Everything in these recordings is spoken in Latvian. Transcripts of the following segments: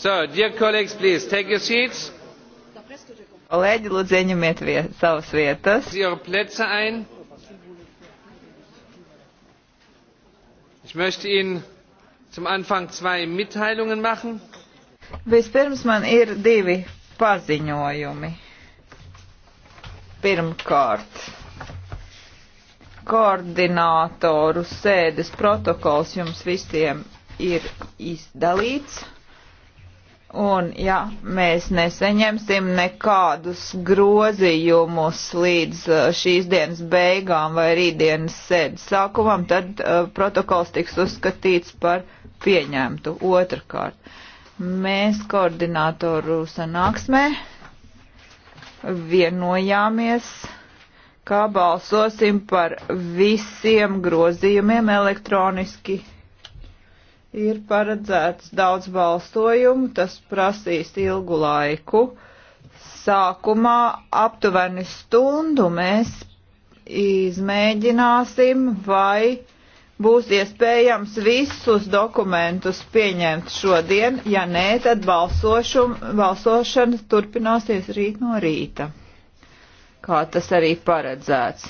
So, dear colleagues, please take your seats. Kolēģi, lūdzu, ieņemiet viet, savas vietas. Ihre Plätze ein. Ich möchte Ihnen zum Anfang zwei Mitteilungen machen. Vispirms man ir divi paziņojumi. Pirmkārt, koordinātoru sēdes protokols jums visiem ir izdalīts. Un, ja mēs neseņemsim nekādus grozījumus līdz uh, šīs dienas beigām vai rītdienas sēdes sākumam, tad uh, protokols tiks uzskatīts par pieņemtu. Otrakārt, mēs koordinātoru sanāksmē vienojāmies, kā balsosim par visiem grozījumiem elektroniski ir paredzēts daudz balsojumu, tas prasīs ilgu laiku. Sākumā aptuveni stundu mēs izmēģināsim, vai būs iespējams visus dokumentus pieņemt šodien, ja nē, tad balsošana turpināsies rīt no rīta, kā tas arī paredzēts.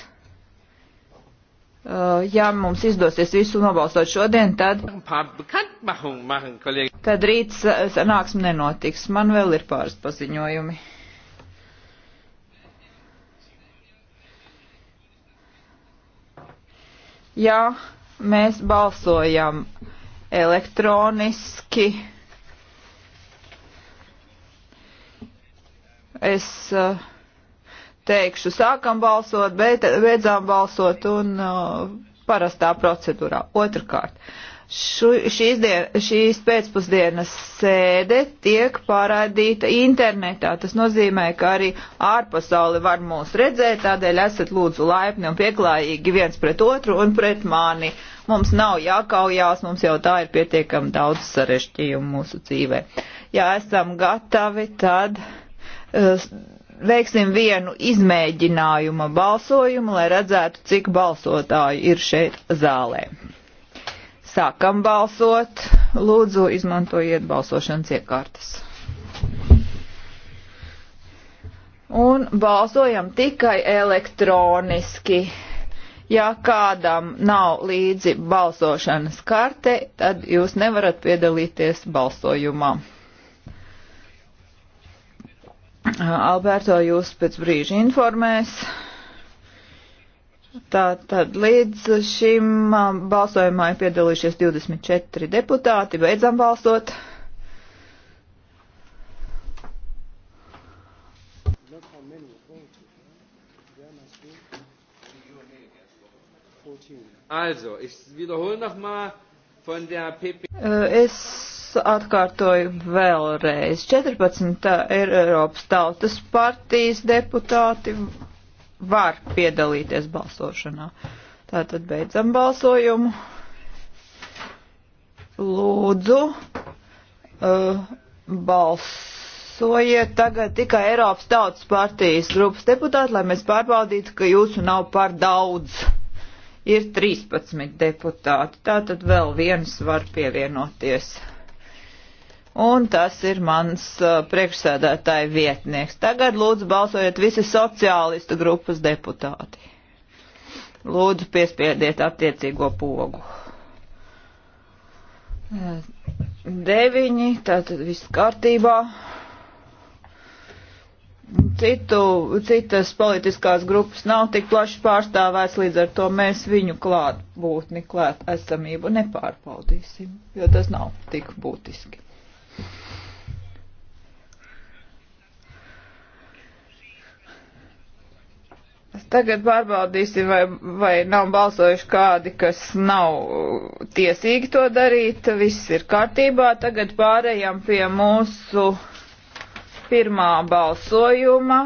Uh, ja mums izdosies visu nobalstot šodien, tad, tad rīt sanāksme nenotiks. Man vēl ir pāris paziņojumi. Jā, mēs balsojam elektroniski. Es uh, teikšu, sākam balsot, beid, beidzām balsot un uh, parastā procedūrā. Otrakārt, šu, šīs, dien, šīs pēcpusdienas sēde tiek pārādīta internetā. Tas nozīmē, ka arī ārpasauli var mūs redzēt, tādēļ esat lūdzu laipni un pieklājīgi viens pret otru un pret mani. Mums nav jākaujās, mums jau tā ir pietiekami daudz sarežģījumu mūsu dzīvē. Ja esam gatavi, tad. Uh, veiksim vienu izmēģinājuma balsojumu, lai redzētu, cik balsotāji ir šeit zālē. Sākam balsot. Lūdzu, izmantojiet balsošanas iekārtas. Un balsojam tikai elektroniski. Ja kādam nav līdzi balsošanas karte, tad jūs nevarat piedalīties balsojumā. Alberto jūs pēc brīža informēs. Tātad līdz šim um, balsojumā ir piedalījušies 24 deputāti. Beidzam balsot. Also, ich wiederhole nochmal von der PP. Äh, es atkārtoju vēlreiz. 14 Eiropas tautas partijas deputāti var piedalīties balsošanā. Tātad beidzam balsojumu. Lūdzu, uh, balsojiet tagad tikai Eiropas tautas partijas grupas deputāti, lai mēs pārbaudītu, ka jūsu nav par daudz ir 13 deputāti. Tātad vēl viens var pievienoties. Un tas ir mans uh, priekšsēdētāja vietnieks. Tagad lūdzu balsojiet visi sociālistu grupas deputāti. Lūdzu piespiediet attiecīgo pogu. Deviņi, tātad viss kārtībā. Citu, citas politiskās grupas nav tik plaši pārstāvēts, līdz ar to mēs viņu klātbūtni, klāt esamību nepārbaudīsim, jo tas nav tik būtiski. Tagad pārbaudīsim, vai, vai nav balsojuši kādi, kas nav tiesīgi to darīt. Viss ir kārtībā. Tagad pārējām pie mūsu pirmā balsojuma.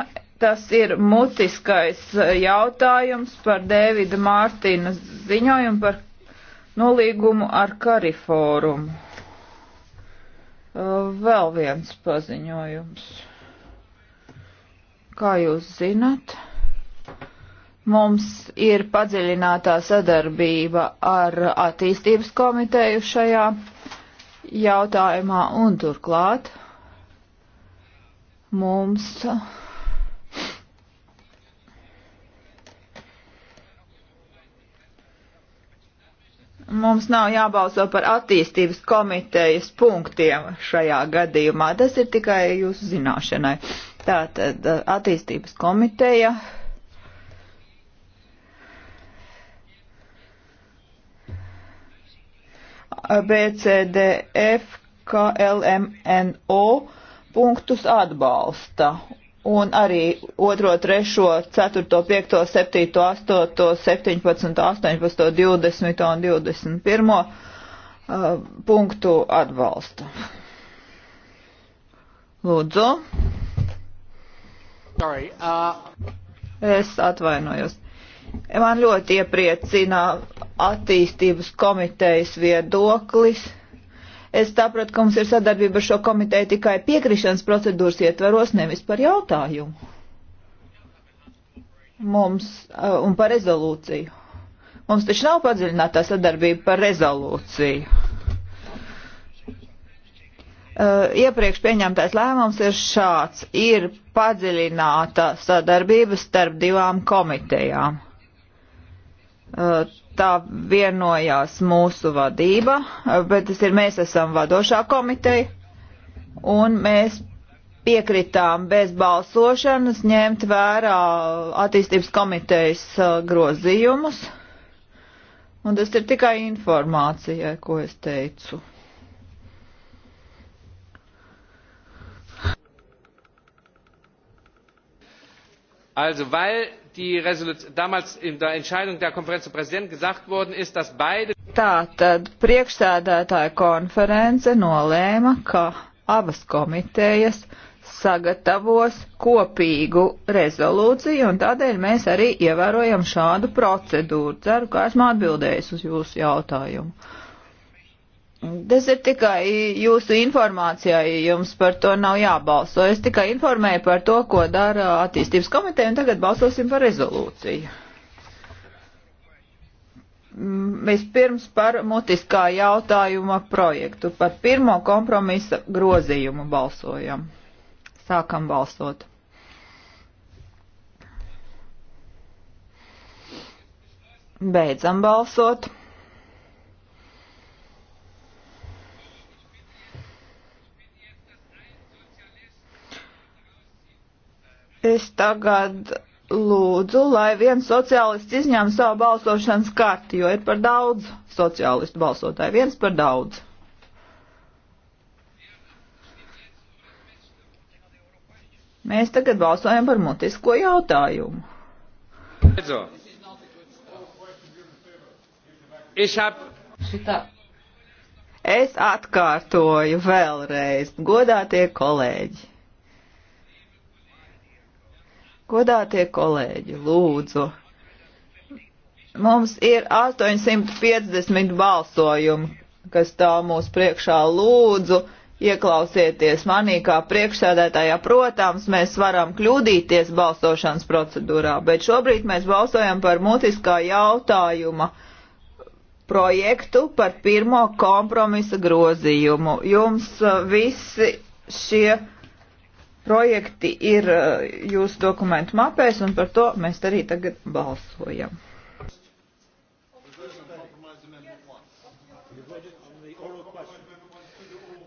Tas ir mutiskais jautājums par Dēvida Mārtīna ziņojumu par nolīgumu ar Kariforumu. Uh, vēl viens paziņojums. Kā jūs zinat, mums ir padziļinātā sadarbība ar attīstības komiteju šajā jautājumā un turklāt mums Mums nav jābalso par attīstības komitejas punktiem šajā gadījumā. Tas ir tikai jūsu zināšanai. Tātad eh, attīstības komiteja. BCDF KLMNO punktus atbalsta un arī 2, 3, 4, 5, 7, 8, 17, 18, 20 un 21 uh, punktu atbalstu. Lūdzu. Sorry, uh... Es atvainojos. Man ļoti iepriecina attīstības komitejas viedoklis Es saprotu, ka mums ir sadarbība ar šo komiteju tikai piekrišanas procedūras ietvaros, nevis par jautājumu. Mums uh, un par rezolūciju. Mums taču nav padziļinātā sadarbība par rezolūciju. Uh, iepriekš pieņemtais lēmums ir šāds. Ir padziļināta sadarbība starp divām komitejām uh, tā vienojās mūsu vadība, bet tas ir mēs esam vadošā komiteja, un mēs piekritām bez balsošanas ņemt vērā attīstības komitejas uh, grozījumus. Un tas ir tikai informācijai, ko es teicu. Also, weil damals in der Entscheidung der Konferenz der Präsidenten gesagt worden ist, dass beide. Tātad priekšsēdētāja konference nolēma, ka abas komitejas sagatavos kopīgu rezolūciju, un tādēļ mēs arī ievērojam šādu procedūru. Ceru, ka esmu atbildējis uz jūsu jautājumu. Tas ir tikai jūsu informācijai, jums par to nav jābalso. Es tikai informēju par to, ko dara attīstības komiteja, un tagad balsosim par rezolūciju. Mm, vispirms par mutiskā jautājuma projektu, par pirmo kompromisa grozījumu balsojam. Sākam balsot. Beidzam balsot. Es tagad lūdzu, lai viens sociālists izņem savu balsošanas karti, jo ir par daudz sociālistu balsotāju. Viens par daudz. Mēs tagad balsojam par mutisko jautājumu. Es atkārtoju vēlreiz, godātie kolēģi. Godātie kolēģi, lūdzu, mums ir 850 balsojumi, kas stāv mūsu priekšā. Lūdzu, ieklausieties manī kā priekšsēdētājā. Protams, mēs varam kļūdīties balsošanas procedūrā, bet šobrīd mēs balsojam par mutiskā jautājuma projektu par pirmo kompromisa grozījumu. Jums uh, visi šie projekti ir eh, jūsu dokumentu mapēs, un par to mēs arī tagad balsojam.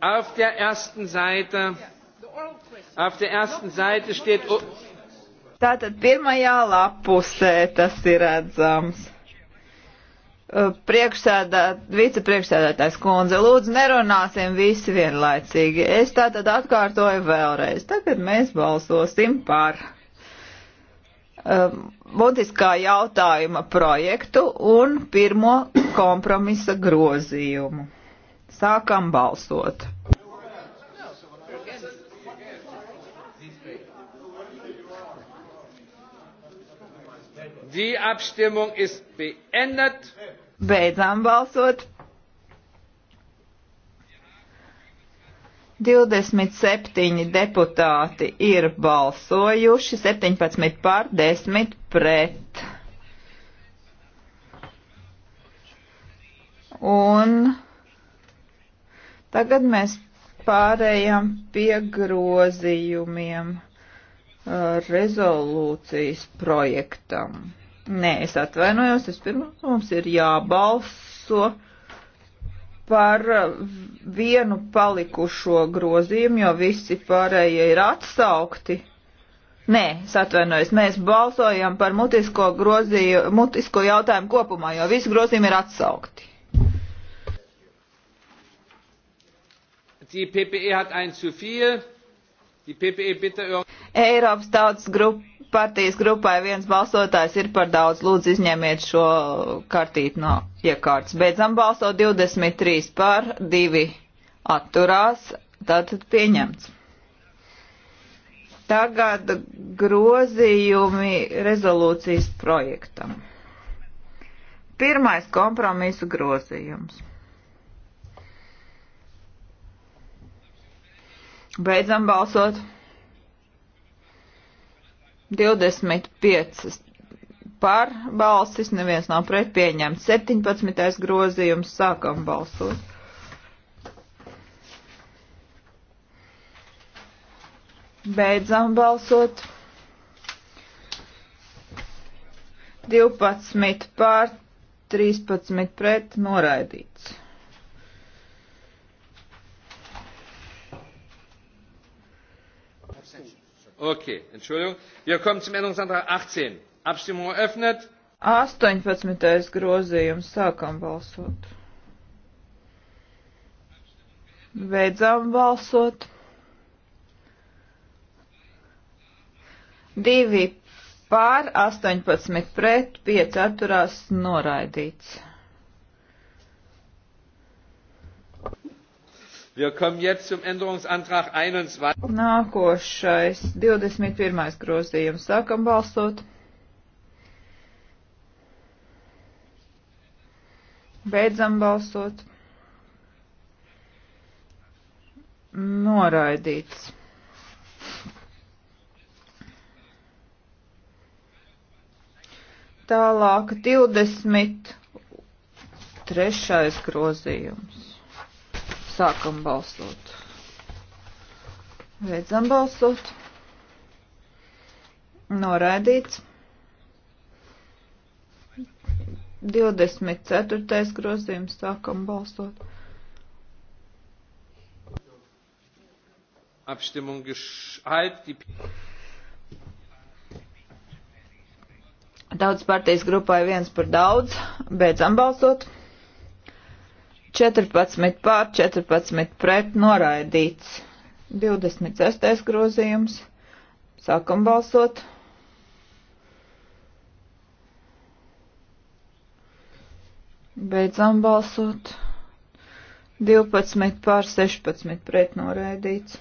Auf der ersten Seite, auf der ersten Seite steht. Tātad pirmajā lapusē tas ir redzams. Uh, Priekšsēdāt, vicepriekšsēdētājs kundze, lūdzu nerunāsim visi vienlaicīgi. Es tātad atkārtoju vēlreiz. Tagad mēs balsosim par būtiskā um, jautājuma projektu un pirmo kompromisa grozījumu. Sākam balsot. Die Abstimmung ist beendet. Beidzām balsot. 27 deputāti ir balsojuši, 17 pār 10 pret. Un tagad mēs pārējām pie grozījumiem uh, rezolūcijas projektam. Nē, es atvainojos, vispirms mums ir jābalso par vienu palikušo grozījumu, jo visi pārējie ir atsaukti. Nē, es atvainojos, mēs balsojam par mutisko, grozīju, mutisko jautājumu kopumā, jo visi grozījumi ir atsaukti. Die PPE hat ein zu viel. Die PPE bitte. Europas tautas grupa partijas grupai viens balsotājs ir par daudz. Lūdzu, izņemiet šo kartīti no iekārtas. Beidzam balso 23 par, 2 atturās, tātad pieņemts. Tagad grozījumi rezolūcijas projektam. Pirmais kompromisu grozījums. Beidzam balsot. 25 par balsis, neviens nav pret pieņemts. 17. grozījums sākam balsot. Beidzam balsot. 12 pār, 13 pret noraidīts. Okay, Entschuldigung. Wir kommen zum Änderungsantrag 18. Abstimmung eröffnet. 18. grozījums. Sākam balsot. Beidzam balsot. Divi pār, 18 pret, 5 atturās noraidīts. Wir kommen jetzt zum Änderungsantrag 21. Nākošais 21. grozījums. Sākam balsot. Beidzam balsot. Noraidīts. Tālāk 23. grozījums. Sākam balsot. Beidzam balsot. Noraidīts. 24. grozījums. Sākam balsot. Abstimmung geschaltet. Daudz partijas grupai viens par daudz. Beidzam balsot. 14 pār 14 pret noraidīts. 26. grozījums. Sākam balsot. Beidzam balsot. 12 pār 16 pret noraidīts.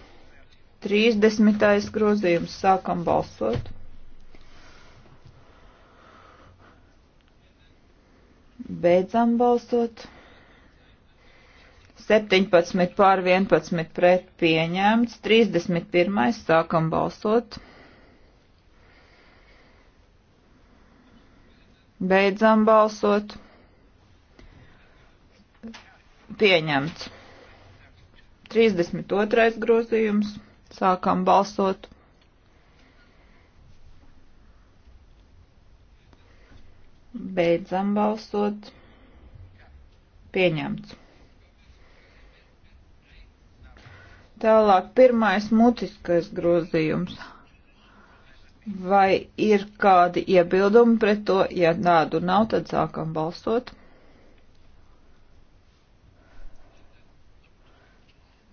30. grozījums. Sākam balsot. Beidzam balsot. 17 pār 11 pret pieņemts, 31. sākam balsot. Beidzam balsot. Pieņemts. 32. grozījums. Sākam balsot. Beidzam balsot. Pieņemts. Tālāk, pirmais mutiskais grozījums. Vai ir kādi iebildumi pret to? Ja tādu nav, tad sākam balsot.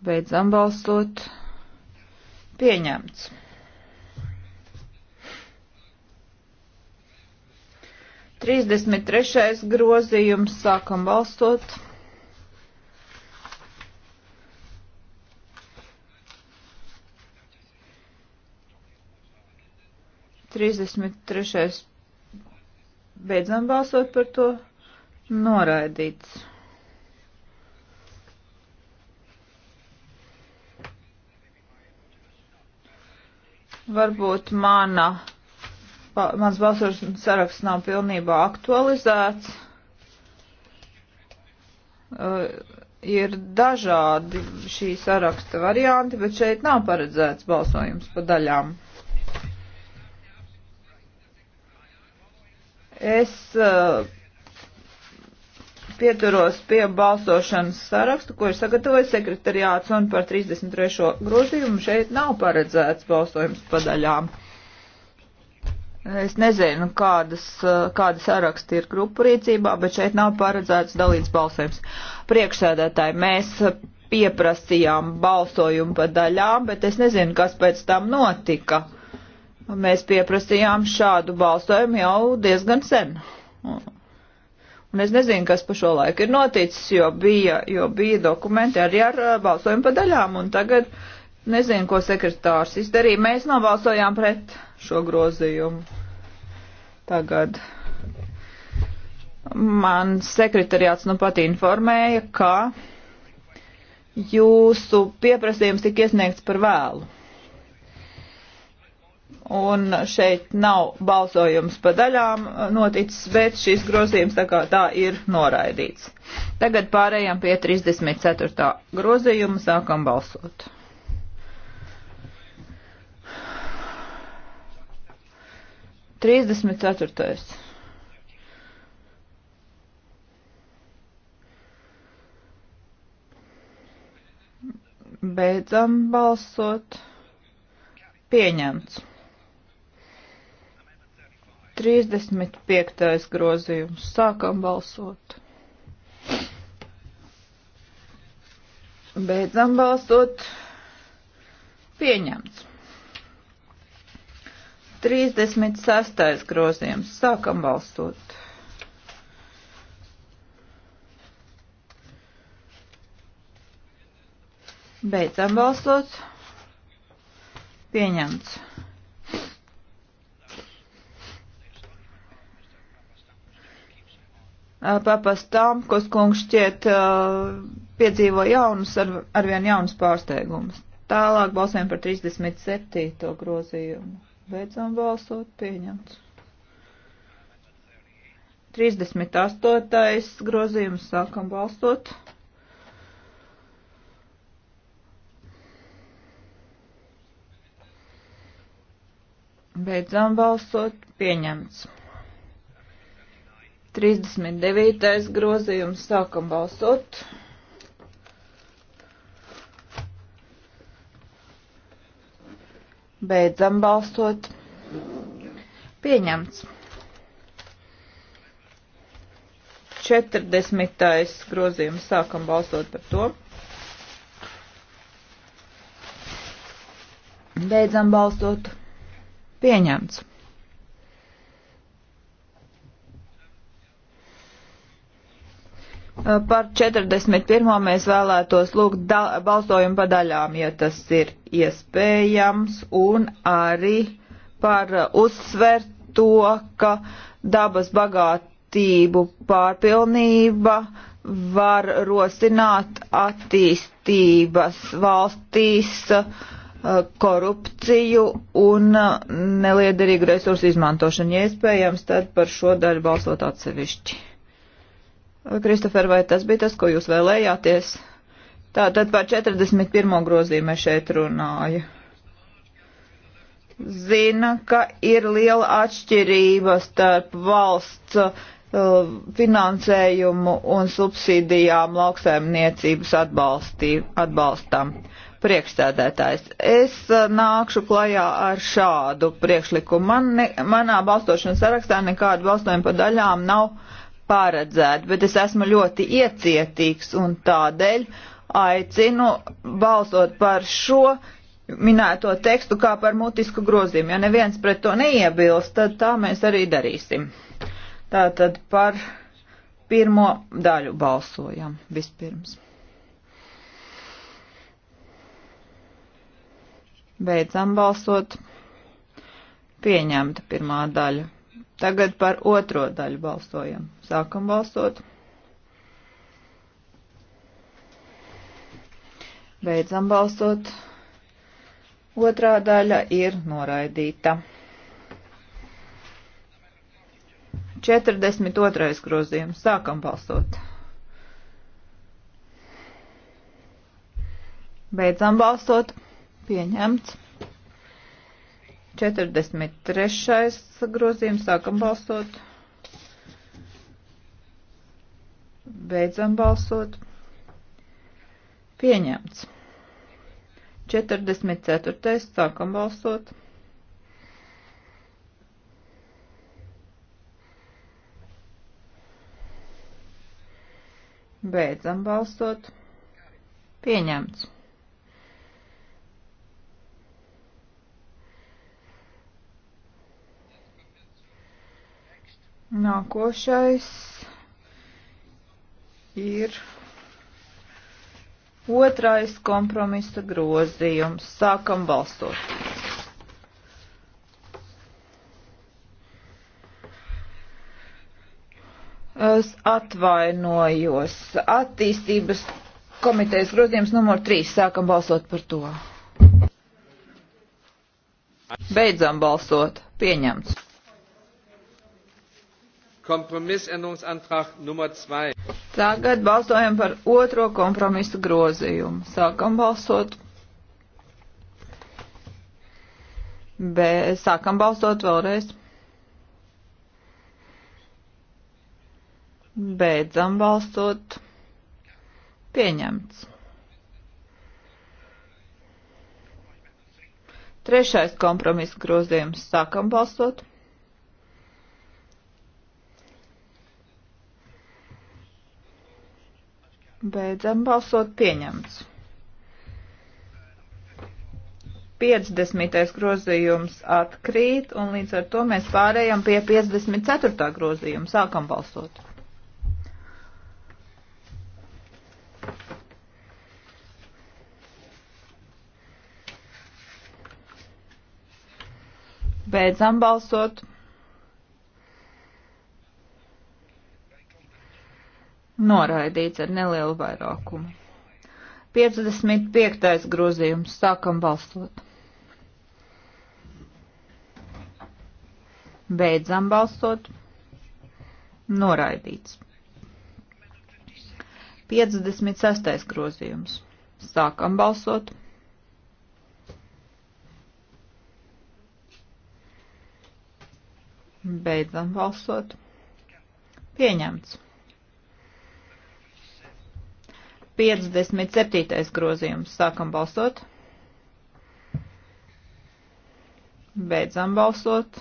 Beidzam balsot. Pieņemts. Trīsdesmit trešais grozījums sākam balsot. 33. Beidzam balsot par to. Noraidīts. Varbūt mana, mans balsošanas saraksts nav pilnībā aktualizēts. Uh, ir dažādi šī saraksta varianti, bet šeit nav paredzēts balsojums pa daļām. Es uh, pieturos pie balsošanas sarakstu, ko ir sagatavojis sekretariāts, un par 33. grozījumu šeit nav paredzēts balsojums padaļām. Es nezinu, kādas, uh, kāda saraksta ir grupu rīcībā, bet šeit nav paredzēts dalīts balsojums. Priekšsēdētāji, mēs pieprasījām balsojumu pa daļām, bet es nezinu, kas pēc tam notika. Uh, Mēs pieprasījām šādu balsojumu jau diezgan sen. Un es nezinu, kas pa šo laiku ir noticis, jo bija, jo bija dokumenti arī ar balsojumu pa daļām, un tagad nezinu, ko sekretārs izdarīja. Mēs nobalsojām pret šo grozījumu. Tagad man sekretariāts nu pat informēja, ka jūsu pieprasījums tika iesniegts par vēlu un šeit nav balsojums pa daļām noticis, bet šis grozījums tā kā tā ir noraidīts. Tagad pārējām pie 34. grozījuma, sākam balsot. Trīsdesmit ceturtais. Beidzam balsot. Pieņemts. 35. grozījums. Sākam balsot. Beidzam balsot. Pieņemts. 36. grozījums. Sākam balsot. Beidzam balsot. Pieņemts. papastāmkos kungs šķiet piedzīvo jaunus, ar, arvien jaunus pārsteigumus. Tālāk balsojam par 37. grozījumu. Beidzam balsot, pieņemts. 38. grozījums sākam balsot. Beidzām balsot, pieņemts. 39. grozījums sākam balsot. Beidzam balsot. Pieņemts. 40. grozījums sākam balsot par to. Beidzam balsot. Pieņemts. Eh, par 41. mēs vēlētos lūgt balsojumu pa daļām, ja tas ir iespējams, un arī par eh, uzsvert to, ka dabas bagātību pārpilnība var rosināt attīstības valstīs eh, korupciju un neliederīgu resursu izmantošanu. Ja iespējams, tad par šo daļu balsot atsevišķi. Kristofer, vai tas bija tas, ko jūs vēlējāties? Tā tad par 41. grozīmē šeit runāja. Zina, ka ir liela atšķirība starp valsts uh, finansējumu un subsīdijām lauksaimniecības atbalstam. Priekšstādētājs. Es uh, nākšu klajā ar šādu priekšlikumu. Man ne, manā balstošanas sarakstā nekādu balstojumu pa daļām nav uh, paredzēti, bet es esmu ļoti iecietīgs un tādēļ aicinu balsot par šo minēto tekstu kā par mutisku grozījumu. Ja neviens pret to neiebilst, tad tā mēs arī darīsim. Tātad par pirmo daļu balsojam vispirms. Beidzam balsot. Pieņemta pirmā daļa. Tagad par otro daļu balsojam. Sākam balsot. Beidzam balsot. Otrā daļa ir noraidīta. 42. grozījums. Sākam balsot. Beidzam balsot. Pieņemts. 43. grozījums. Sākam balsot. Beidzam balsot. Pieņemts. 44. Sākam balsot. Beidzam balsot. Pieņemts. Nākošais ir otrais kompromisa grozījums. Sākam balsot. Es atvainojos. Attīstības komitejas grozījums numur 3. Sākam balsot par to. Beidzam balsot. Pieņemts. Kompromissänderungsantrag Nummer 2. Tagad balsojam par otro kompromisu grozījumu. Sākam balsot. Be, sākam balsot vēlreiz. Beidzam balsot. Pieņemts. Trešais kompromiss grozījums. Sākam balsot. Beidzam balsot pieņemts. 50. grozījums atkrīt, un līdz ar to mēs pārējām pie 54. grozījuma. Sākam balsot. Beidzam balsot. Noraidīts ar nelielu vairākumu. 55. grozījums. Sākam balsot. Beidzam balsot. Noraidīts. 56. grozījums. Sākam balsot. Beidzam balsot. Pieņemts. 57. grozījums. Sākam balsot. Beidzam balsot.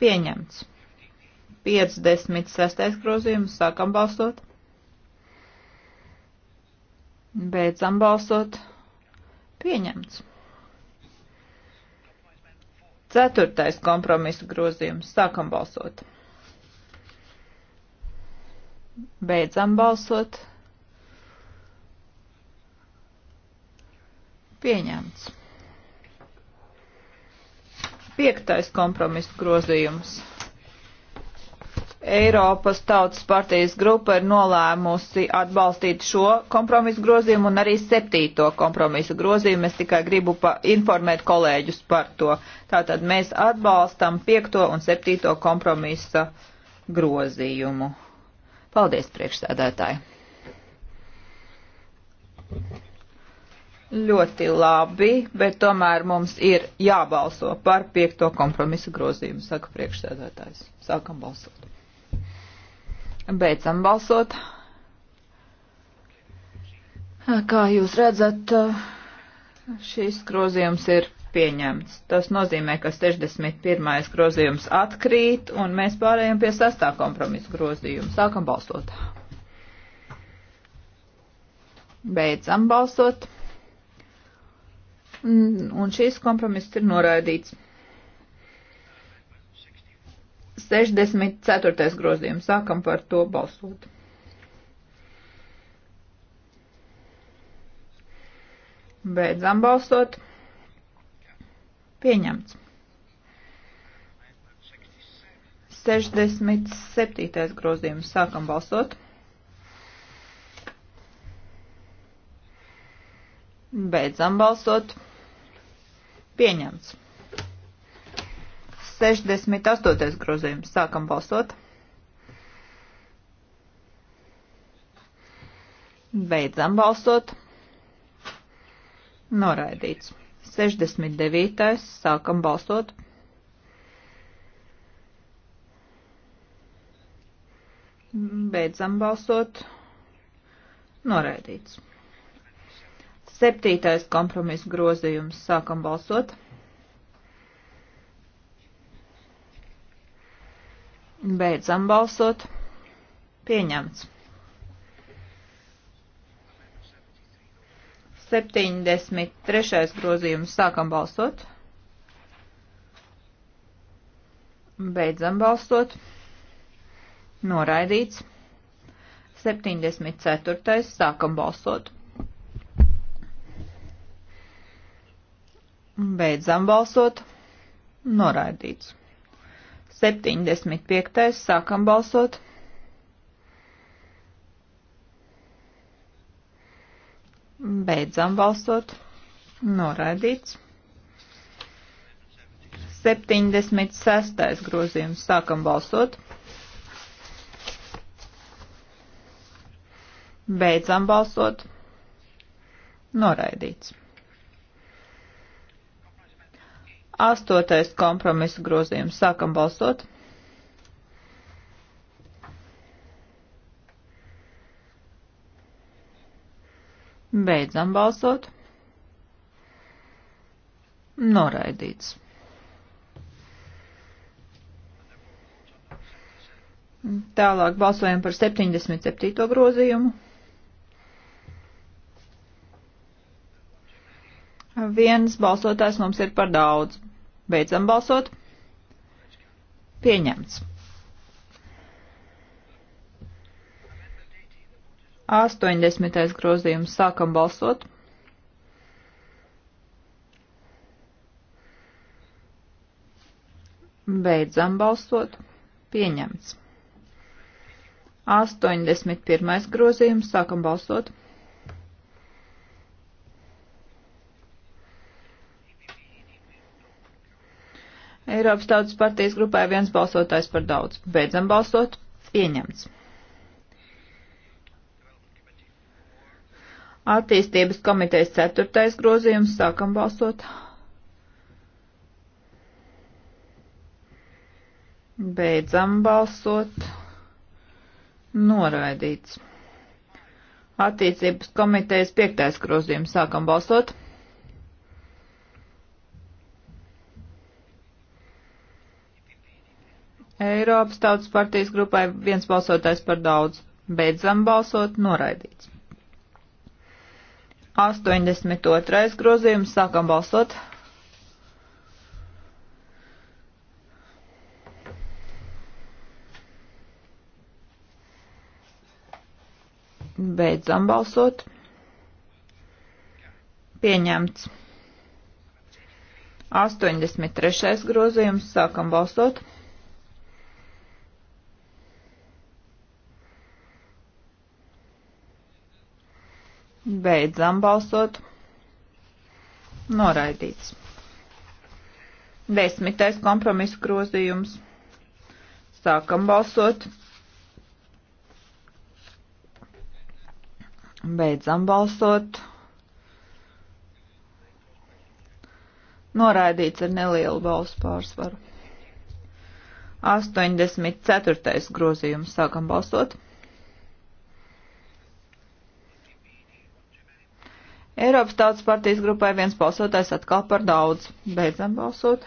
Pieņemts. 56. grozījums. Sākam balsot. Beidzam balsot. Pieņemts. Ceturtais kompromisa grozījums. Sākam balsot. Beidzam balsot. Pieņemts. Piektais kompromiss grozījums. Eiropas Tautas partijas grupa ir nolēmusi atbalstīt šo kompromisu grozījumu un arī septīto kompromisu grozījumu. Es tikai gribu pa informēt kolēģus par to. Tātad mēs atbalstam piekto un septīto kompromisa grozījumu. Paldies, priekšsēdētāji! Ļoti labi, bet tomēr mums ir jābalso par piekto kompromisu grozījumu, saka priekšsēdētājs. Sākam balsot. Beidzam balsot. Kā jūs redzat, šīs grozījums ir pieņemts. Tas nozīmē, ka 61. grozījums atkrīt, un mēs pārējām pie 6. kompromisa grozījuma. Sākam balsot. Beidzam balsot. Mm, un šīs kompromiss ir noraidīts. 64. grozījums. Sākam par to balsot. Beidzam balsot. Pieņemts. 67. grozījums. Sākam balsot. Beidzam balsot. Pieņemts. 68. grozījums. Sākam balsot. Beidzam balsot. Noraidīts. 69. Sākam balsot. Beidzam balsot. Noraidīts. Septītais kompromiss grozījums. Sākam balsot. Beidzam balsot. Pieņemts. 73. grozījums. Sākam balsot. Beidzam balsot. Noraidīts. 74. Sākam balsot. Beidzam balsot. Noraidīts. 75. Sākam balsot. Beidzam balsot. Noraidīts. 76. grozījums. Sākam balsot. Beidzam balsot. Noraidīts. Astotais kompromisa grozījums. Sākam balsot. Beidzam balsot. Noraidīts. Tālāk balsojam par 77. grozījumu. Viens balsotājs mums ir par daudz. Beidzam balsot. Pieņemts. 80. grozījums. Sākam balsot. Beidzam balsot. Pieņemts. 81. grozījums. Sākam balsot. Eiropas Tautas partijas grupai viens balsotājs par daudz. Beidzam balsot. Pieņemts. Attīstības komitejas ceturtais grozījums. Sākam balsot. Beidzam balsot. Noraidīts. Attīstības komitejas piektais grozījums. Sākam balsot. Eiropas Tautas partijas grupai viens balsotais par daudz. Beidzam balsot, noraidīts. 82. grozījums, sākam balsot. Beidzam balsot. Pieņemts. 83. grozījums, sākam balsot. Beidzam balsot. Noraidīts. Desmitais kompromisu grozījums. Sākam balsot. Beidzam balsot. Noraidīts ar nelielu balsu pārsvaru. 84. grozījums. Sākam balsot. Eiropas Tautas partijas grupai viens balsotājs atkal par daudz. Beidzam balsot.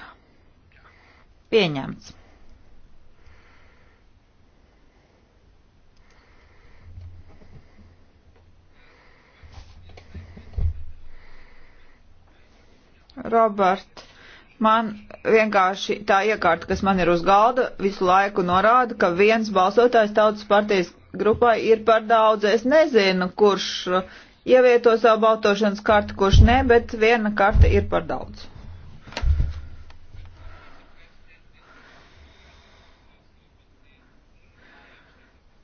Pieņemts. Robert, man vienkārši tā iekārta, kas man ir uz galda, visu laiku norāda, ka viens balsotājs tautas partijas grupai ir par daudz. Es nezinu, kurš ievieto savu baltošanas karti, kurš ne, bet viena karte ir par daudz.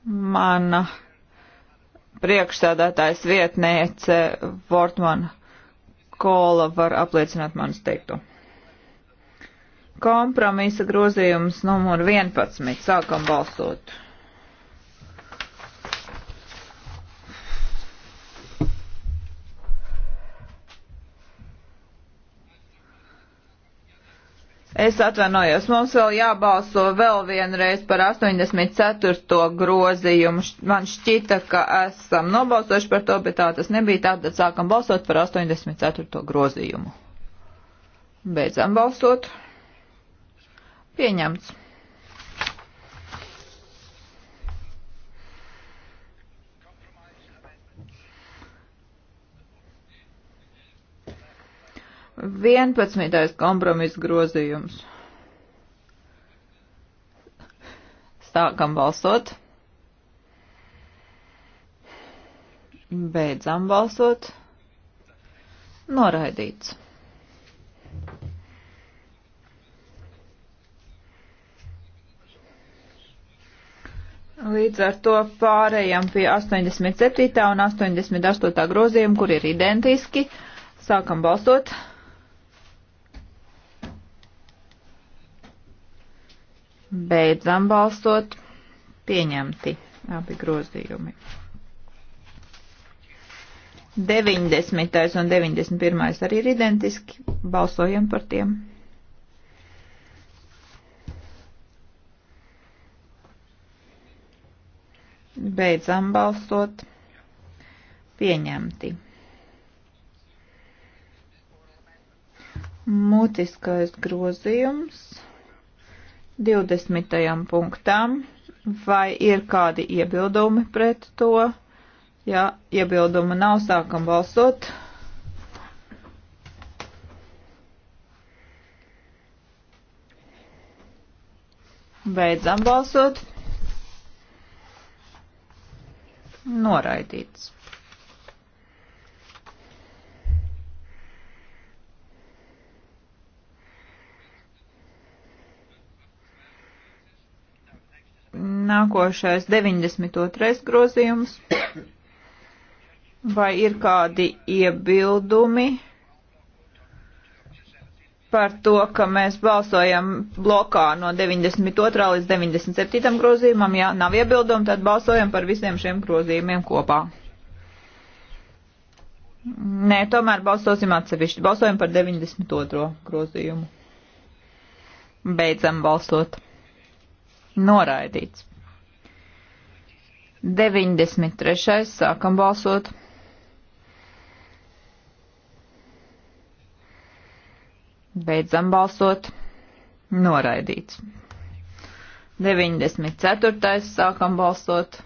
Mana priekšstādātājs vietniece Vortmana Kola var apliecināt manas teikto. Kompromisa grozījums numur 11. Sākam balsot. Es atvainojos, mums vēl jābalso vēl vienreiz par 84. grozījumu. Man šķita, ka esam nobalsojuši par to, bet tā tas nebija. Tātad sākam balsot par 84. grozījumu. Beidzam balsot. Pieņemts. 11. kompromiss grozījums. Sākam balsot. Beidzam balsot. Noraidīts. Līdz ar to pārējām pie 87. un 88. grozījuma, kur ir identiski. Sākam balsot. Beidzam balsot. Pieņemti abi grozījumi. 90. un 91. arī ir identiski. Balsojam par tiem. Beidzam balsot. Pieņemti. Mutiskais grozījums. 20. punktam. Vai ir kādi iebildumi pret to? Ja iebildumu nav, sākam balsot. Beidzam balsot. Noraidīts. Nākošais 92. grozījums. Vai ir kādi iebildumi par to, ka mēs balsojam blokā no 92. līdz 97. grozījumam? Ja nav iebildumi, tad balsojam par visiem šiem grozījumiem kopā. Nē, tomēr balsosim atsevišķi. Balsojam par 92. grozījumu. Beidzam balsot noraidīts. 93. sākam balsot. Beidzam balsot. Noraidīts. 94. sākam balsot.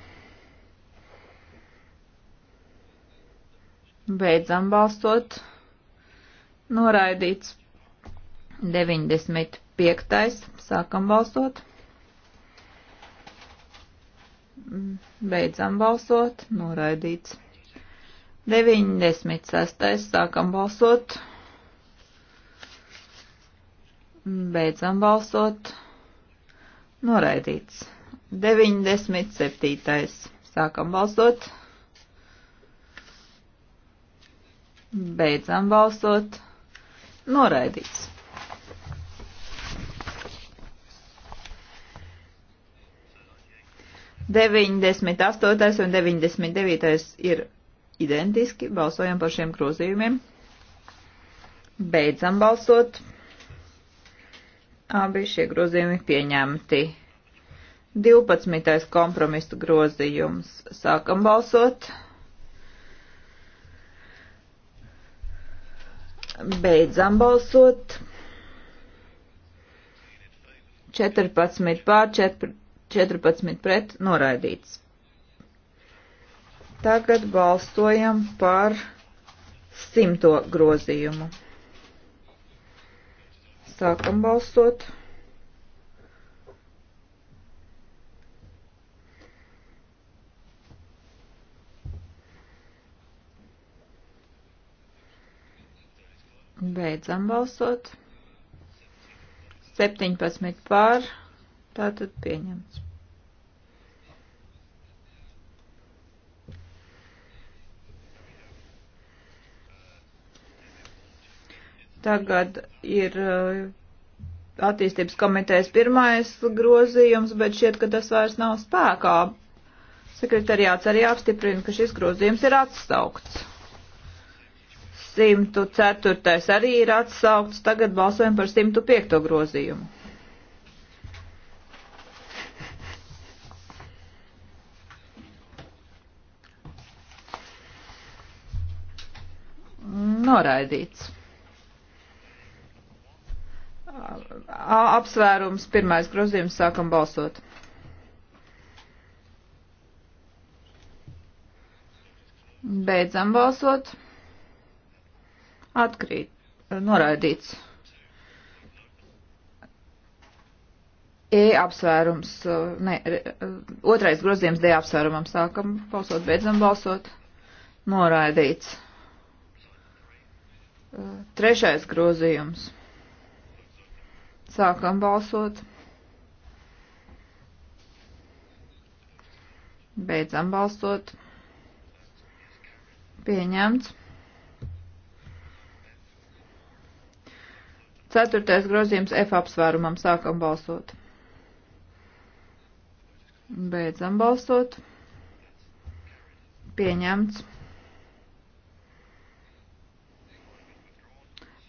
Beidzam balsot. Noraidīts. 95. sākam balsot. Beidzam balsot. Noraidīts. 96. Sākam balsot. Beidzam balsot. Noraidīts. 97. Sākam balsot. Beidzam balsot. Noraidīts. 98. un 99. ir identiski. Balsojam par šiem grozījumiem. Beidzam balsot. Abi šie grozījumi pieņemti. 12. kompromisu grozījums. Sākam balsot. Beidzam balsot. 14 pār 4. 14 pret noraidīts. Tagad balstojam par simto grozījumu. Sākam balstot. Beidzam balsot. 17 pār, Tātad pieņemts. Tagad ir uh, attīstības komitejas pirmais grozījums, bet šķiet, ka tas vairs nav spēkā. Sekretariāts arī apstiprina, ka šis grozījums ir atsaukts. 104. arī ir atsaukts, tagad balsojam par 105. grozījumu. noraidīts. A apsvērums, pirmais grozījums, sākam balsot. Beidzam balsot. Atkrīt, noraidīts. E apsvērums, ne, otrais grozījums D apsvērumam sākam balsot, beidzam balsot. Noraidīts. Trešais grozījums. Sākam balsot. Beidzam balsot. Pieņemts. Ceturtais grozījums F apsvērumam sākam balsot. Beidzam balsot. Pieņemts.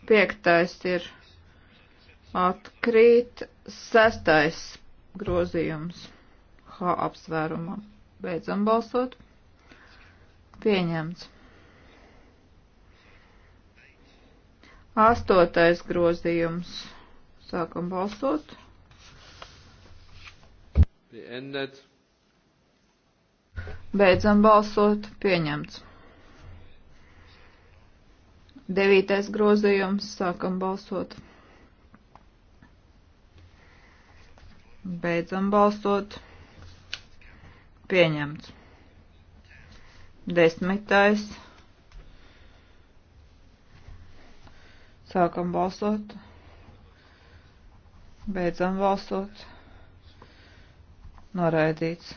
piektais ir atkrīt, sestais grozījums H apsvērumā. Beidzam balsot. Pieņemts. Astotais grozījums. Sākam balsot. Beendet. Beidzam balsot. Pieņemts. Devītais grozījums. Sākam balsot. Beidzam balsot. Pieņemts. Desmitais. Sākam balsot. Beidzam balsot. Noraidīts.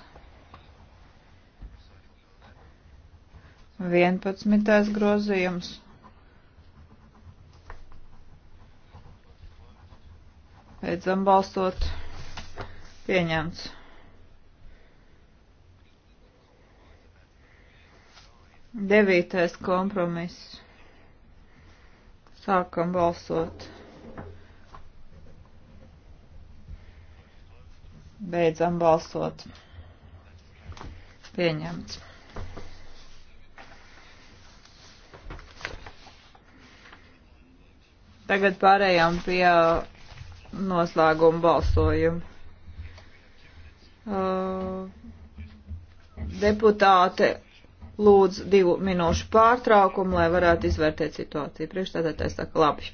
11. grozījums. Beidzam balsot. Pieņemts. Devītais kompromiss. Sākam balsot. Beidzam balsot. Pieņemts. Tagad pārējām pie noslēgumu balsojumu. Uh, deputāte lūdz divu minūšu pārtraukumu, lai varētu izvērtēt situāciju. Priekšstādātājs saka labi.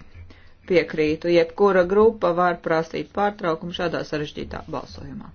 Piekrītu, jebkura grupa var prasīt pārtraukumu šādā sarežģītā balsojumā.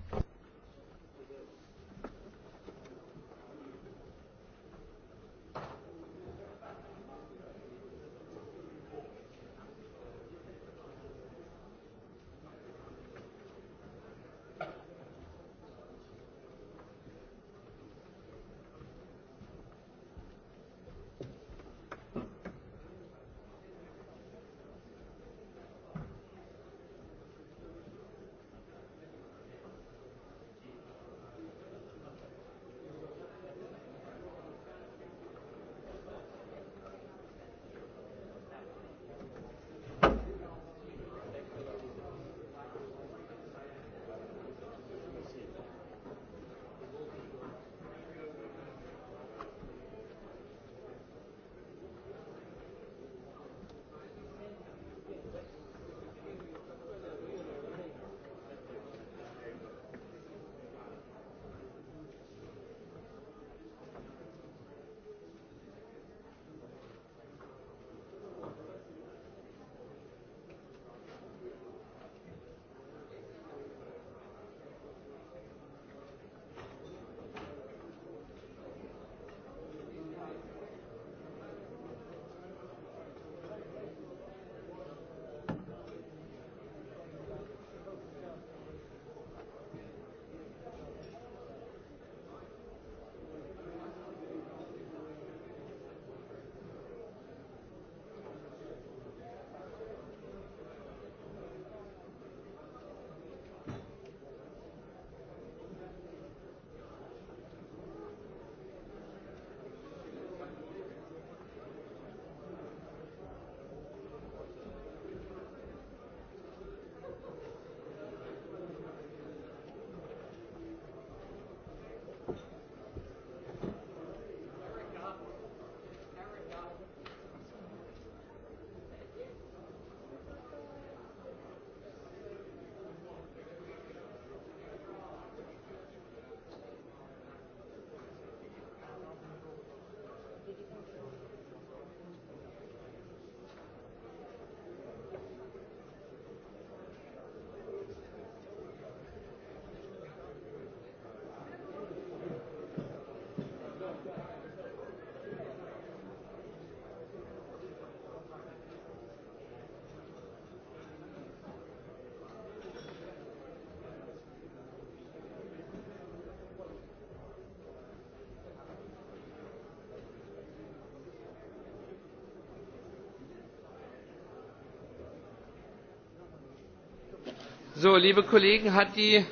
So, liebe Kollegen, hat die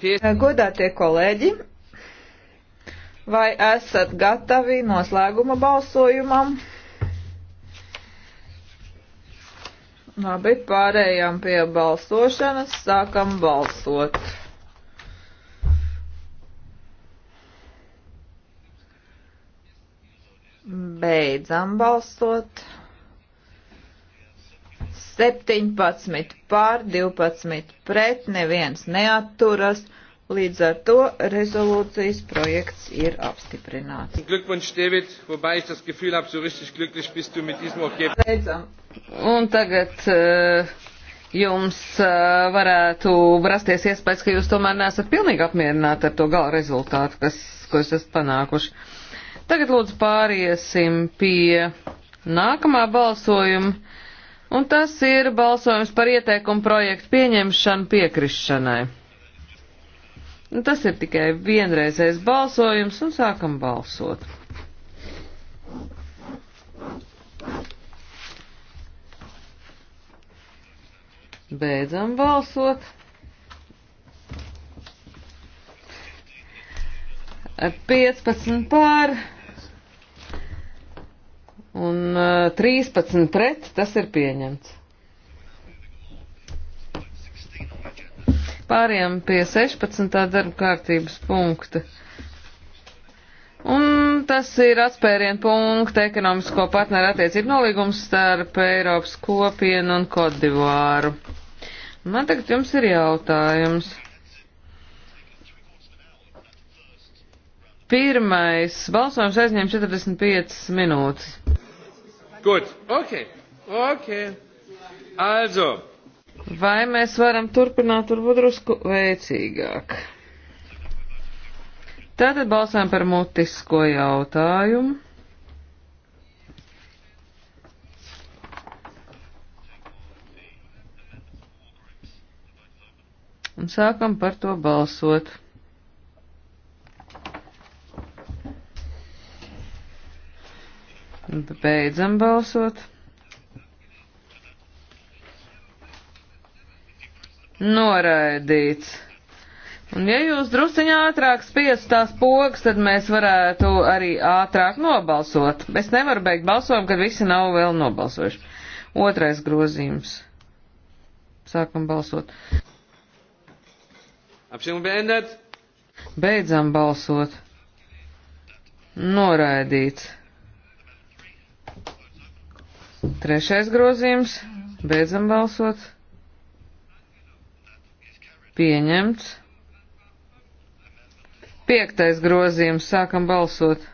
eh, Godātie kolēģi, vai esat gatavi noslēguma balsojumam? Labi, pārējām pie balsošanas, sākam balsot. Beidzam balsot. 17 pār 12 pret, neviens neatturas. Līdz ar to rezolūcijas projekts ir apstiprināts. Glückwunsch, David, wobei ich das Gefühl habe, so richtig glücklich bist du mit diesem Objekt. Redzam. Un tagad uh, jums uh, varētu rasties iespējas, ka jūs tomēr nesat pilnīgi apmierināti ar to gala rezultātu, kas, ko jūs esat panākuši. Tagad lūdzu pāriesim pie nākamā balsojuma Un tas ir balsojums par ieteikumu projektu pieņemšanu piekrišanai. Un nu, tas ir tikai vienreizējs balsojums un sākam balsot. Beidzam balsot. Ar 15 pār un 13 eh, pret tas ir pieņemts. Pāriem pie 16. darba kārtības punkta. Un tas ir atspērienu punkta ekonomisko partneru attiecību nolīgums starp Eiropas kopienu un Kodivāru. Man tagad jums ir jautājums. Pirmais balsojums aizņem 45 minūtes. Gut, okay, okay. Also. Vai mēs varam turpināt varbūt drusku veicīgāk? Tātad balsām par mutisko jautājumu. Un sākam par to balsot. Beidzam balsot. Noraidīts. Un ja jūs drusciņā ātrāk spiestu tās pogas, tad mēs varētu arī ātrāk nobalsot. Es nevaru beigt balsojumu, kad visi nav vēl nobalsojuši. Otrais grozījums. Sākam balsot. Apšķirmu beendet. Beidzam balsot. Noraidīts. Trešais grozījums. Beidzam balsot. Pieņemts. Piektais grozījums. Sākam balsot.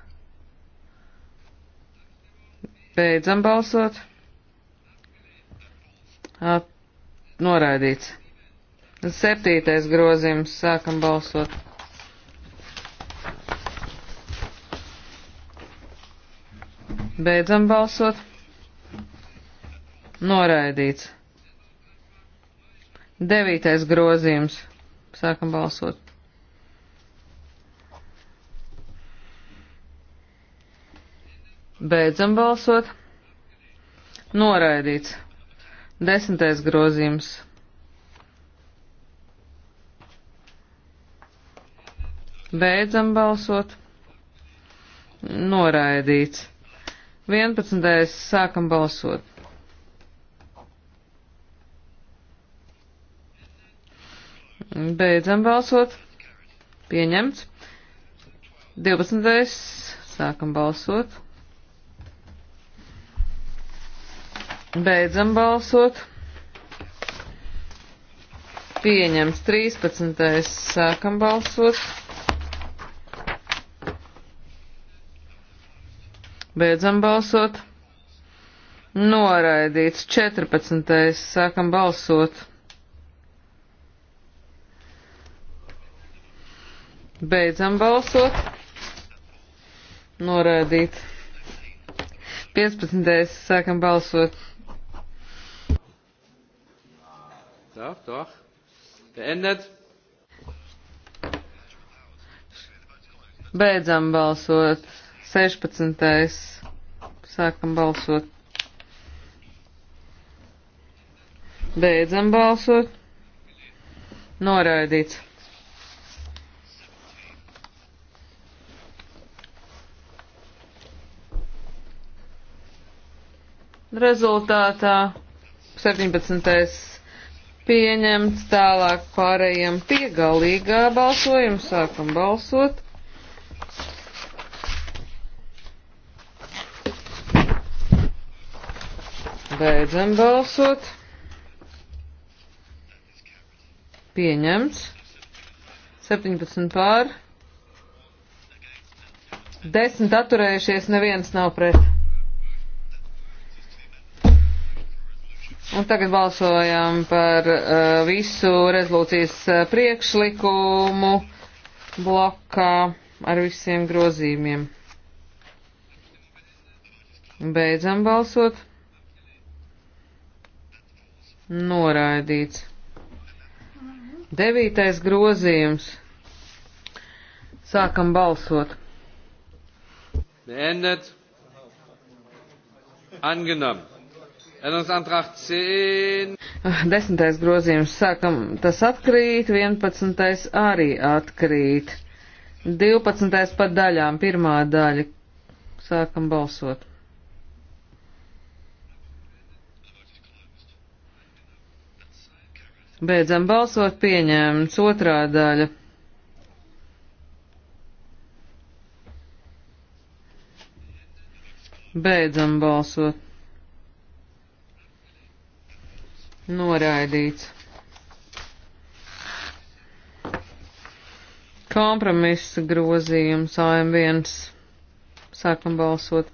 Beidzam balsot. At, noraidīts. Septītais grozījums. Sākam balsot. Beidzam balsot. Noraidīts. Devītais grozījums. Sākam balsot. Beidzam balsot. Noraidīts. Desmitais grozījums. Beidzam balsot. Noraidīts. 11. sākam balsot. Beidzam balsot. Pieņemts. 12. Sākam balsot. Beidzam balsot. Pieņems 13. Sākam balsot. Beidzam balsot. Noraidīts 14. Sākam balsot. Beidzam balsot. Noraidīt. 15. sākam balsot. Doch, doch. Beendet. Beidzam balsot. 16. Sākam balsot. Beidzam balsot. Noraidīts. Rezultātā 17. pieņemts, tālāk pārējiem pie galīgā balsojuma, sākam balsot. Beidzam balsot. Pieņemts. 17 pār. 10 atturējušies, neviens nav pret. Un tagad balsojam par uh, visu rezolūcijas uh, priekšlikumu blokā ar visiem grozījumiem. Beidzam balsot. Noraidīts. Devītais grozījums. Sākam balsot. Beendet. Angenommen. Änderungsantrag 10. Desmitais grozījums sākam, tas atkrīt, 11. arī atkrīt. 12. pa daļām, pirmā daļa. Sākam balsot. Beidzam balsot, pieņēmts otrā daļa. Beidzam balsot. Noraidīts. Kompromisa grozījums AM1. Sākam balsot.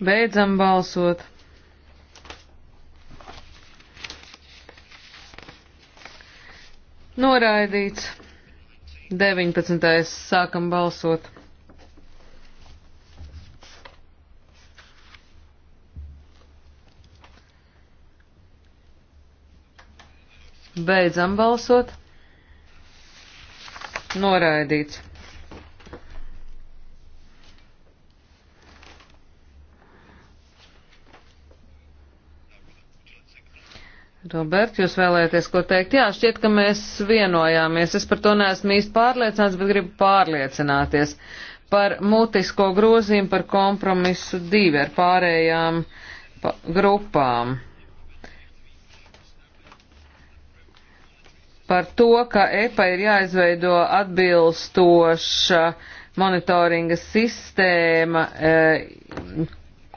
Beidzam balsot. Noraidīts. 19. Sākam balsot. Beidzam balsot. Noraidīts. Robert, jūs vēlēties ko teikt? Jā, šķiet, ka mēs vienojāmies. Es par to neesmu īsti pārliecināts, bet gribu pārliecināties par mutisko grozījumu, par kompromisu divi ar pārējām grupām. par to, ka EPA ir jāizveido atbilstoša monitoringa sistēma, e,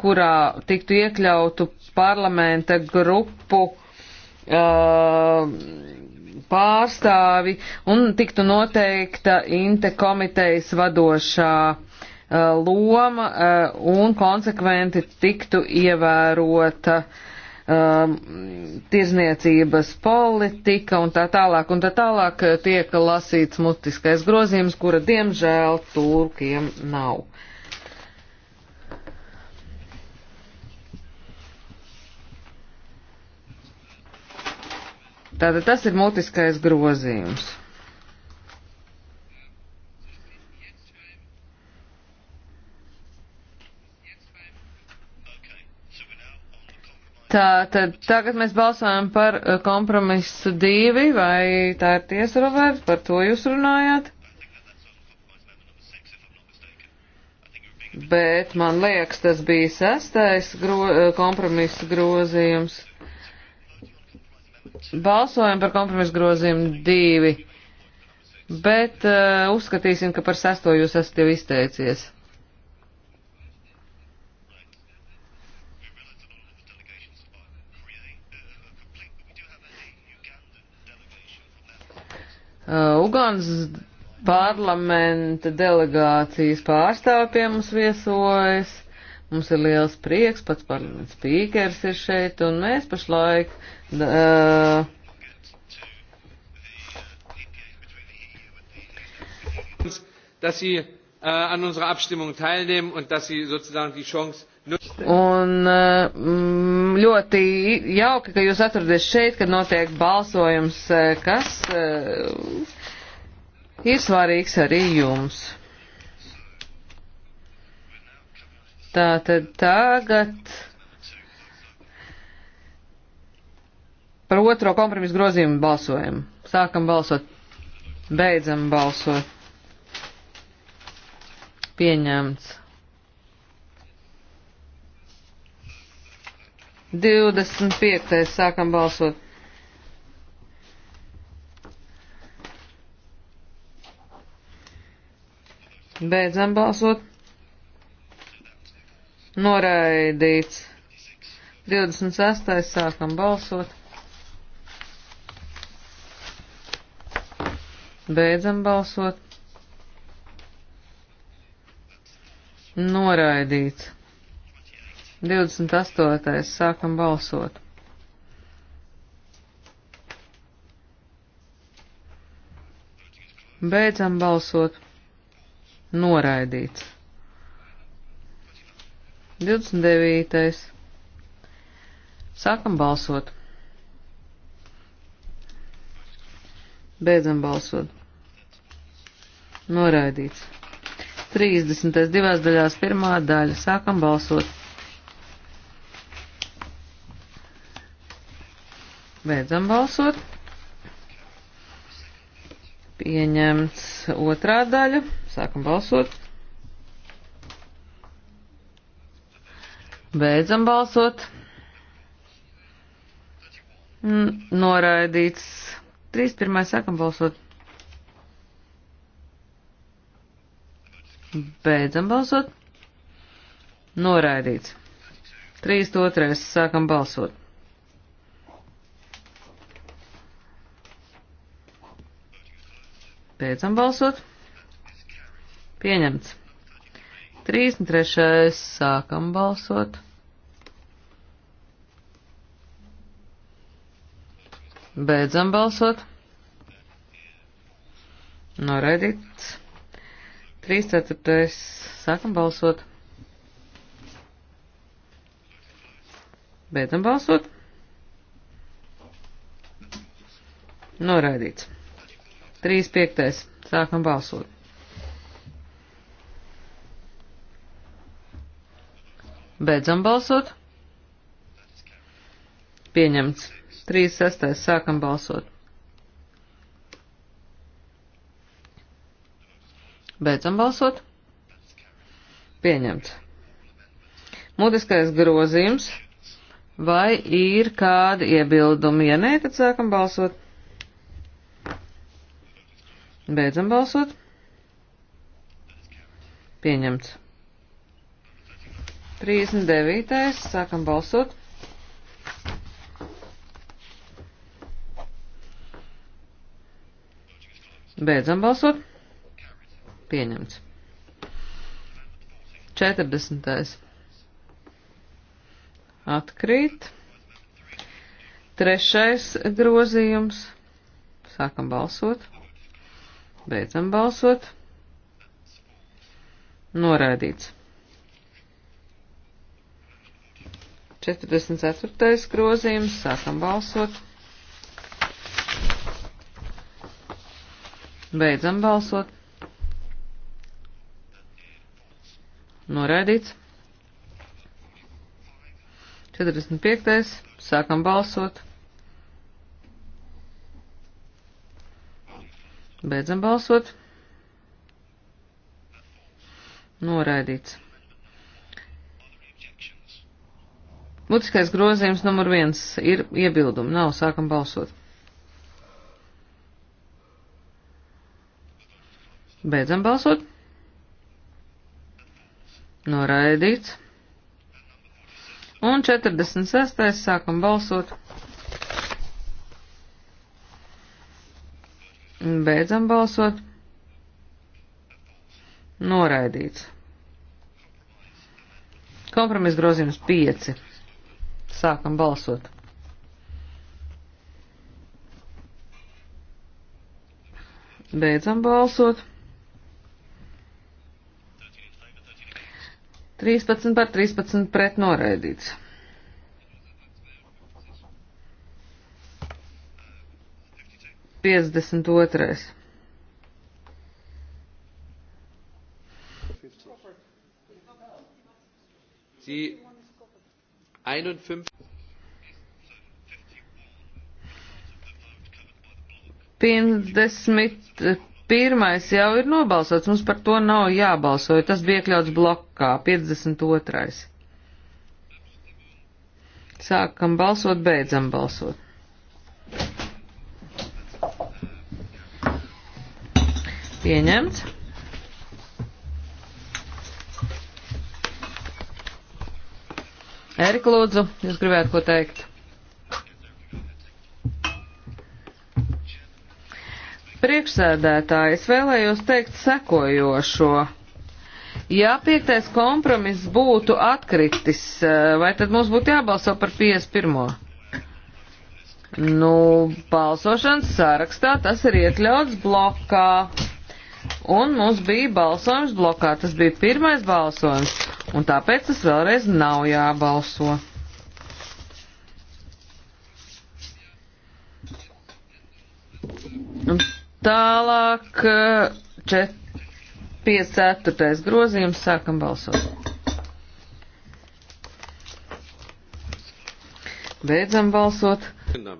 kurā tiktu iekļautu parlamenta grupu e, pārstāvi un tiktu noteikta inte komitejas vadošā e, loma un konsekventi tiktu ievērota uh, um, tirzniecības politika un tā tālāk un tā tālāk eh, tiek lasīts mutiskais grozījums, kura diemžēl turkiem nav. Tātad tas ir mutiskais grozījums. Tā tad tagad mēs balsojam par eh, kompromisu divi, vai tā ir tiesa, Roberts, par to jūs runājāt? Bet man liekas, tas bija sestais gro eh, kompromisu grozījums. Balsojam par kompromisu grozījumu divi, bet uh, uzskatīsim, ka par sesto jūs esat jau izteicies. Uh, Ugānas parlamenta delegācijas pārstāvi pie mums viesojas. Mums ir liels prieks, pats parlaments spīkers ir šeit, un mēs pašlaik uh, dass Sie äh, an unserer Abstimmung teilnehmen und dass Sie sozusagen die Chance Nu- Un mm, ļoti jauki, ka jūs atrodaties šeit, kad notiek balsojums, eh, kas eh, ir svarīgs arī jums. Tātad tagad par otro kompromisu grozījumu balsojam. Sākam balsot, beidzam balsot. Pieņemts. 25. sākam balsot. Beidzam balsot. Noraidīts. 26. sākam balsot. Beidzam balsot. Noraidīts. 28. sākam balsot. Beidzam balsot. Noraidīts. 29. Sākam balsot. Beidzam balsot. Noraidīts. 30. divās daļās pirmā daļa. Sākam balsot. Beidzam balsot. Pieņemts otrā daļa. Sākam balsot. Beidzam balsot. N noraidīts. 3.1. sākam balsot. Beidzam balsot. Noraidīts. 3.2. sākam balsot. Beidzam balsot. Pieņemts. 33. Sākam balsot. Beidzam balsot. Noraidīts. 34. Sākam balsot. Beidzam balsot. Noraidīts. 35. Sākam balsot. Beidzam balsot. Pieņemts. 36. Sākam balsot. Beidzam balsot. Pieņemts. Mutiskais grozījums. Vai ir kādi iebildumi? Ja nē, tad sākam balsot. Beidzam balsot. Pieņemts. 39. Sākam balsot. Beidzam balsot. Pieņemts. 40. Atkrīt. Trešais grozījums. Sākam balsot. Beidzam balsot. Noraidīts. 44. grozījums. Sākam balsot. Beidzam balsot. Noraidīts. 45. Sākam balsot. Beidzam balsot. Noraidīts. Mutiskais grozījums numur viens ir iebildumi. Nav, sākam balsot. Beidzam balsot. Noraidīts. Un 46. sākam balsot. Beidzam balsot. Noraidīts. Kompromis grozījums 5. Sākam balsot. Beidzam balsot. 13 par 13 pret noraidīts. 52. Sie 51. 51. jau ir nobalsots, mums par to nav jābalso, jo tas bija iekļauts blokā. 52. Sākam balsot, beidzam balsot. Pieņemts. Erika, lūdzu, jūs gribētu ko teikt? Priekšsēdētāji, es vēlējos teikt sekojošo. Ja piektais kompromiss būtu atkritis, eh, vai tad mums būtu jābalso par 51? Nu, balsošanas sarakstā tas ir iekļauts blokā un mums bija balsojums blokā. Tas bija pirmais balsojums, un tāpēc tas vēlreiz nav jābalso. Un tālāk 54. grozījums sākam balsot. Beidzam balsot. Nā.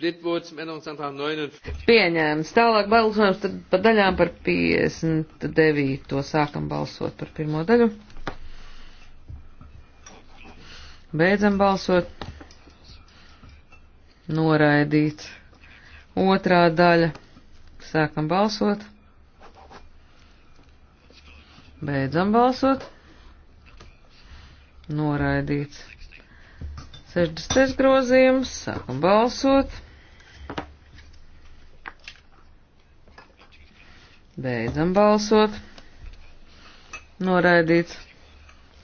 Pieņēmums. Tālāk balsojums tad pa daļām par 59. Sākam balsot par pirmo daļu. Beidzam balsot. Noraidīts. Otrā daļa. Sākam balsot. Beidzam balsot. Noraidīts. 60. grozījums. Sākam balsot. Beidzam balsot. Noraidīts.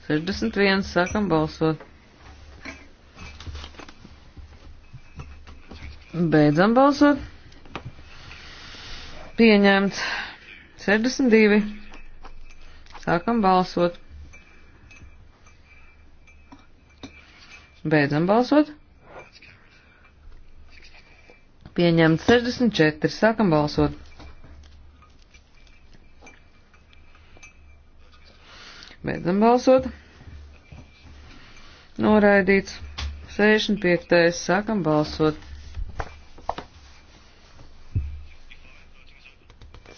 61. Sākam balsot. Beidzam balsot. Pieņemts. 62. Sākam balsot. Beidzam balsot. Pieņemts 64. Sākam balsot. Beidzam balsot. Noraidīts. 65. Sākam balsot.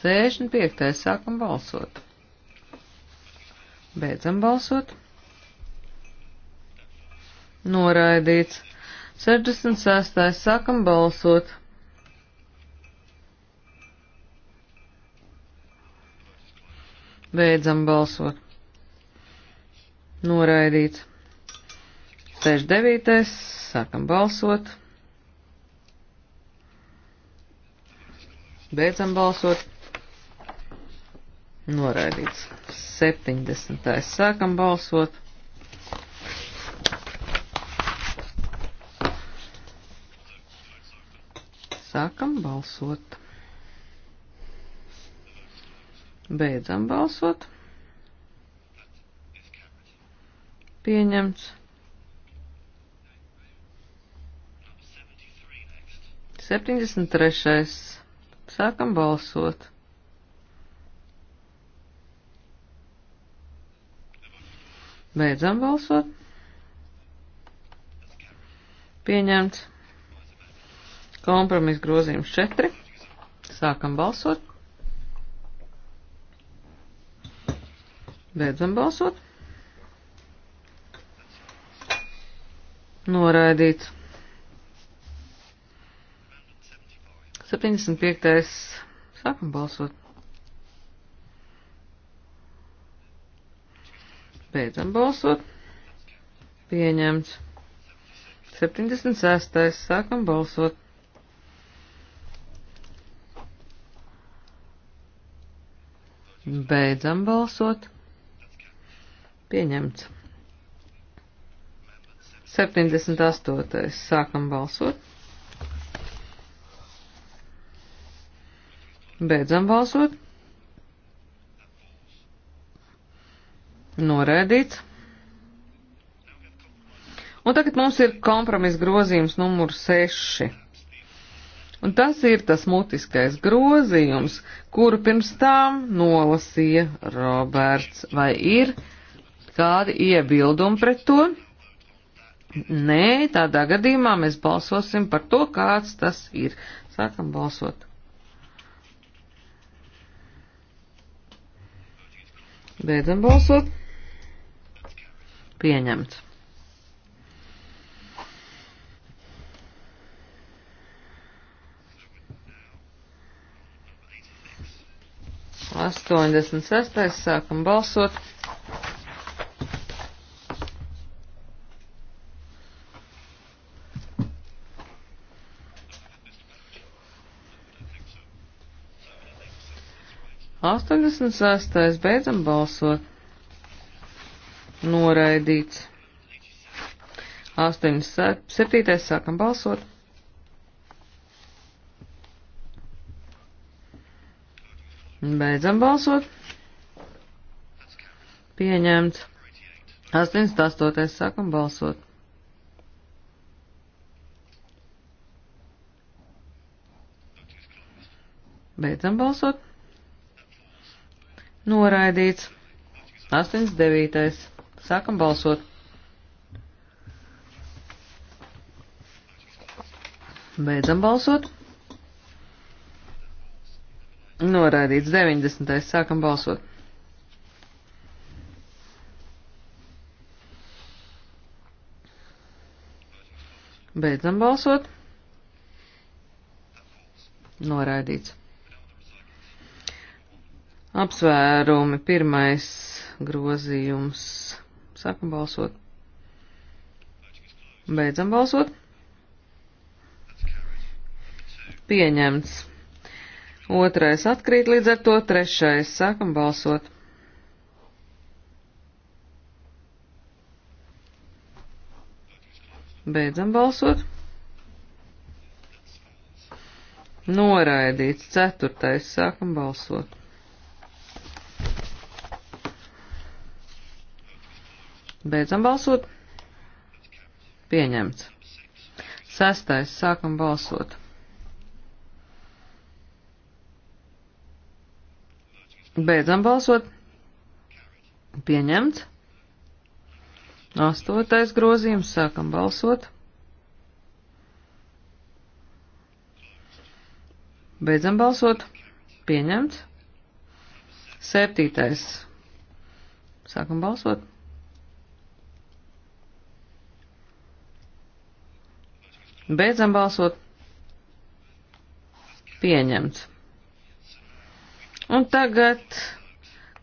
65. Sākam balsot. Beidzam balsot. Noraidīts. 66. Sākam balsot. Beidzam balsot. Noraidīts. 69. Sākam balsot. Beidzam balsot. Noraidīts. 70. Sākam balsot. Sākam balsot. Beidzam balsot. pieņemts. 73. Sākam balsot. Beidzam balsot. Pieņemts. Kompromis grozījums 4. Sākam balsot. Beidzam balsot. Noraidīts. 75. Sākam balsot. Beidzam balsot. Pieņemts. 76. Sākam balsot. Beidzam balsot. Pieņemts. 78. Sākam balsot. Beidzam balsot. Noraidīts. Un tagad mums ir kompromis grozījums numur 6. Un tas ir tas mutiskais grozījums, kuru pirms tām nolasīja Roberts. Vai ir kādi iebildumi pret to? Nē, tādā gadījumā mēs balsosim par to, kāds tas ir. Sākam balsot. Beidzam balsot. Pieņemts. Astoņdesmit sestais sākam balsot. 86. beidzam balsot. Noraidīts. 87. sākam balsot. Beidzam balsot. Pieņemts. 88. sākam balsot. Beidzam balsot. Noraidīts. 89. Sākam balsot. Beidzam balsot. Noraidīts 90. Sākam balsot. Beidzam balsot. Noraidīts. Apsvērumi pirmais grozījums. Sākam balsot. Beidzam balsot. Pieņemts. Otrais atkrīt līdz ar to. Trešais. Sākam balsot. Beidzam balsot. Noraidīts. Ceturtais. Sākam balsot. Beidzam balsot. Pieņemts. Sestais. Sākam balsot. Beidzam balsot. Pieņemts. Astotais grozījums. Sākam balsot. Beidzam balsot. Pieņemts. Septītais. Sākam balsot. Beidzam balsot. Pieņemts. Un tagad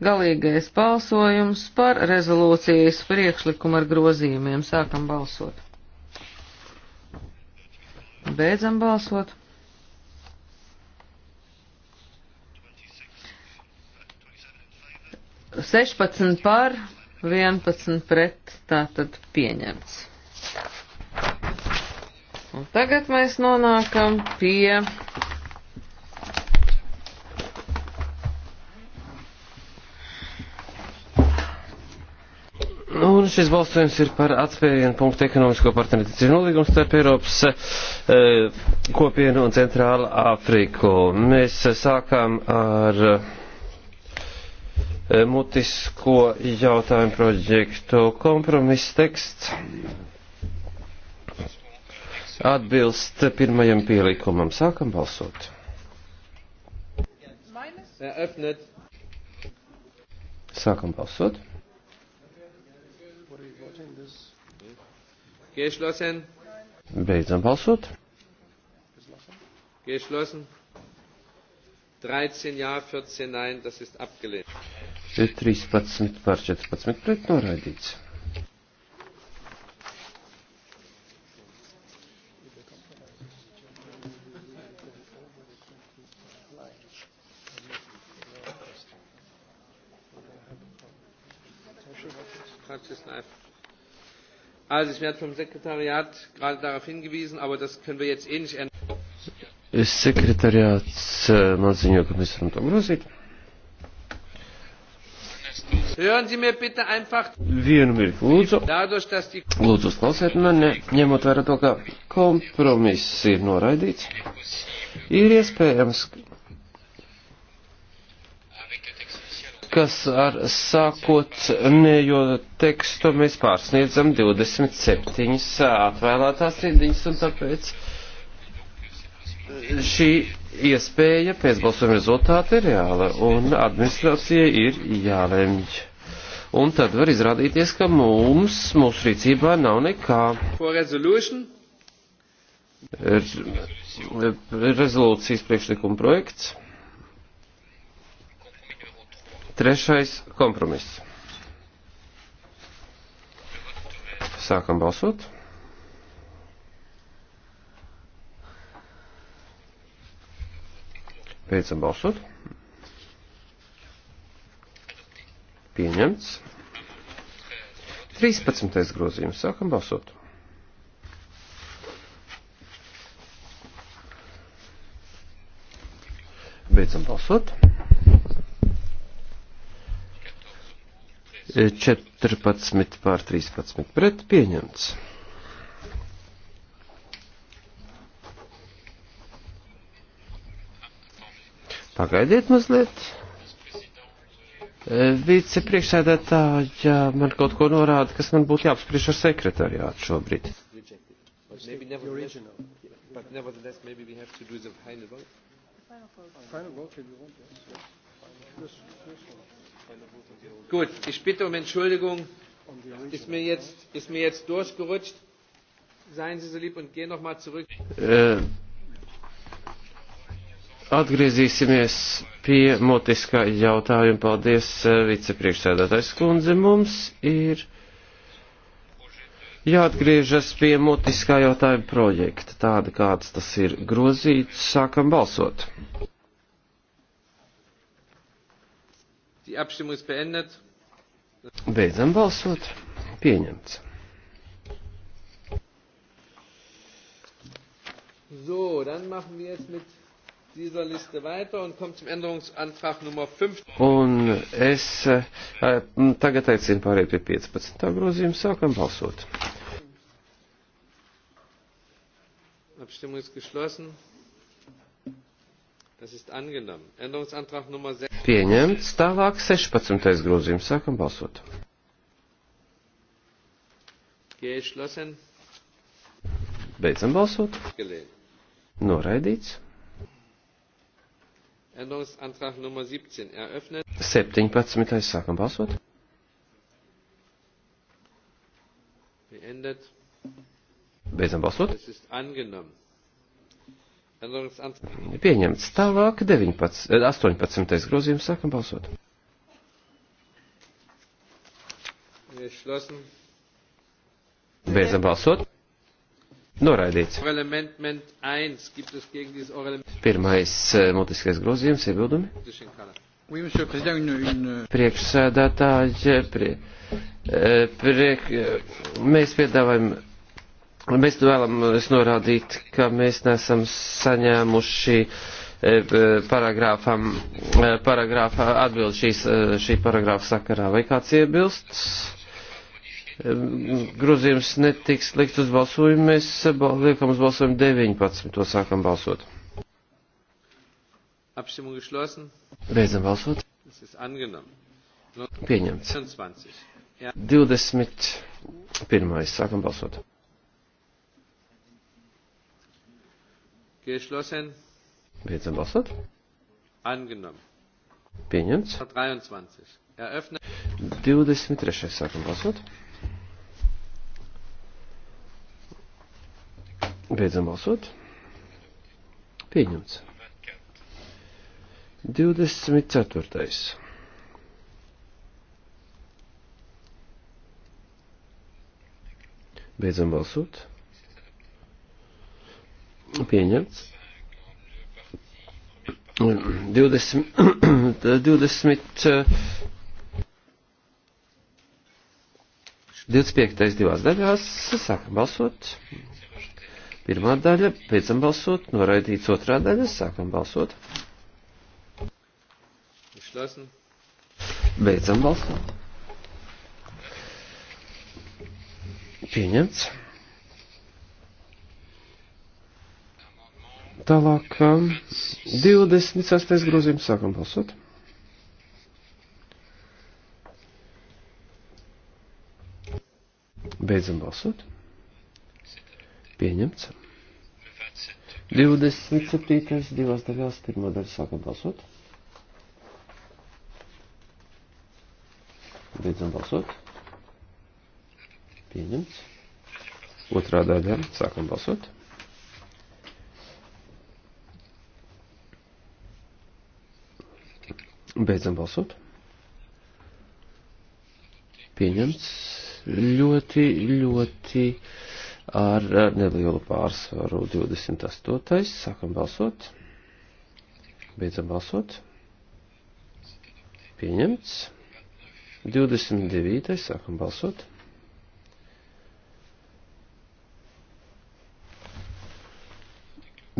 galīgais balsojums par rezolūcijas priekšlikumu ar grozījumiem. Sākam balsot. Beidzam balsot. Sešpadsmit par, vienpadsmit pret, tātad pieņemts. Un tagad mēs nonākam pie Un šis balsojums ir par atspērienu punktu ekonomisko partneritības nolīgumu starp Eiropas e, kopienu un Centrāla Āfriku. Mēs sākām ar e, mutisko jautājumu projektu kompromiss teksts atbilst pirmajam pielikumam. Sākam balsot. Sākam balsot. Geschlossen. Beidzam balsot. Geschlossen. 13 ja, 14 nein, das ist abgelehnt. 13 par 14 pret noraidīts. Also ich werde vom Sekretariat gerade darauf hingewiesen, aber das können wir jetzt eh nicht ändern. Sekretariāts äh, man ziņo, ka mēs varam to grozīt. Hören Sie mir bitte einfach. Vienu mirkli, lūdzu. Dadurch, dass die... Lūdzu, uzklausiet mani, ņemot vērā to, ka kompromiss ir noraidīts. Ir iespējams, kas ar sākotnējo tekstu mēs pārsniedzam 27 atvēlētās rindiņas, un tāpēc šī iespēja pēc balsojuma rezultāta ir reāla, un administrācija ir jālemj. Un tad var izrādīties, ka mums, mūsu rīcībā nav nekā. Rezolūcijas priekšlikuma projekts. Trešais kompromiss. Sākam balsot. Beidzam balsot. Pieņemts. 13. grozījums. Sākam balsot. Beidzam balsot. 14 pār 13 pret pieņemts. Pagaidiet mazliet. Vicepriekšsēdētāja man kaut ko norāda, kas man būtu jāapspriež ar sekretariātu šobrīd. Maybe never original, but nevertheless maybe we have to do the final vote. Final vote. Final vote if you want, yes. yes. yes. yes. yes. Gut, ich bitte um Entschuldigung. Ist mir jetzt, ist mir jetzt durchgerutscht. Seien Sie so lieb und gehen nochmal zurück. Äh, atgriezīsimies pie motiskā jautājuma. Paldies, vicepriekšsēdētājs kundze. Mums ir jāatgriežas pie motiskā jautājuma projekta, tāda kāds tas ir grozīts. Sākam balsot. Die Abstimmung ist beendet. Beidzam balsot. Pieņemts. So, dann machen wir jetzt mit dieser Liste weiter und kommen zum Änderungsantrag Nummer 5. Un es äh, tagad aicinu pārēt pie 15. grozījuma, sākam balsot. Abstimmung ist geschlossen. Tas ist angenommen. Änderungsantrag Nummer 6. Pieņemts. Tālāk 16. grozījums. Sākam balsot. Geschlossen. Beidzam balsot. Gelehnt. Noraidīts. Änderungsantrag Nummer 17 eröffnet. 17. Sākam balsot. Beendet. Beidzam balsot. Es ist angenommen. Pieņemts. Tālāk 19, 18. Eh, grozījums sākam balsot. Beidzam balsot. Noraidīts. Pirmais eh, mutiskais grozījums iebildumi. Priekšsēdētāji, prie, eh, priek, mēs piedāvājam Mēs vēlamies norādīt, ka mēs nesam saņēmuši e, e, paragrāfam, e, paragrāfā atbild šīs, šī paragrāfa sakarā. Vai kāds iebilst? Grozījums netiks likt uz balsojumu, mēs liekam uz balsojumu 19, to sākam balsot. Beidzam balsot. Pieņemts. 21. Sākam balsot. Geschlossen. Beidzam balsot. Angenommen. Pieņemts. 23. Eröffnet. 23. Sākam balsot. Beidzam balsot. Pieņemts. 24. Beidzam balsot pieņemts. 20, 20, 25. divās daļās sākam balsot. Pirmā daļa, beidzam balsot, noraidīts otrā daļa, sākam balsot. Beidzam balsot. Pieņemts. Tālāk, 26. Um, grozījums sākam balsot. Beidzam balsot. Pieņemts. 27. divās daļās, pirmā daļa sākam balsot. Beidzam balsot. Pieņemts. Otrā daļa sākam balsot. Beidzam balsot. Pieņemts ļoti, ļoti ar nelielu pārsvaru 28. Sākam balsot. Beidzam balsot. Pieņemts. 29. Sākam balsot.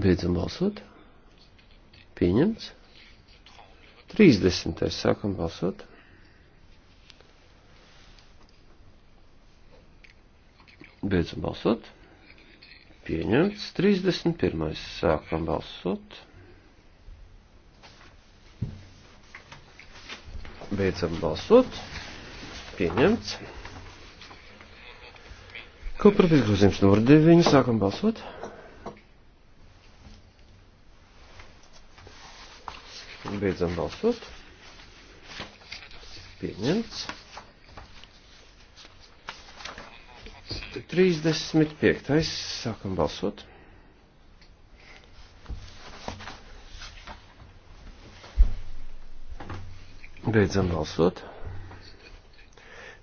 Beidzam balsot. Pieņemts. 30. sākam balsot. Beidzam balsot. Pieņemts. 31. sākam balsot. Beidzam balsot. Pieņemts. Kompromiss grozījums numur 9. Sākam balsot. Beidzam balsot. Pieņemts. 35. Sākam balsot. Beidzam balsot.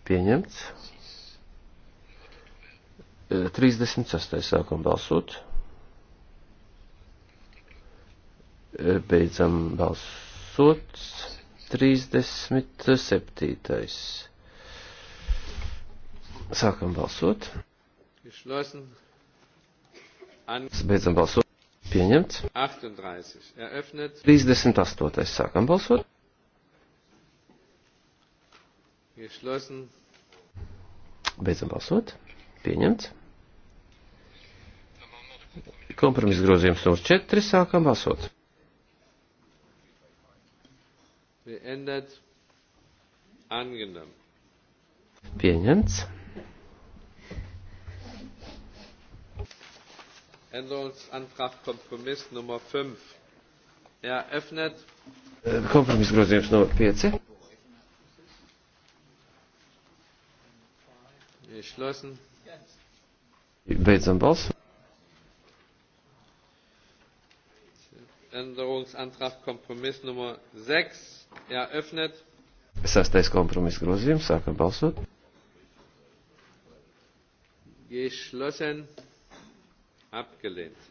Pieņemts. 36. sākam balsot. Beidzam balsot balsots 37. Sākam balsot. Beidzam balsot. Pieņemts. 38. Sākam balsot. Beidzam balsot. Pieņemts. Kompromiss grozījums numurs 4. Sākam balsot. Beendet. Angenommen. Pieņemts. Änderungsantrag Kompromiss Nummer 5. Eröffnet. Äh, Kompromissgrozījums numur 5. Geschlossen. Beidzam balsu. Änderungsantrag Kompromiss Nummer 6. Eröffnet. Sastais kompromiss grozījums. Sākam balsot. Geschlossen. Abgelehnt.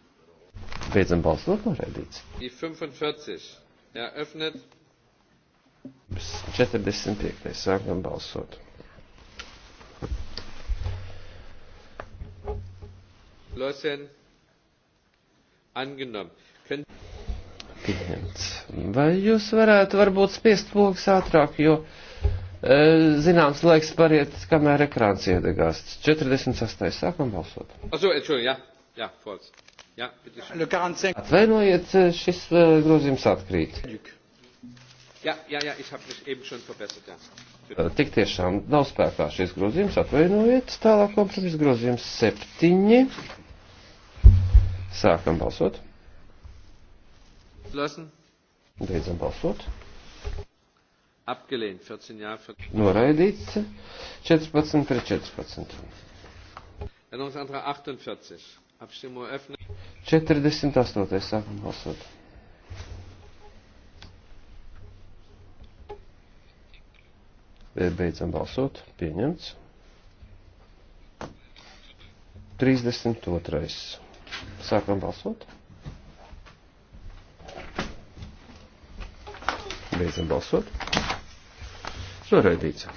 Beidzam balsot. Noraidīts. Die 45. Eröffnet. 45. Sākam balsot. Geschlossen. Angenommen. Können pieņemts. Vai jūs varētu varbūt spiest pogas ātrāk, jo e, zināms laiks pariet, kamēr ekrāns iedegās. 48. sākam balsot. Atvainojiet, e, šis e, grozījums atkrīt. Jā, jā, jā, es habe mich eben schon verbessert, jā. E, tik tiešām nav spēkā šis grozījums, atvainojiet, tālāk kompromis grozījums septiņi. Sākam balsot. Lassen. Beidzam balsot. Apgelehnt 14 jā. 14. Noraidīts 14 pret 14. Änderungsantrag 48. Abstimmung eröffnet. 48. Sākam balsot. Beidzam balsot. Pieņemts. 32. Sākam balsot. Beidzam balsot. Noraidīts.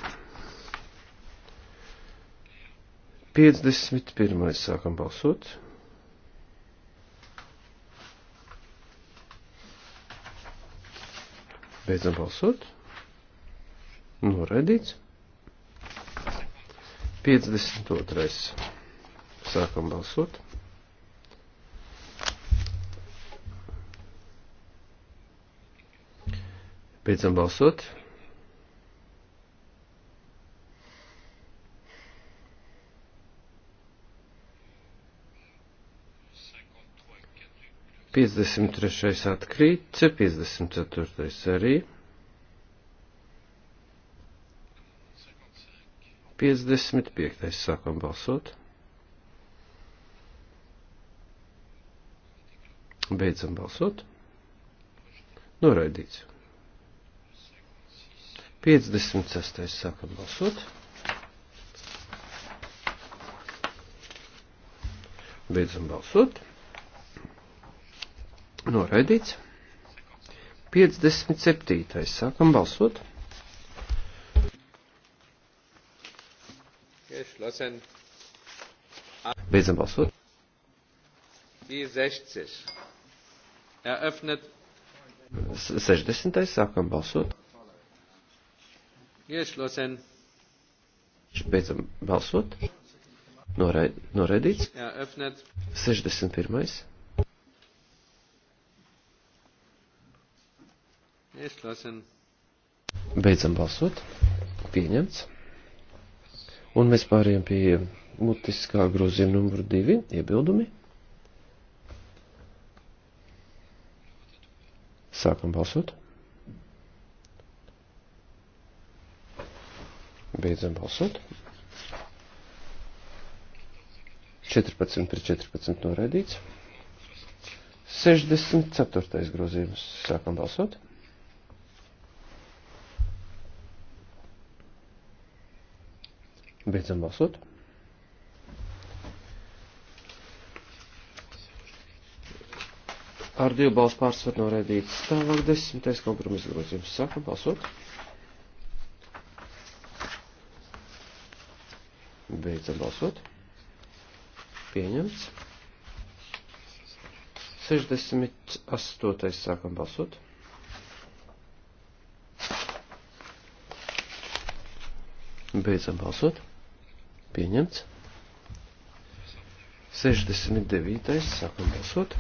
51. sākam balsot. Beidzam balsot. Noraidīts. 52. Sākam balsot. Beidzam balsot. Piecdesmit trešais atkrīt, piecdesmit ceturtais arī. Piecdesmit piektais sākam balsot. Beidzam balsot. Noraidīts. 56. sākam balsot. Beidzam balsot. Noraidīts. 57. sākam balsot. Geschlossen. Beidzam balsot. Die 60. Eröffnet. 60. sākam balsot. Geschlossen. Beidzam balsot. Noraid, noraidīts. Jā, öffnet. 61. Geschlossen. Beidzam balsot. Pieņemts. Un mēs pārējām pie mutiskā grozījuma numuru 2 iebildumi. Sākam balsot. Beidzam balsot. 14 pret 14 noraidīts. 64. grozījums. Sākam balsot. Beidzam balsot. Ar divu balsu pārsvaru noraidīts. Tālāk desmitais kompromiss grozījums. Sākam balsot. Beidzam balsot. Pieņemts. 68. sākam balsot. Beidzam balsot. Pieņemts. 69. sākam balsot.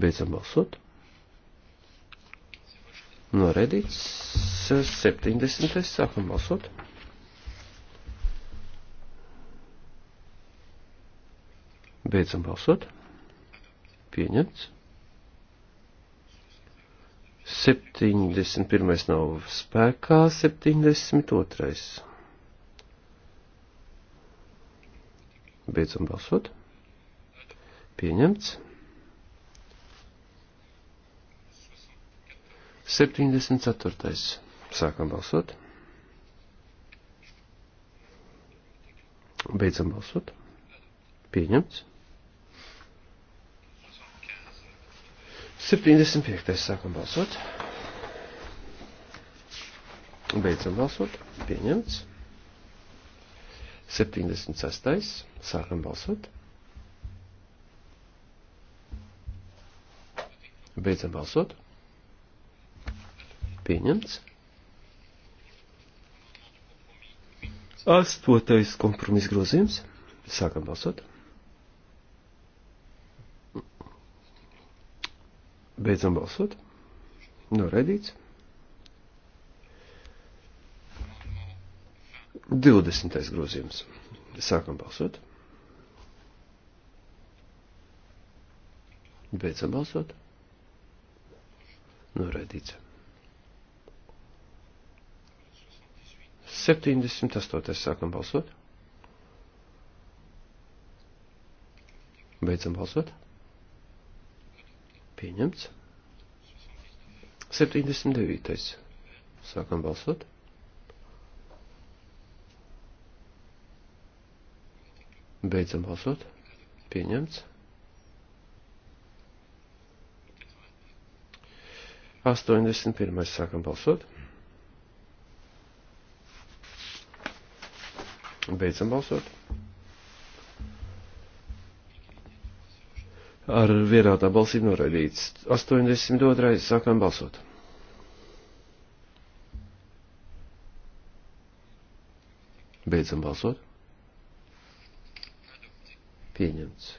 Beidzam balsot. Noredīts 70. Sākam balsot. Beidzam balsot. Pieņemts. 71. nav spēkā, 72. Beidzam balsot. Pieņemts. 74. Sākam balsot. Beidzam balsot. Pieņemts. 75. Sākam balsot. Beidzam balsot. Pieņemts. 76. Sākam balsot. Beidzam balsot. Pieņemts. Astotais kompromis grozījums. Sākam balsot. Beidzam balsot. Noraidīts. 20. grozījums. Sākam balsot. Beidzam balsot. Noraidīts. 78. sākam balsot. Beidzam balsot. Pieņemts. 79. Sākam balsot. Beidzam balsot. Pieņemts. 81. Sākam balsot. Beidzam balsot. Ar vienādā balsīm noraidīts. 82. sākām balsot. Beidzam balsot. Pieņemts.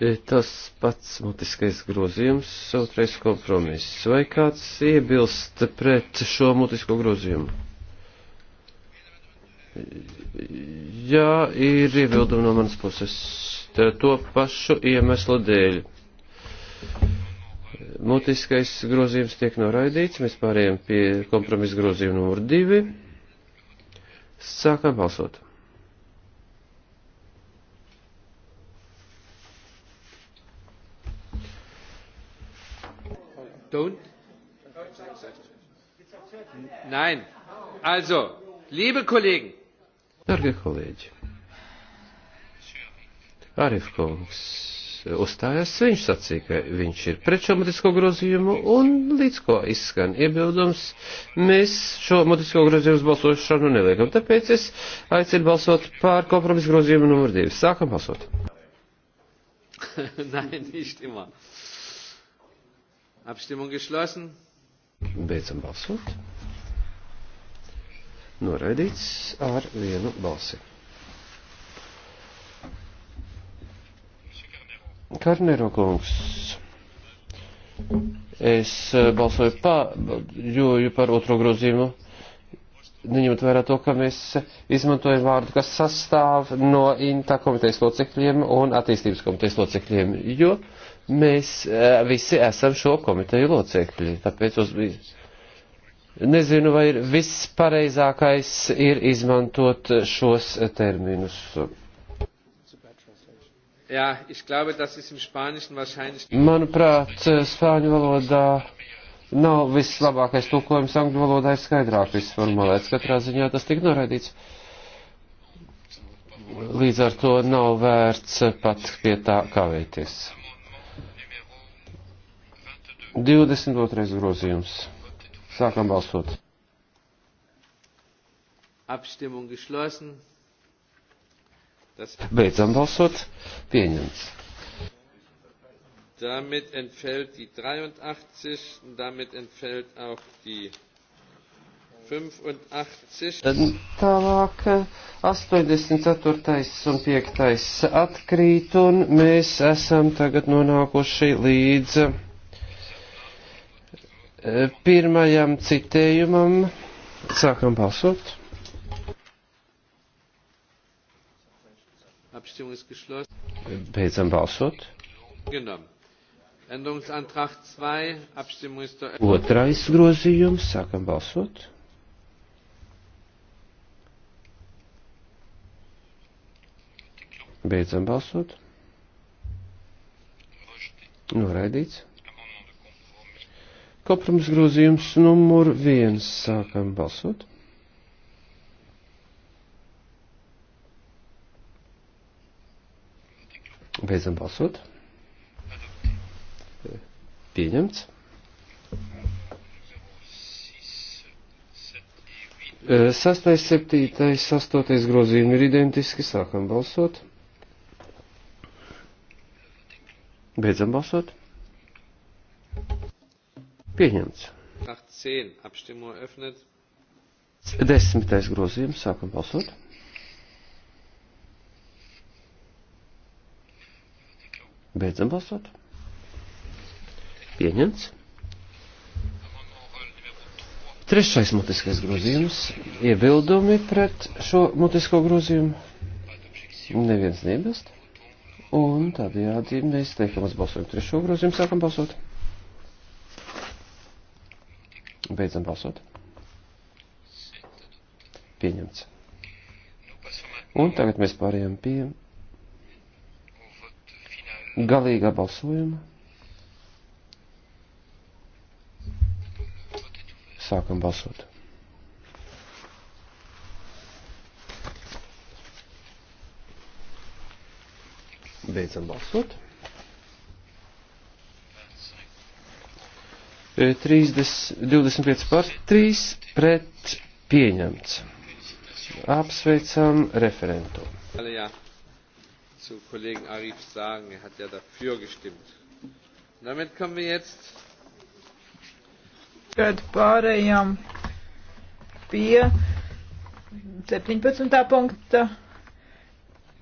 E, tas pats mutiskais grozījums, otrais kompromiss. Vai kāds iebilst pret šo mutisko grozījumu? Jā, ir iebildumi no manas puses. Tā to pašu iemeslu dēļ. Mutiskais grozījums tiek noraidīts, mēs pārējām pie kompromisa grozījuma numur divi. Sākam balsot. Don't? Nein. Also, liebe Kollegen. Dargie kolēģi. Arif kungs uzstājās, viņš sacīja, ka viņš ir pret šo mutisko grozījumu, un līdz ko izskan iebildums, mēs šo mutisko grozījumu balsošanu neliekam. Tāpēc es aicinu balsot par kompromisu grozījumu numur 2. Sākam balsot. Nein, nicht immer. Abstimmung geschlossen. Beidzam balsot. Noraidīts ar vienu balsi. Karnero kungs. Es eh, balsoju pa, jo, jo par otro grozījumu, neņemot vērā to, ka mēs izmantojam vārdu, kas sastāv no INTA komitejas locekļiem un attīstības komitejas locekļiem, jo uh, Mēs eh, visi esam šo komiteju locekļi, tāpēc uz... nezinu, vai ir viss pareizākais ir izmantot šos terminus. Ja, ich glaube, das ist im Spanischen wahrscheinlich. Manuprāt, spāņu valodā nav vislabākais tulkojums, angļu valodā ir skaidrāk viss formulēts. Katrā ziņā tas tik noraidīts. Līdz ar to nav vērts pat pie tā kavēties. 22. grozījums. Sākam balsot. Abstimmung geschlossen. Das Beidzam balsot. Pieņemts. Damit entfällt die 83. Damit entfällt auch die 85. Tālāk 84. un 5. atkrīt, un mēs esam tagad nonākuši līdz pirmajam citējumam. Sākam balsot. Beidzam balsot. Otrais grozījums. Sākam balsot. Beidzam balsot. Noraidīts. Kompromis grozījums numur viens. Sākam balsot. Beidzam balsot. Pieņemts. Sastais, septītais, astotais grozījumi ir identiski. Sākam balsot. Beidzam balsot. Pieņemts. 10. E grozījums. Sākam balsot. Beidzam balsot. Pieņemts. Trešais mutiskais grozījums. Iebildumi pret šo mutisko grozījumu. Neviens nebilst. Un tādējādi mēs liekam uz balsojumu trešo grozījumu, sākam balsot. Beidzam balsot. Pieņemts. Un tagad mēs pārējām pie galīgā balsojuma. Sākam balsot. Beidzam balsot. 30, 25 par 3 pret pieņemts. Apsveicam referentu. zu Kollegen Arif sagen, er hat ja dafür gestimmt. Und damit kommen wir jetzt. Kad pārējām pie 17. punkta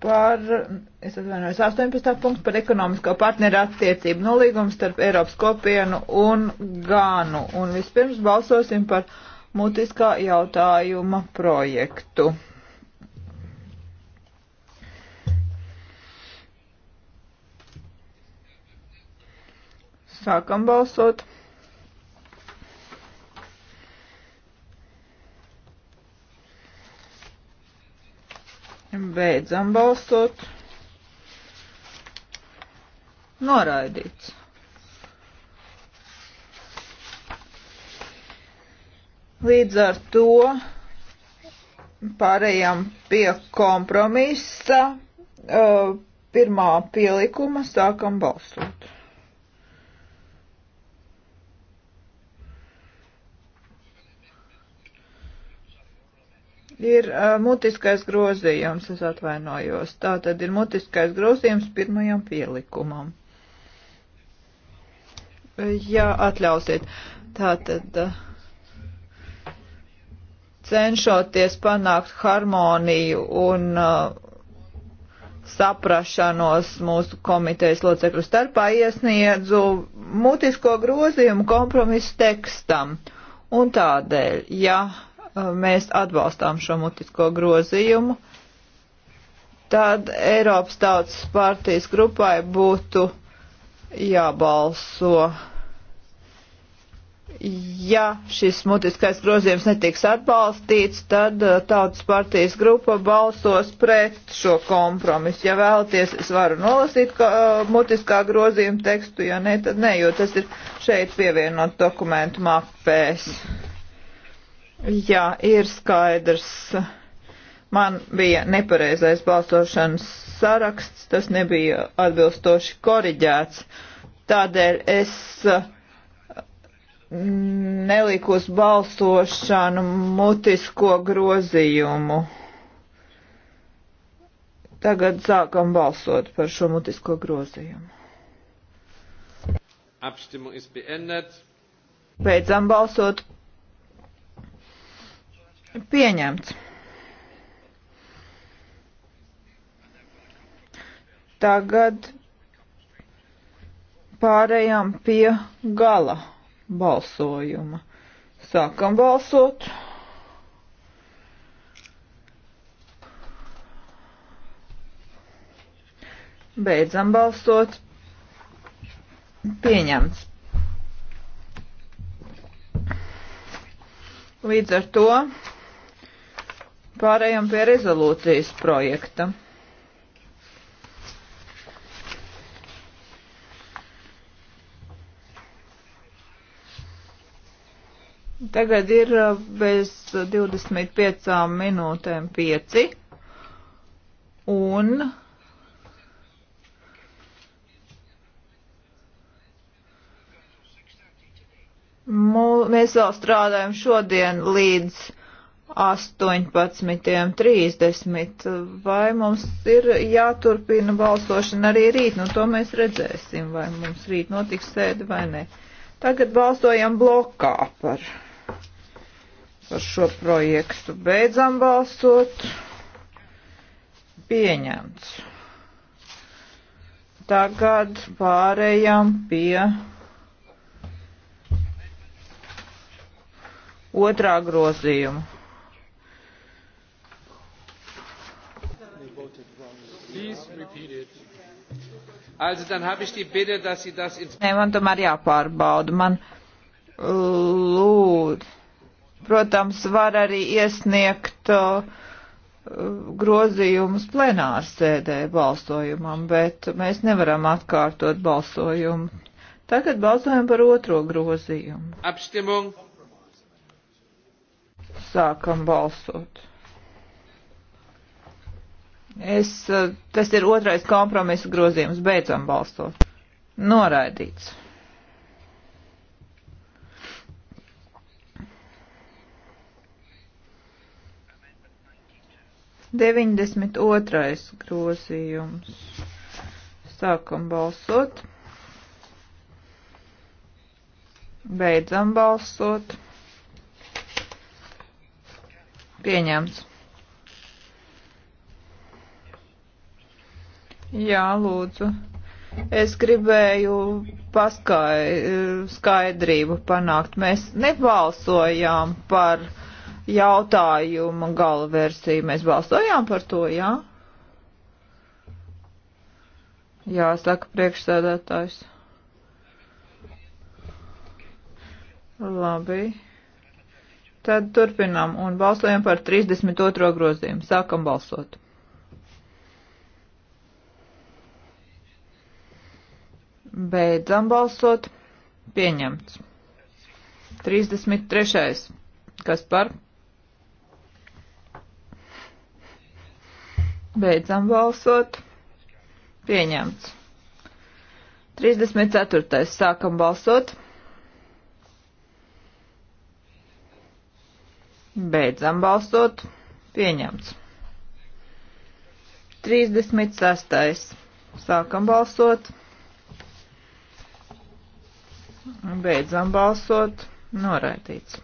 par, es atvainojos, 18. punkts par ekonomisko partneru attiecību nolīgumu starp Eiropas kopienu un Gānu. Un vispirms balsosim par mutiskā jautājuma projektu. Sākam balsot. Beidzam balsot. Noraidīts. Līdz ar to pārējām pie kompromisa. Uh, pirmā pielikuma sākam balsot. Ir uh, mutiskais grozījums, es atvainojos. Tā tad ir mutiskais grozījums pirmajam pielikumam. Jā, atļausiet. Tā tad uh, cenšoties panākt harmoniju un uh, saprašanos mūsu komitejas locekļu starpā iesniedzu mutisko grozījumu kompromisu tekstam. Un tādēļ, ja Uh, mēs atbalstām šo mutisko grozījumu. Tad Eiropas tautas partijas grupai būtu jābalso. Ja šis mutiskais grozījums netiks atbalstīts, tad uh, tautas partijas grupa balsos pret šo kompromisu. Ja vēlaties, es varu nolasīt ka, uh, mutiskā grozījuma tekstu, ja ne, tad ne, jo tas ir šeit pievienot dokumentu mapēs. Mm. Jā, ir skaidrs. Man bija nepareizais balsošanas saraksts, tas nebija atbilstoši koriģēts. Tādēļ es mm, neliku uz balsošanu mutisko grozījumu. Tagad sākam balsot par šo mutisko grozījumu. Beidzam balsot Pieņemts. Tagad pārējām pie gala balsojuma. Sākam balsot. Beidzam balsot. Pieņemts. Līdz ar to Pārējām pie rezolūcijas projekta. Tagad ir uh, bez 25 minūtēm 5 un mū, mēs vēl strādājam šodien līdz 18.30. Vai mums ir jāturpina balsošana arī rīt? Nu, to mēs redzēsim, vai mums rīt notiks sēde vai nē. Tagad balsojam blokā par, par šo projektu. Beidzam balsot. Pieņemts. Tagad pārējām pie otrā grozījuma. Please repeat it. Also, dann habe ich die Bitte, dass Sie das ins... Nē, man tomēr jāpārbauda. Man lūd. Protams, var arī iesniegt uh, grozījumus plenāru sēdē balsojumam, bet mēs nevaram atkārtot balsojumu. Tagad balsojam par otro grozījumu. Apstimung. Sākam balsot. Es, eh, tas ir otrais kompromisa grozījums. Beidzam balstot. Noraidīts. Deviņdesmit otrais grozījums. Sākam balsot. Beidzam balsot. Pieņemts. Jā, lūdzu. Es gribēju paskaidrību panākt. Mēs nebalsojām par jautājumu gala versiju. Mēs balsojām par to, jā? Jā, saka priekšsēdētājs. Labi. Tad turpinām un balsojam par 32. grozījumu. Sākam balsot. Beidzam balsot. Pieņemts. 33. Kas par? Beidzam balsot. Pieņemts. 34. Sākam balsot. Beidzam balsot. Pieņemts. 36. Sākam balsot. Beidzam balsot. Noraidīts.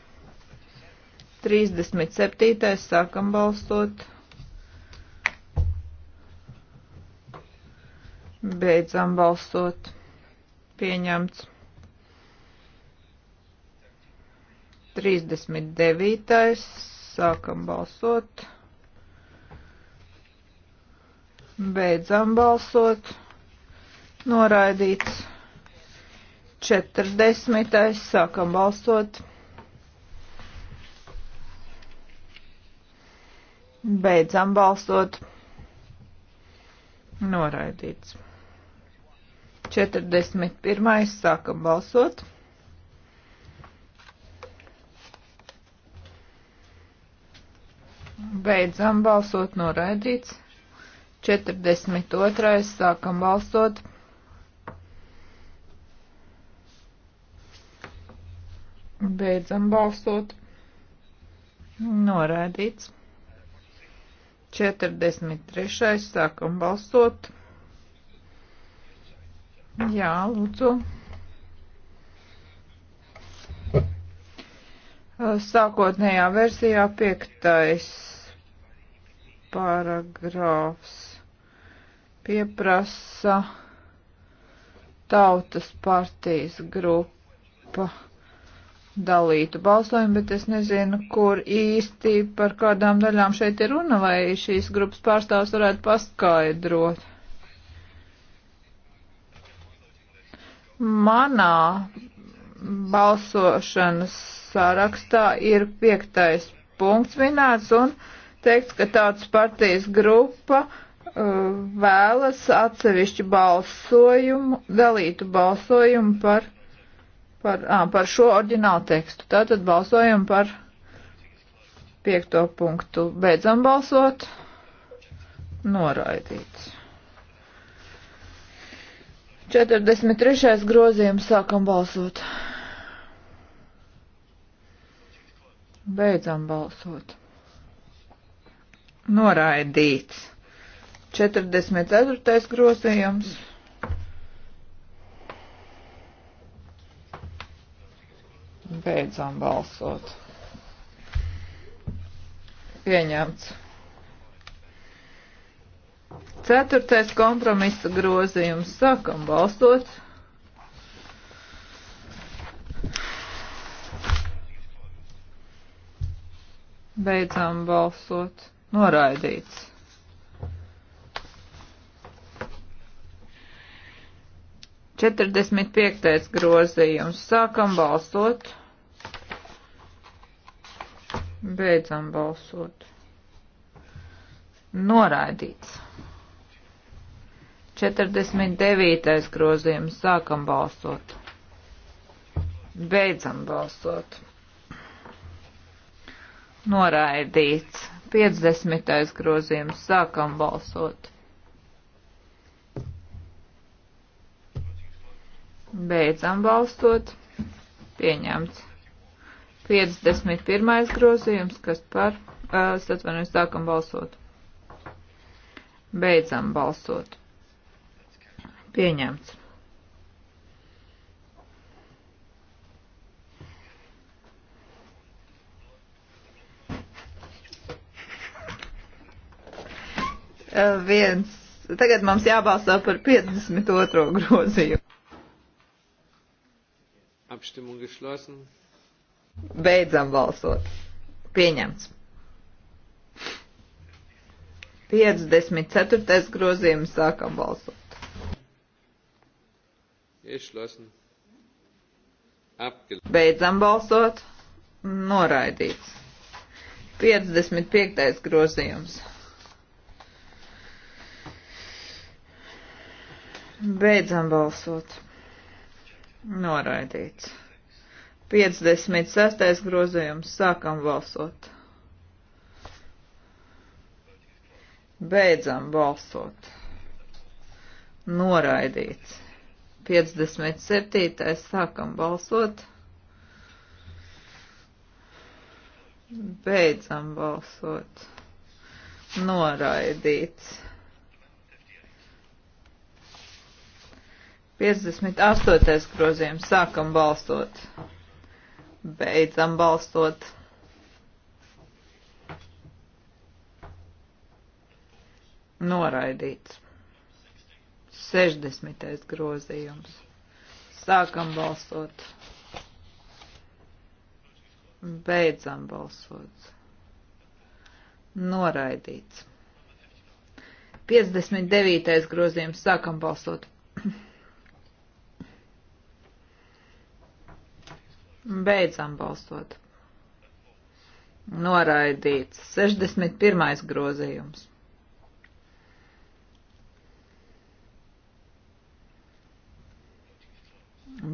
37. sākam balsot. Beidzam balsot. Pieņemts. 39. sākam balsot. Beidzam balsot. Noraidīts. 40. Sākam balsot. Beidzam balsot. Noraidīts. 41. Sākam balsot. Beidzam balsot. Noraidīts. 42. Sākam balsot. Beidzam balsot. Noraidīts. 43. sākam balsot. Jā, lūdzu. Sākotnējā versijā piektais paragrāfs pieprasa tautas partijas grupa dalītu balsojumu, bet es nezinu, kur īsti par kādām daļām šeit ir runa, vai šīs grupas pārstāvs varētu paskaidrot. Manā balsošanas sarakstā ir piektais punkts minēts un teikts, ka tautas partijas grupa uh, vēlas atsevišķu balsojumu, dalītu balsojumu par par, ā, par šo orģinālu tekstu. Tātad balsojam par piekto punktu. Beidzam balsot. Noraidīts. 43. grozījums sākam balsot. Beidzam balsot. Noraidīts. 44. grozījums. Mm. Beidzām balsot. Pieņemts. Ceturtais kompromisa grozījums. Sākam balsot. Beidzām balsot. Noraidīts. Četrdesmit piektais grozījums. Sākam balsot. Beidzam balsot. Noraidīts. 49. grozījums. Sākam balsot. Beidzam balsot. Noraidīts. 50. grozījums. Sākam balsot. Beidzam balsot. Pieņemts. 51. grozījums, kas par, es atvainojos, sākam balsot. Beidzam balsot. Pieņemts. Viens. Tagad mums jābalsā par 52. grozījumu. Abstimmung geschlossen. Beidzam balsot. Pieņemts. 54. grozījums sākam balsot. Iešlosim. Apgel. Beidzam balsot. Noraidīts. 55. grozījums. Beidzam balsot. Noraidīts. 56. grozījums. Sākam balsot. Beidzam balsot. Noraidīts. 57. sākam balsot. Beidzam balsot. Noraidīts. 58. grozījums. Sākam balsot. Beidzam balsot. Noraidīts. 60. grozījums. Sākam balsot. Beidzam balsot. Noraidīts. 59. grozījums. Sākam balsot. Beidzam balsot. Noraidīts. 61. grozījums.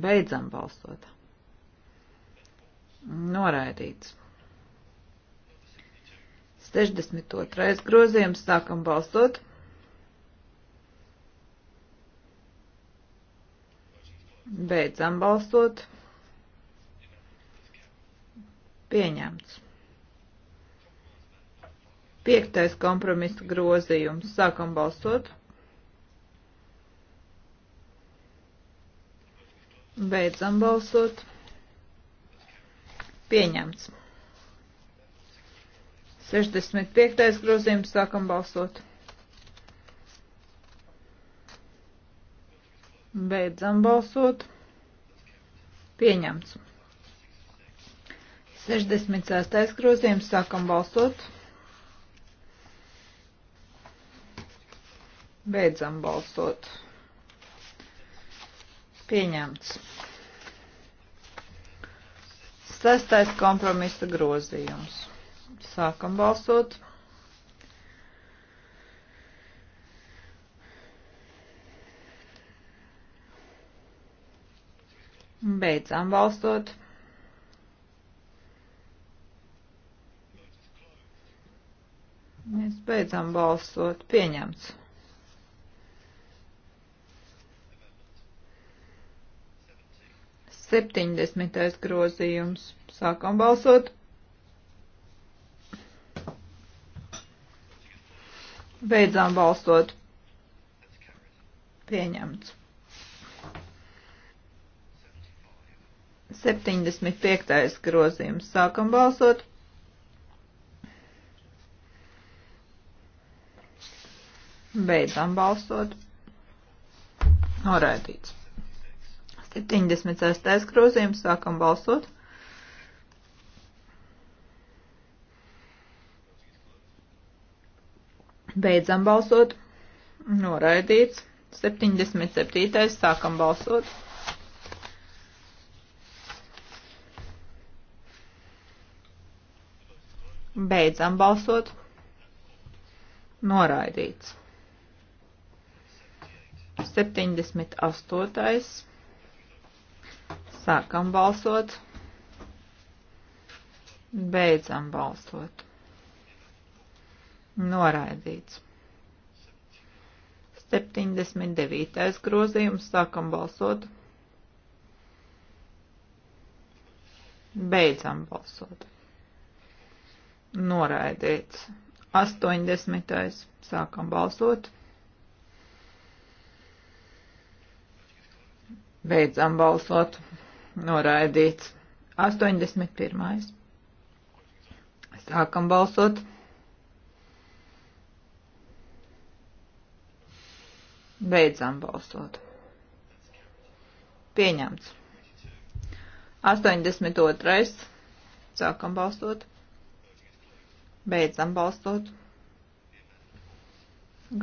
Beidzam balsot. Noraidīts. 62. grozījums sākam balstot. Beidzam balstot. Pieņemts. Piektais kompromisa grozījums. Sākam balsot. Beidzam balsot. Pieņemts. 65. grozījums. Sākam balsot. Beidzam balsot. Pieņemts. 66. grozījums sākam balsot. Beidzam balsot. Pieņemts. Sestais kompromisa grozījums. Sākam balsot. Beidzām balstot. Mēs beidzam balsot. Pieņemts. Septiņdesmitais grozījums. Sākam balsot. Beidzām balsot. Pieņemts. 75. grozījums. Sākam balsot. Beidzam balsot. Noraidīts. 76. grozījums. Sākam balsot. Beidzam balsot. Noraidīts. 77. Sākam balsot. Beidzam balsot. Noraidīts. 78. Sākam balsot. Beidzam balsot. Noraidīts. 79. grozījums. Sākam balsot. Beidzam balsot. Noraidīts. 80. Sākam balsot. Beidzam balsot. Noraidīts. 81. Sākam balsot. Beidzam balsot. Pieņemts. 82. Sākam balsot. Beidzam balsot.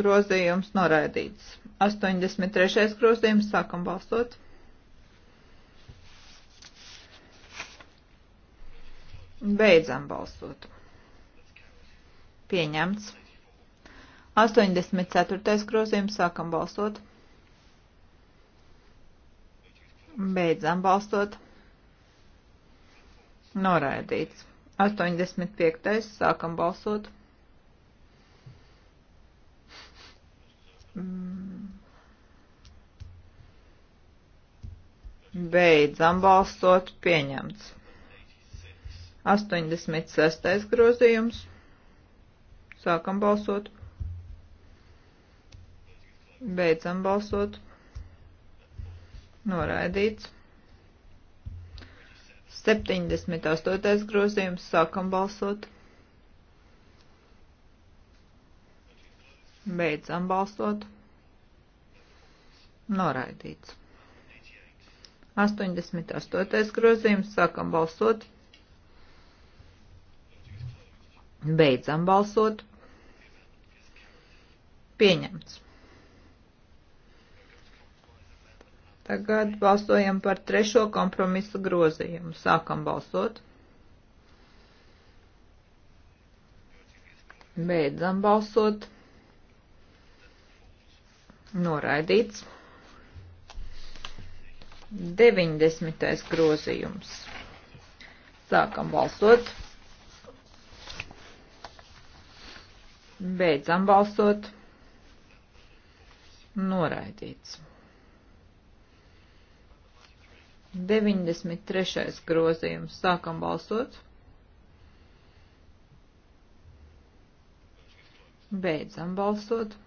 Grozījums noraidīts. 83. grozījums. Sākam balsot. Beidzam balsot. Pieņemts. 84. grozījums sākam balsot. Beidzam balsot. Noraidīts. 85. sākam balsot. Beidzam balsot pieņemts. 86. grozījums. Sākam balsot. Beidzam balsot. Noraidīts. 78. grozījums. Sākam balsot. Beidzam balsot. Noraidīts. 88. grozījums. Sākam balsot. Beidzam balsot. Pieņemts. Tagad balsojam par trešo kompromisu grozījumu. Sākam balsot. Beidzam balsot. Noraidīts. 90. grozījums. Sākam balsot. Beidzam balsot. Noraidīts. 93. grozījums. Sākam balsot. Beidzam balsot.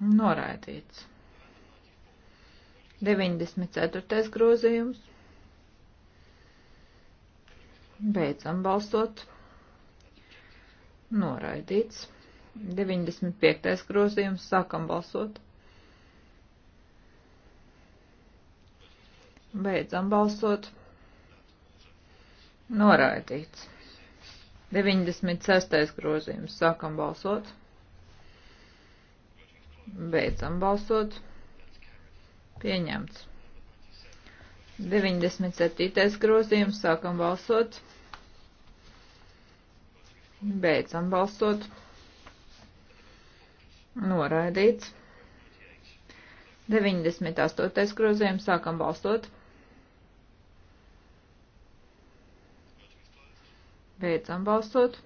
Noraidīts. 94. grozījums. Beidzam balsot. Noraidīts. 95. grozījums. Sākam balsot. Beidzam balsot. Noraidīts. 96. grozījums. Sākam balsot. Beidzam balsot. Pieņemts. 97. grozījums. Sākam balsot. Pieņemts. Beidzam balsot. Noraidīts. 98. grozījums sākam balstot. Beidzam balstot.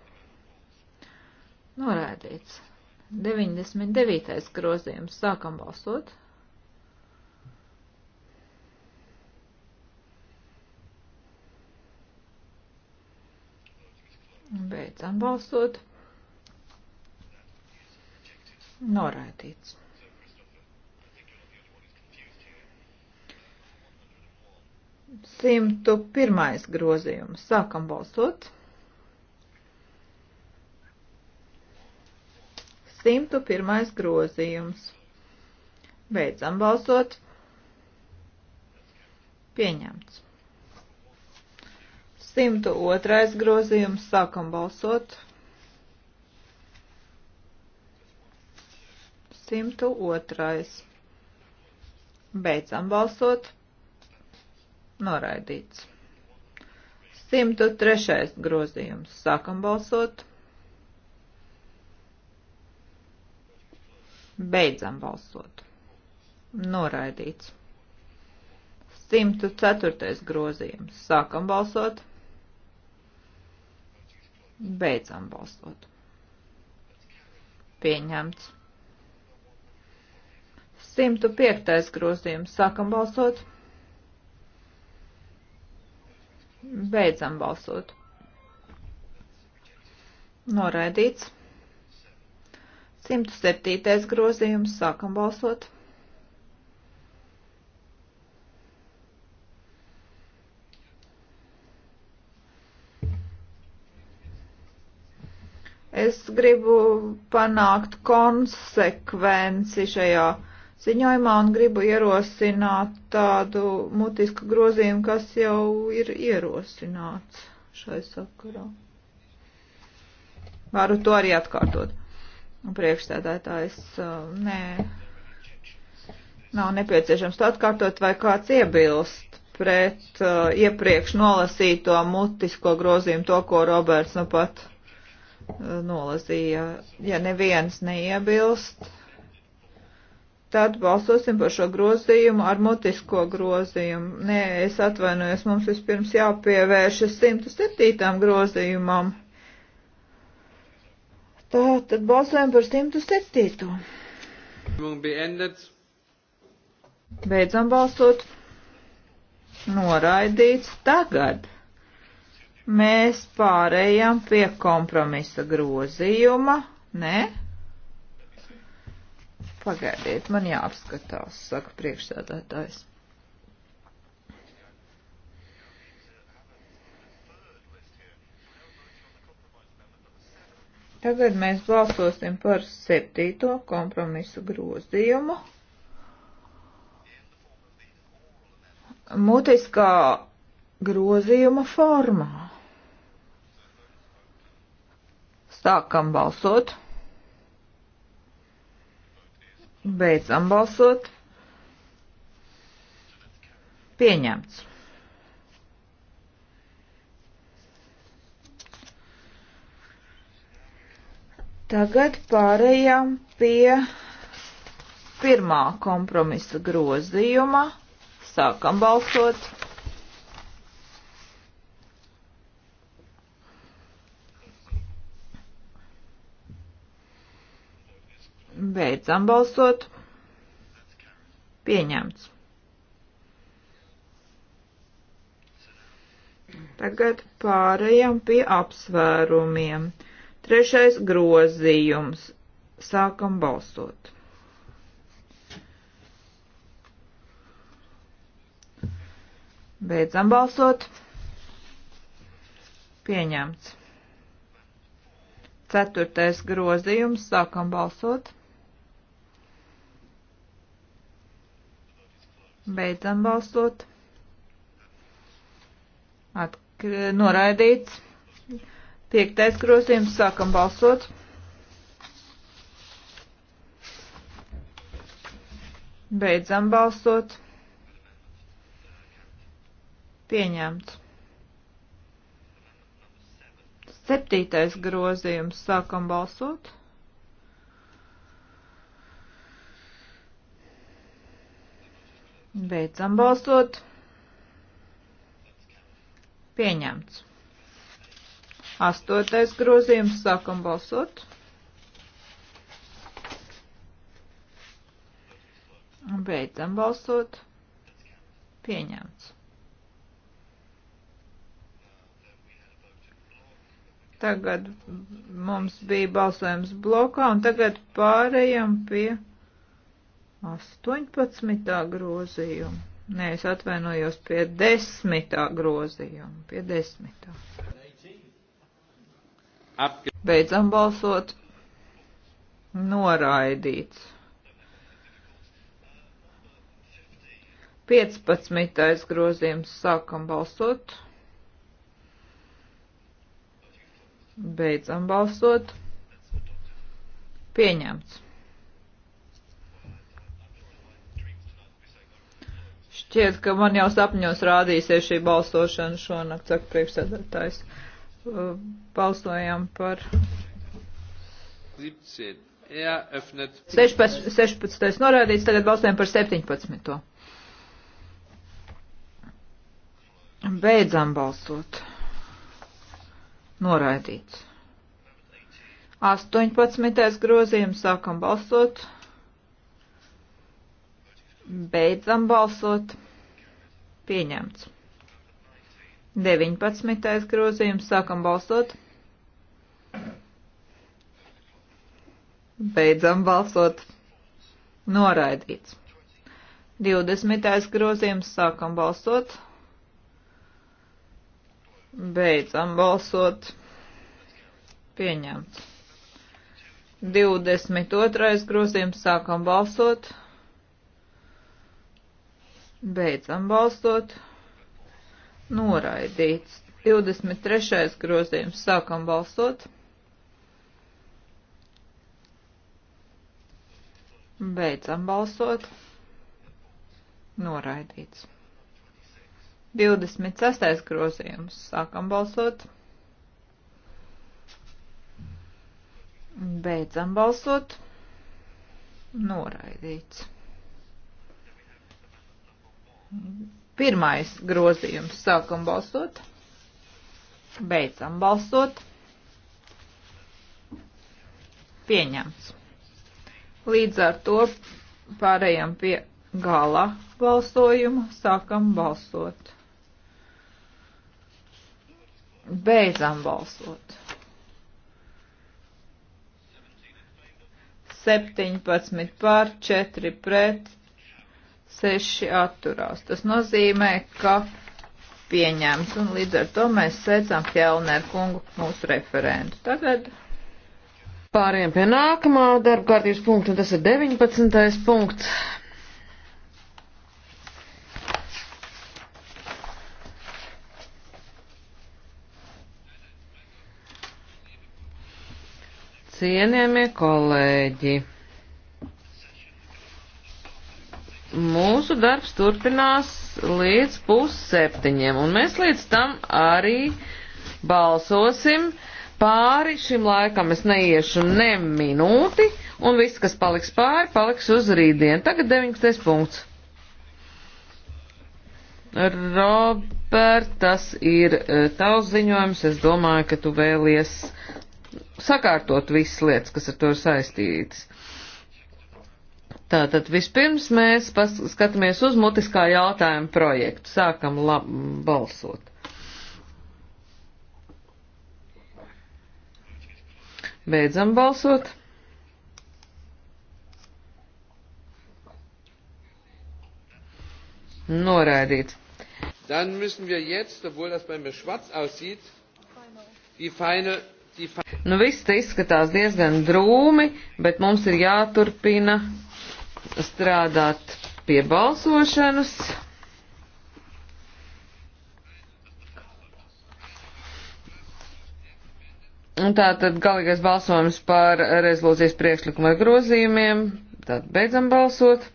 Noraidīts. 99. grozījums sākam balstot. Beidzam balsot. Noraidīts. Simtu pirmais grozījums. Sākam balsot. Simtu pirmais grozījums. Beidzam balsot. Pieņemts. 102. grozījums. Sākam balsot. 102. Beidzam balsot. Noraidīts. 103. grozījums. Sākam balsot. Beidzam balsot. Noraidīts. 104. grozījums. Sākam balsot. Beidzam balsot. Pieņemts. 105. grozījums. Sākam balsot. Beidzam balsot. Noraidīts. 107. grozījums. Sākam balsot. Es gribu panākt konsekvenci šajā ziņojumā un gribu ierosināt tādu mutisku grozījumu, kas jau ir ierosināts šai sakarā. Varu to arī atkārtot. Priekšstādātājs, uh, nē, nav nepieciešams to atkārtot, vai kāds iebilst pret uh, iepriekš nolasīto mutisko grozījumu, to, ko Roberts nu pat nolasīja. Ja neviens neiebilst, tad balsosim par šo grozījumu ar mutisko grozījumu. Nē, es atvainojos, mums vispirms jāpievēršas 107. grozījumam. Tā, tad balsojam par 107. Beidzam balsot. Noraidīts tagad. Mēs pārējām pie kompromisa grozījuma. Nē? Pagaidiet, man jāapskatās, saka priekšsēdētājs. Tagad mēs balsosim par septīto kompromisu grozījumu. Mutiskā grozījuma formā. Sākam balsot. Beidzam balsot. Pieņemts. Tagad pārējām pie pirmā kompromisa grozījuma. Sākam balsot. Beidzam balsot. Pieņemts. Tagad pārējām pie apsvērumiem. Trešais grozījums. Sākam balsot. Beidzam balsot. Pieņemts. Ceturtais grozījums. Sākam balsot. Beidzam balsot. Atk noraidīts. Piektais grozījums. Sākam balsot. Beidzam balsot. Pieņemts. Septītais grozījums. Sākam balsot. Beidzam balsot. Pieņemts. Astotais grozījums. Sākam balsot. Beidzam balsot. Pieņemts. Tagad mums bija balsojums blokā, un tagad pārējām pie 18. grozījuma. Nē, es atvainojos pie 10. grozījuma. Pie 10. Beidzam balsot. Noraidīts. 15. grozījums sākam balsot. Beidzam balsot. Pieņemts. šķiet, ka man jau sapņos rādīsies šī balsošana šonakt, saka priekšsēdētājs. Uh, balsojam par. 17. 16. 16. norādīts, tagad balsojam par 17. Beidzam balsot. Noraidīts. 18. grozījums sākam balsot. Beidzam balsot. Pieņemts. 19. grozījums. Sākam balsot. Beidzam balsot. Noraidīts. 20. grozījums. Sākam balsot. Beidzam balsot. Pieņemts. 22. grozījums. Sākam balsot. Beidzam balstot. Noraidīts. 23. grozījums. Sākam balstot. Beidzam balstot. Noraidīts. 26. grozījums. Sākam balstot. Beidzam balstot. Noraidīts. Pirmais grozījums. Sākam balsot. Beidzam balsot. Pieņemts. Līdz ar to pārējām pie gala balsojuma. Sākam balsot. Beidzam balsot. 17 pār 4 pret seši atturās. Tas nozīmē, ka pieņēmts, un līdz ar to mēs sveicam Fjellneru kungu mūsu referentu. Tagad pāriem pie nākamā darba kārtības punkta, un tas ir 19. punkts. Cienījamie kolēģi! mūsu darbs turpinās līdz pusseptiņiem, un mēs līdz tam arī balsosim. Pāri šim laikam es neiešu ne minūti, un viss, kas paliks pāri, paliks uz rītdien. Tagad 19. punkts. Robert, tas ir e, tavs ziņojums. Es domāju, ka tu vēlies sakārtot visas lietas, kas ar to ir saistītas. Tātad vispirms mēs skatāmies uz mutiskā jautājuma projektu. Sākam balsot. Beidzam balsot. Noraidīt. Dann müssen wir jetzt, obwohl das bei mir schwarz aussieht, die feine. Die feine nu, viss te izskatās diezgan drūmi, bet mums ir jāturpina strādāt pie balsošanas. Un tā tad galīgais balsojums par rezolūcijas priekšlikumu ar grozījumiem. Tad beidzam balsot.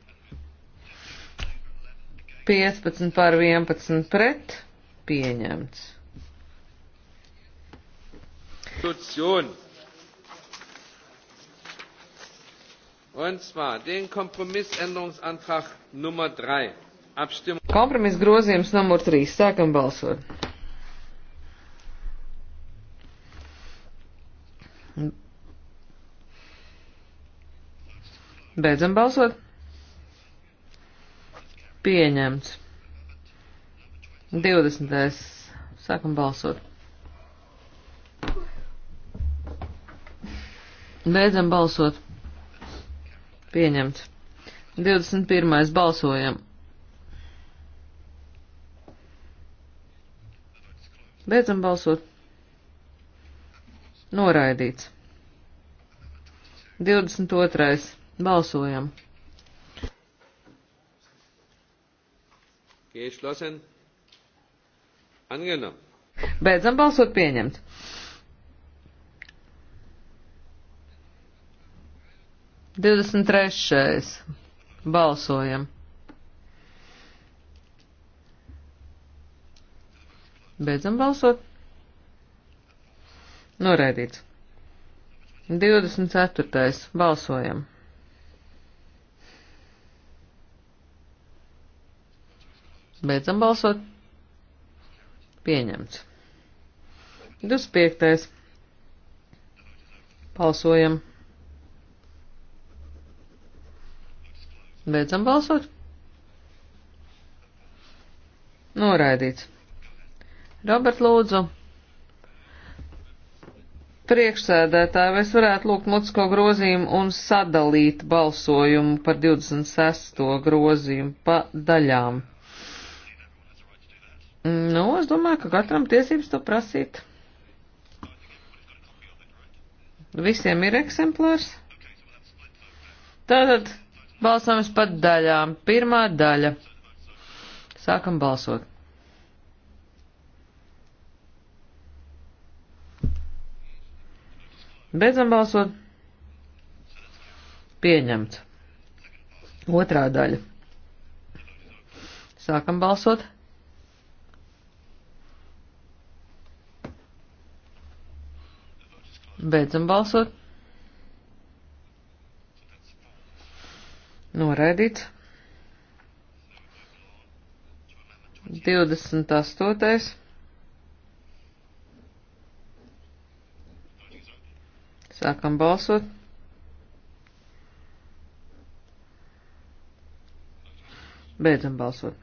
15 pār 11 pret. Pieņemts. Konstitucija. Und zwar den Kompromissänderungsantrag Nummer 3. Abstimmung. Kompromiss grozījums numur 3. Sākam balsot. Beidzam balsot. Pieņemts. 20. Sākam balsot. Beidzam balsot. Pieņemts. 21. balsojam. Beidzam balsot. Noraidīts. 22. Balsojam. Geschlossen. Angenommen. Beidzam balsot pieņemt. 23. Balsojam. Beidzam balsot. Noraidīts. 24. Balsojam. Beidzam balsot. Pieņemts. 25. Balsojam. Beidzam balsot. Noraidīts. Robert, lūdzu. Priekšsēdētāji, vai es varētu lūgt mutisko grozījumu un sadalīt balsojumu par 26. grozījumu pa daļām? Nu, es domāju, ka katram tiesības to prasīt. Visiem ir eksemplārs. Tātad Balsojums par daļām. Pirmā daļa. Sākam balsot. Beidzam balsot. Pieņemts. Otrā daļa. Sākam balsot. Beidzam balsot. Noraidīts. 28. Sākam balsot. Beidzam balsot.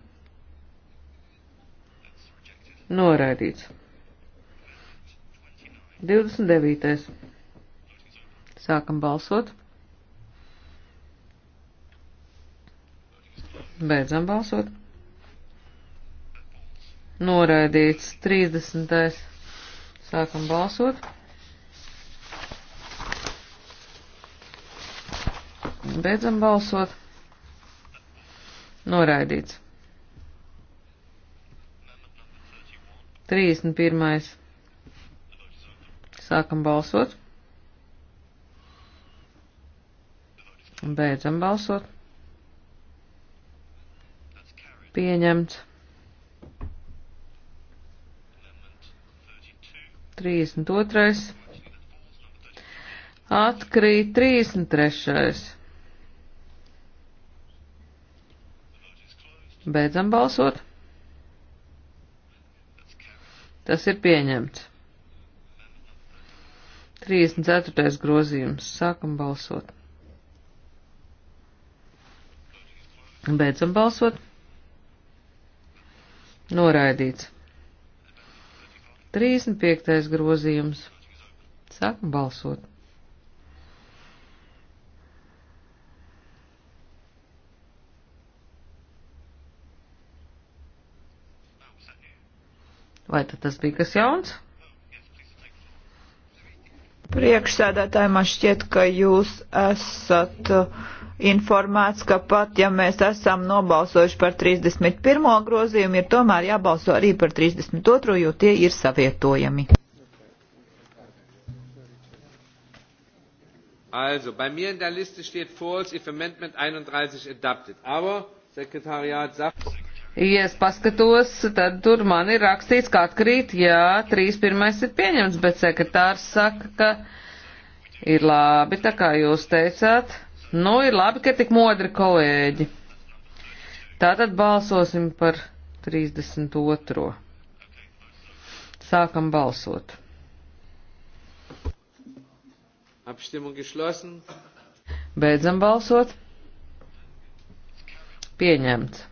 Noraidīts. 29. Sākam balsot. Beidzam balsot. Noraidīts 30. Sākam balsot. Beidzam balsot. Noraidīts. 31. Sākam balsot. Beidzam balsot. Pieņemts. 32. Atkrīt 33. Beidzam balsot. Tas ir pieņemts. 34. grozījums. Sākam balsot. Beidzam balsot. Noraidīts. 35. grozījums. Sākam balsot. Vai tad tas bija kas jauns? Priekšsēdētāji, man šķiet, ka jūs esat uh, informēts, ka pat ja mēs esam nobalsojuši par 31. grozījumu, ir tomēr jābalso arī par 32. jo tie ir savietojami. Also, bei mir in der Liste steht false if amendment 31 adopted. Aber Sekretariat sagt. Ja es paskatos, tad tur man ir rakstīts, kā atkrīt, jā, 3.1. ir pieņemts, bet sekretārs saka, ka ir labi, tā kā jūs teicāt. Nu, ir labi, ka tik modri kolēģi. Tātad balsosim par 32. Sākam balsot. Abstimmung geschlossen. Beidzam balsot. Pieņemts.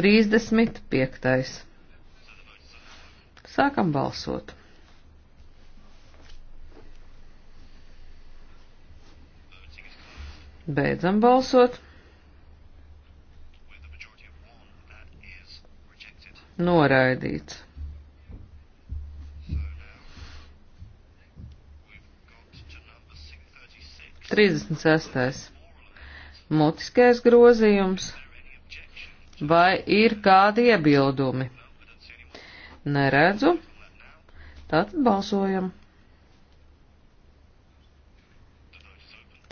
Trīsdesmit piektais. Sākam balsot. Beidzam balsot. Noraidīts. Trīsdesmit sestais. Mutiskais grozījums. Vai ir kādi iebildumi? Neredzu. Tātad balsojam.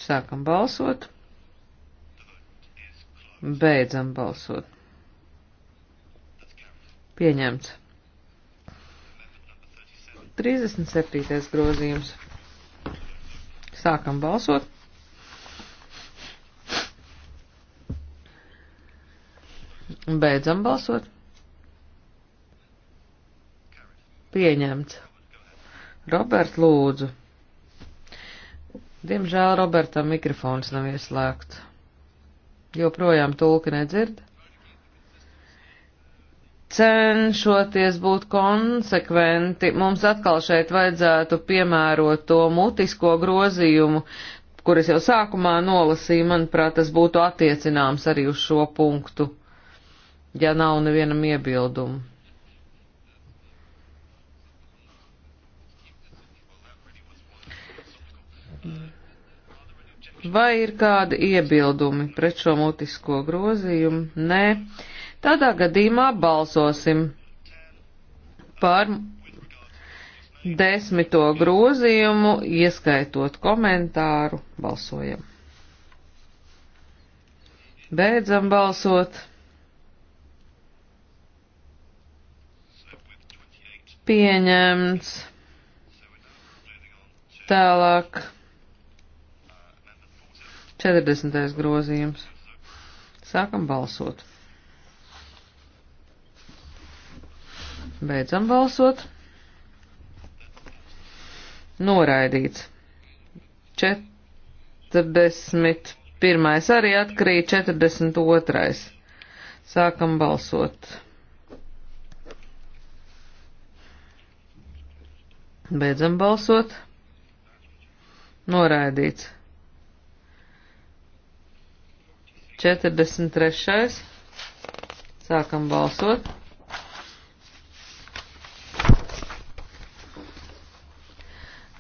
Sākam balsot. Beidzam balsot. Pieņemts. 37. grozījums. Sākam balsot. Beidzam balsot. pieņemts. Robert, lūdzu. Diemžēl Robertam mikrofons nav ieslēgts. Joprojām tulka nedzird. Cenšoties būt konsekventi, mums atkal šeit vajadzētu piemērot to mutisko grozījumu, kuras jau sākumā nolasīju, manuprāt, tas būtu attiecināms arī uz šo punktu, ja nav nevienam iebildumu. Vai ir kādi iebildumi pret šo mutisko grozījumu? Nē. Tādā gadījumā balsosim par desmito grozījumu, ieskaitot komentāru. Balsojam. Beidzam balsot. Pieņemts. Tālāk. 40. grozījums. Sākam balsot. Beidzam balsot. Noraidīts. 41. arī atkrīt 42. Sākam balsot. Beidzam balsot. Noraidīts. 43. Sākam balsot.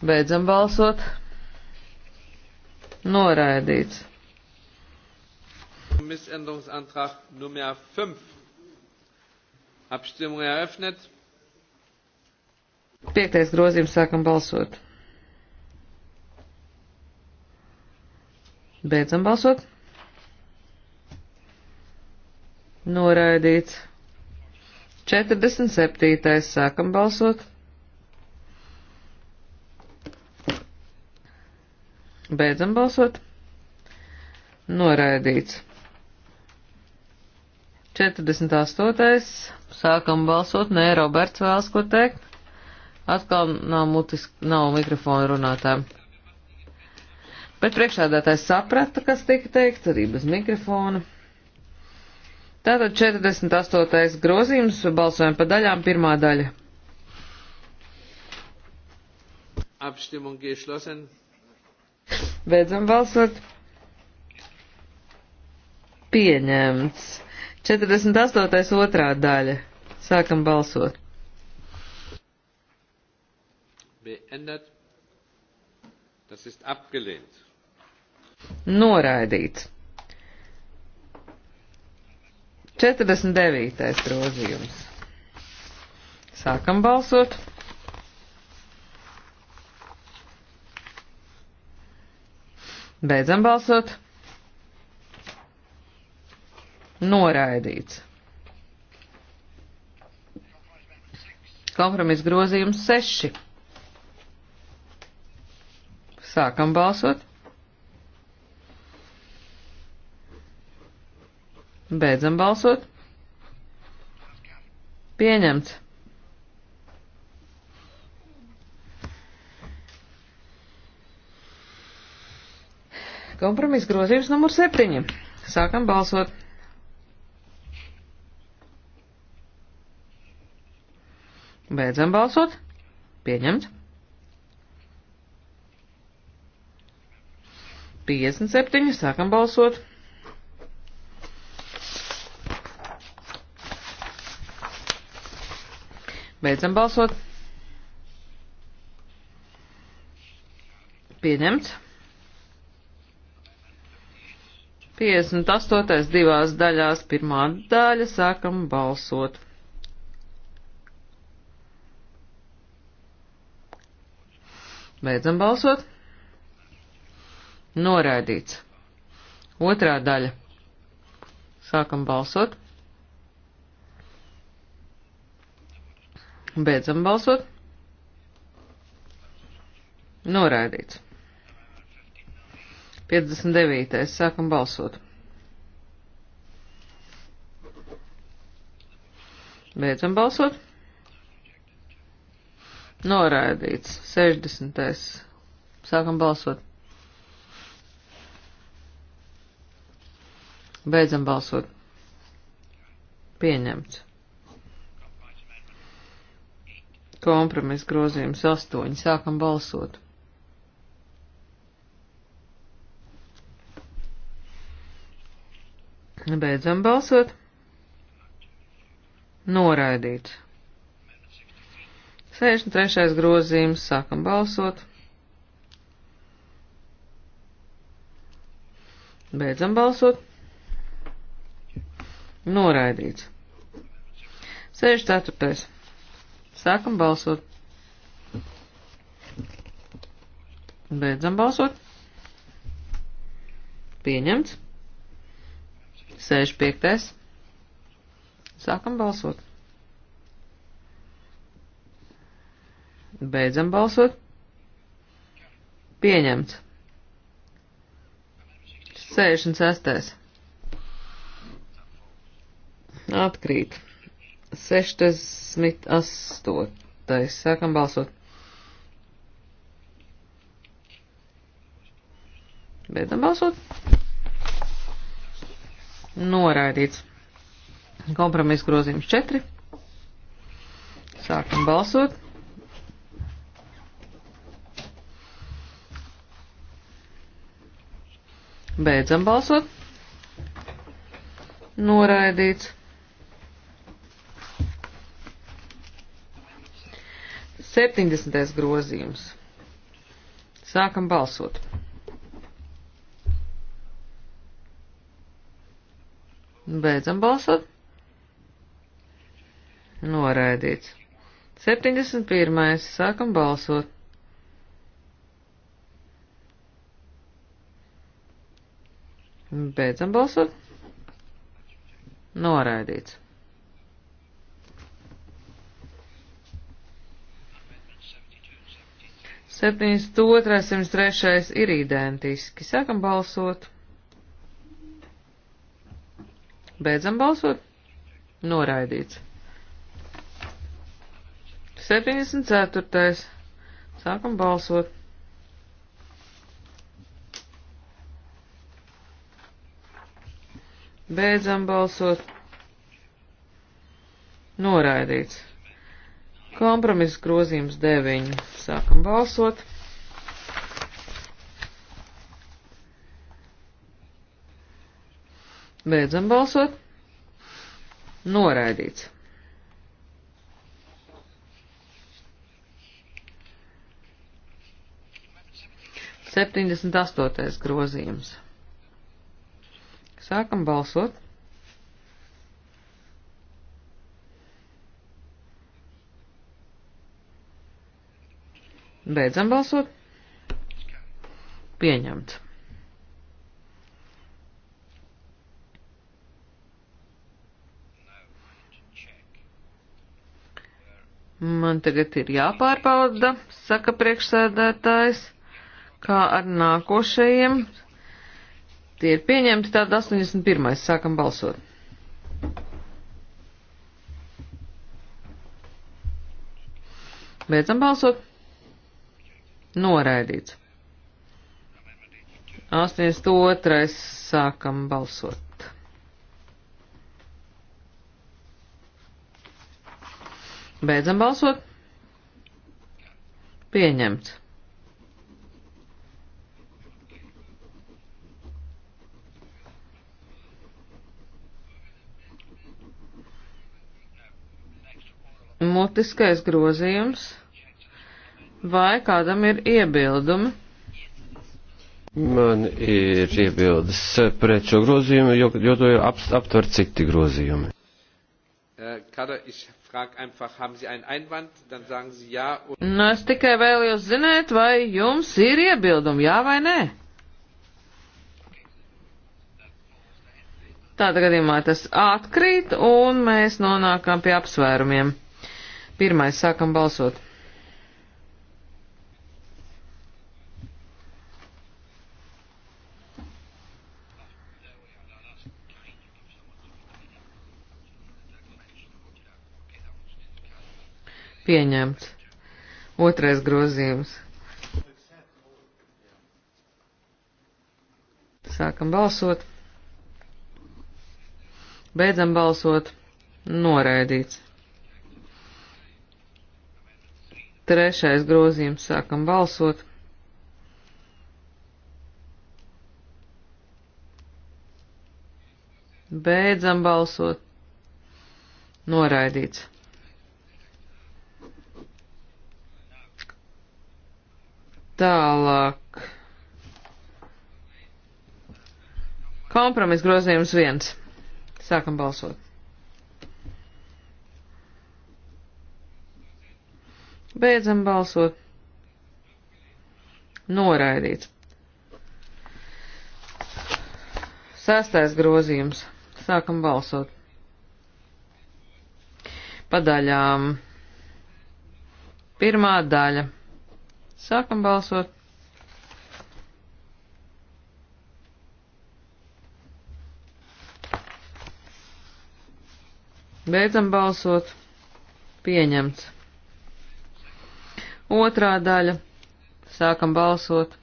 Beidzam balsot. Noraidīts. Missänderungsantrag Nummer 5. Abstimmung eröffnet. Piektais grozījums sākam balsot. Beidzam balsot. Noraidīts. 47. sākam balsot. Beidzam balsot. Noraidīts. 48. Sākam balsot. Nē, Roberts vēlas ko teikt. Atkal nav mutis, nav mikrofona runātājiem. Bet priekšādātājs saprata, kas tika teikts, arī bez mikrofona. Tātad 48. grozījums, balsojam pa daļām, pirmā daļa. Abstimmung geschlossen. Beidzam balsot. Pieņemts. 48. otrā daļa. Sākam balsot. Beendet. Tas ist abgelehnt. Noraidīts. 49. grozījums. Sākam balsot. Beidzam balsot. Noraidīts. Kompromiss grozījums 6. Sākam balsot. Beidzam balsot. Pieņemts. Kompromiss grozījums numur septiņi. Sākam balsot. Beidzam balsot. Pieņemts. 57. Sākam balsot. Beidzam balsot. Pieņemts. 58. divās daļās pirmā daļa sākam balsot. Beidzam balsot. Noraidīts. Otrā daļa. Sākam balsot. Beidzam balsot. Noraidīts. 59. Sākam balsot. Beidzam balsot. Noraidīts. 60. Sākam balsot. Beidzam balsot. Pieņemts. Kompromis grozījums 8. Sākam balsot. Beidzam balsot. Noraidīts. 63. grozījums. Sākam balsot. Beidzam balsot. Noraidīts. 64. Sākam balsot. Beidzam balsot. Pieņemts. 65. Sākam balsot. Beidzam balsot. Pieņemts. 66. Atkrīt. 68. Sākam balsot. Beidzam balsot. Noraidīts. Kompromiss grozījums 4. Sākam balsot. Beidzam balsot. Noraidīts. 70. grozījums. Sākam balsot. Beidzam balsot. Noraidīts. 71. Sākam balsot. Beidzam balsot. Noraidīts. 72. 103. ir identiski. Sākam balsot. Beidzam balsot. Noraidīts. 74. Sākam balsot. Beidzam balsot. Noraidīts. Kompromiss grozījums 9. Sākam balsot. Beidzam balsot. Noraidīts. Septiņdesmit astotais grozījums. Sākam balsot. Beidzam balsot. Pieņemts. Man tagad ir jāpārbauda, saka priekšsēdētājs, kā ar nākošajiem. Tie ir pieņemti tātad 81. sākam balsot. Beidzam balsot. Noraidīts. 82. sākam balsot. Beidzam balsot. Pieņemts. Mutiskais grozījums. Vai kādam ir iebildumi? Man ir iebildes pret šo grozījumu, jo, jo to jau ap, aptver citi grozījumi. Äh, nu, es tikai vēlējos zināt, vai jums ir iebildumi, jā vai nē? Tādā gadījumā tas atkrīt, un mēs nonākam pie apsvērumiem. Pirmais sākam balsot. Pieņemts. Otrais grozījums. Sākam balsot. Beidzam balsot. Noraidīts. Trešais grozījums. Sākam balsot. Beidzam balsot. Noraidīts. Tālāk. Kompromis grozījums viens. Sākam balsot. Beidzam balsot. Noraidīts. Sestais grozījums. Sākam balsot. Padaļām. Pirmā daļa. Sākam balsot. Beidzam balsot. Pieņemts. Otrā daļa. Sākam balsot.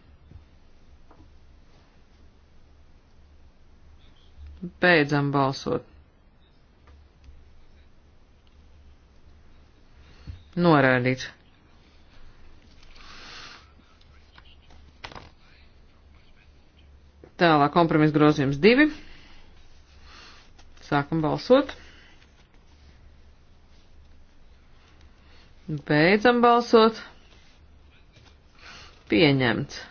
Beidzam balsot. Norādīts. Tālāk kompromisa grozījums divi. Sākam balsot. Beidzam balsot. Pieņemts.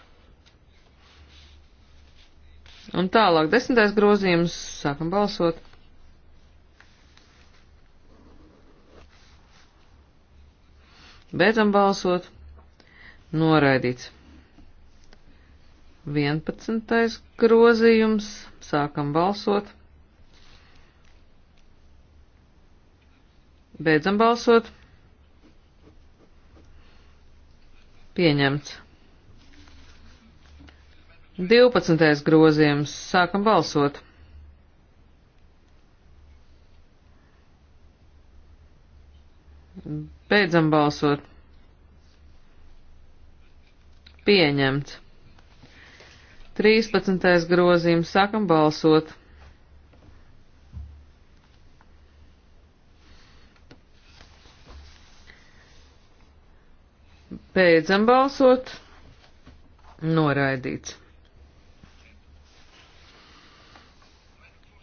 Un tālāk desmitais grozījums. Sākam balsot. Beidzam balsot. Noraidīts. 11. grozījums. Sākam balsot. Beidzam balsot. Pieņemts. 12. grozījums. Sākam balsot. Beidzam balsot. Pieņemts. 13. grozījums. Sākam balsot. Beidzam balsot. Noraidīts.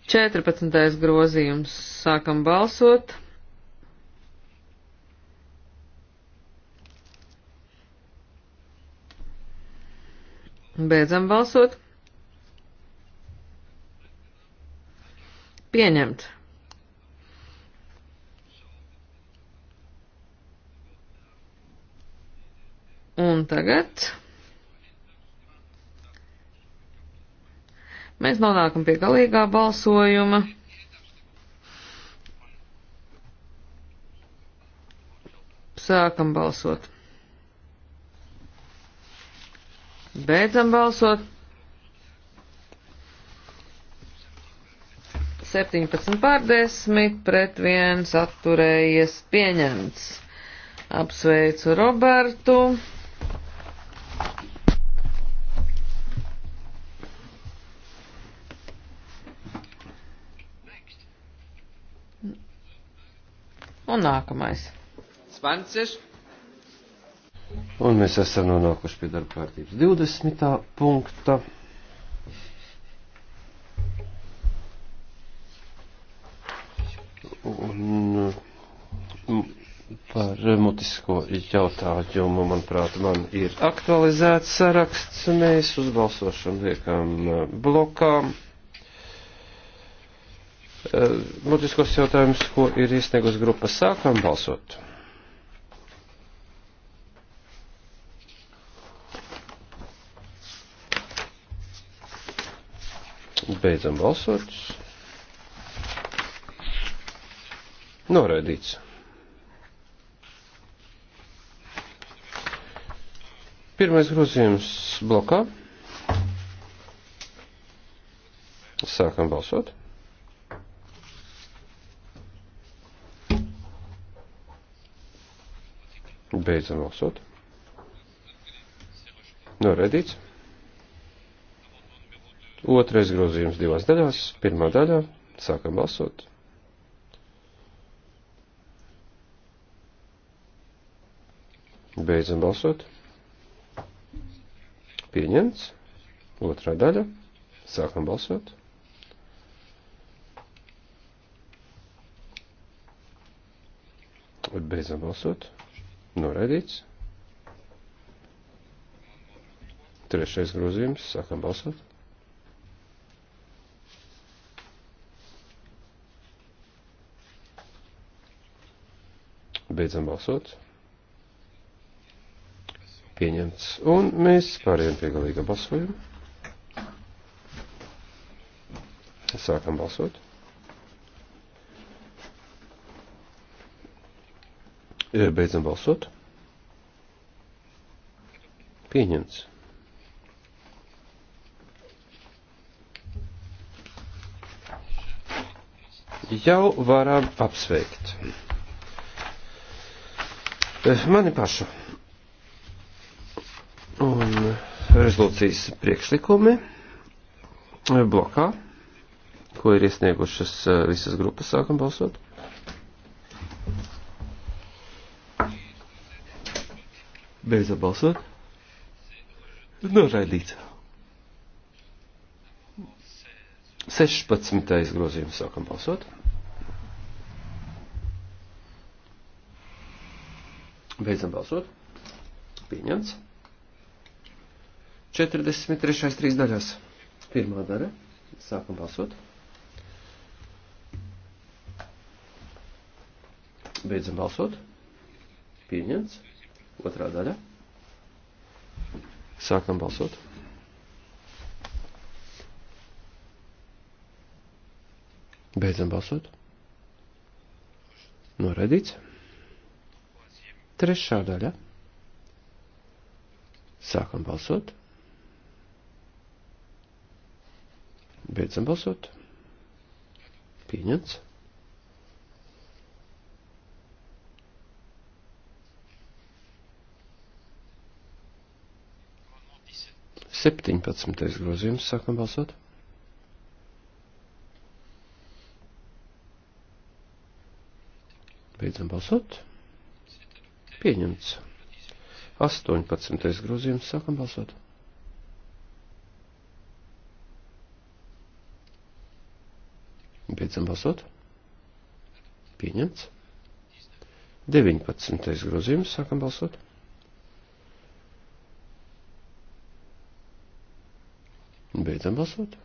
14. grozījums. Sākam balsot. Beidzam balsot. Pieņemt. Un tagad mēs nonākam pie galīgā balsojuma. Sākam balsot. Beidzam balsot. 17 pār 10 pret 1 atturējies pieņemts. Apsveicu Robertu. Un nākamais. 20. Un mēs esam nonākuši pie darba kārtības 20. punkta. Un par mutisko jautājumu, manuprāt, man ir aktualizēts saraksts. Mēs uz balsošanu liekam blokā. Eh, mutiskos jautājumus, ko ir iesniegus grupa, sākam balsot. Beidzam balsot. Noraidīts. Pirmais grozījums blokā. Sākam balsot. Beidzam balsot. Noraidīts. Otrais grozījums divās daļās. Pirmā daļā sākam balsot. Beidzam balsot. Pieņemts. Otrā daļa. Sākam balsot. Beidzam balsot. Noraidīts. Trešais grozījums. Sākam balsot. Beidzam balsot. Pieņemts. Un mēs pārējām pie galīga balsojuma. Sākam balsot. E, beidzam balsot. Pieņemts. Jau varam apsveikt. Eh, mani pašu. Un rezolūcijas priekšlikumi eh, blokā, ko ir iesniegušas eh, visas grupas, sākam balsot. Beidzot balsot. Noraidīts. 16. grozījums sākam balsot. Beidzam balsot. Pieņemts. 43. trīs daļās. Pirmā daļa. Sākam balsot. Beidzam balsot. Pieņemts. Otrā daļa. Sākam balsot. Beidzam balsot. Noraidīts. Trešā daļa. Sākam balsot. Beidzam balsot. Pieņemts. Septiņpadsmitais grozījums. Sākam balsot. Beidzam balsot. Pieņemts. 18. grozījums. Sākam balsot. Beidzam balsot. Pieņemts. 19. grozījums. Sākam balsot. Beidzam balsot.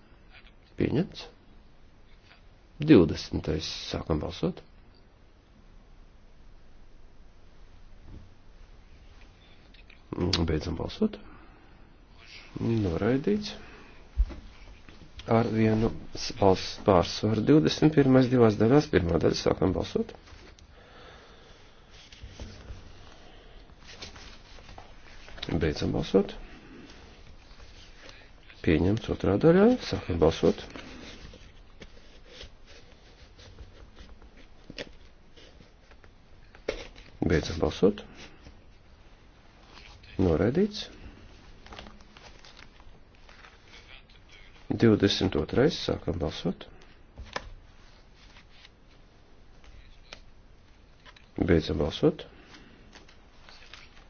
Pieņemts. 20. sākam balsot. Beidzam balsot. Noraidīts. Ar vienu balsu pārsvaru 21. divās daļās. Pirmā daļa sākam balsot. Beidzam balsot. Pieņemts otrā daļā. Sākam balsot. Beidzam balsot. Noraidīts. 22. sākam balsot. Beidzam balsot.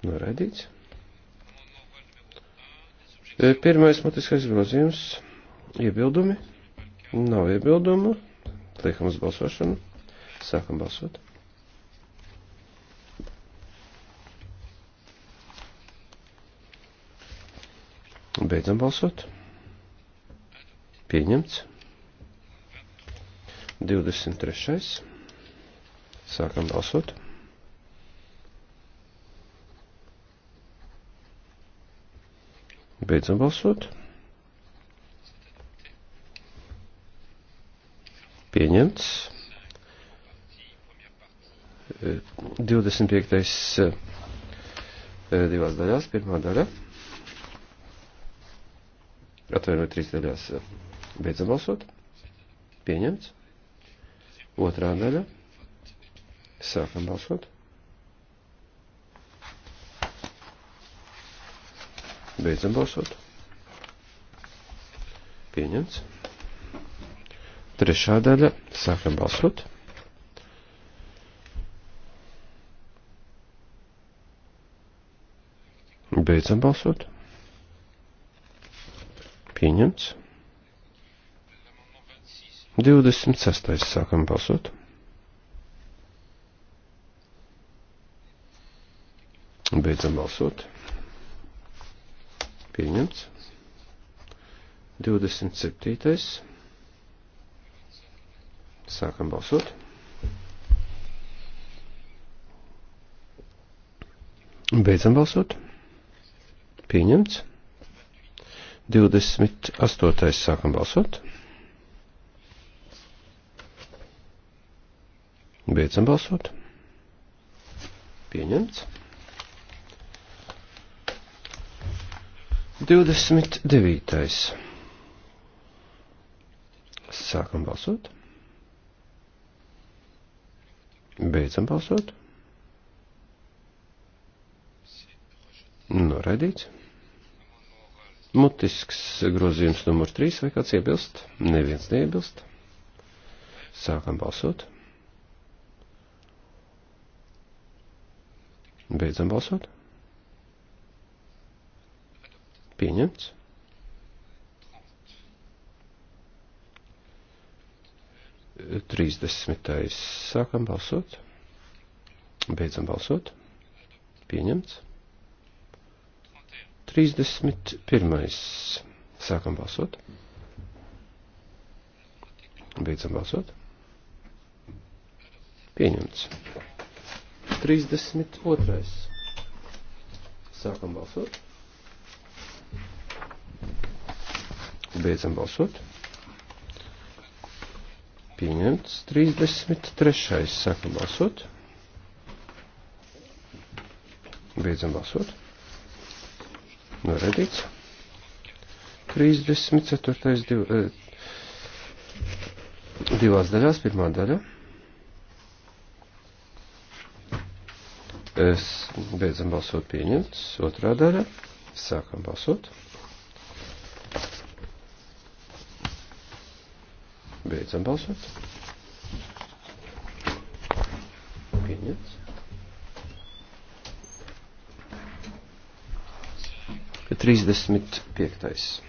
Noraidīts. E, pirmais matiskais grozījums. Iebildumi. Nav iebildumu. Liekam uz balsošanu. Sākam balsot. Beidzam balsot. Pieņemts. 23. Sākam balsot. Beidzam balsot. Pieņemts. 25. Eh, eh, divās daļās, pirmā daļa. Atvainojiet, trīs daļās. Beidzam balsot. Pieņemts. Otrā daļa. Sākam balsot. Beidzam balsot. Pieņemts. Trešā daļa. Sākam balsot. Beidzam balsot. Pieņemts. 26. sākam balsot. Beidzam balsot. Pieņemts. 27. Sākam balsot. Beidzam balsot. Pieņemts. 28. sākam balsot. Beidzam balsot. Pieņemts. 29. Sākam balsot. Beidzam balsot. Noraidīts. Mutisks grozījums numur 3 vai kāds iebilst? Neviens neiebilst. Sākam balsot. Beidzam balsot. Pieņemts. Trīsdesmitais. Sākam balsot. Beidzam balsot. Pieņemts. 31. Sākam balsot. Beidzam balsot. Pieņemts. 32. Sākam balsot. Beidzam balsot. Pieņemts. 33. Sākam balsot. Beidzam balsot. Noredīts. Nu, 34. Div, eh, divās daļās, pirmā daļa. Es beidzam balsot pieņemts, otrā daļa. Sākam balsot. Beidzam balsot. Pieņemts. 35.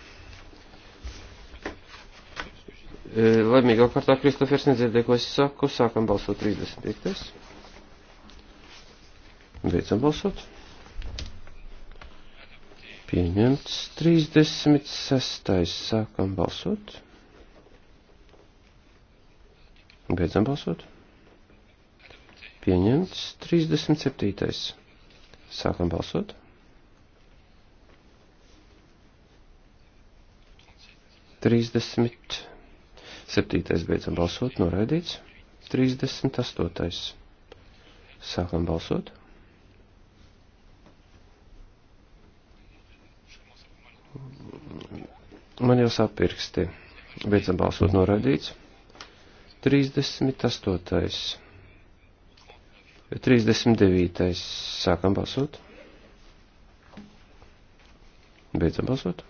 E, Laimīgā kārtā Kristofers nedzirdēja, ko es saku. Sākam balsot 35. Beidzam balsot. Pieņemts 36. Sākam balsot. Beidzam balsot. Pieņemts 37. Sākam balsot. 30. 7. beidzam balsot, noraidīts. 38. Sākam balsot. Man jau sāp pirksti. Beidzam balsot, noraidīts. 38. 39. Sākam balsot. Beidzam balsot.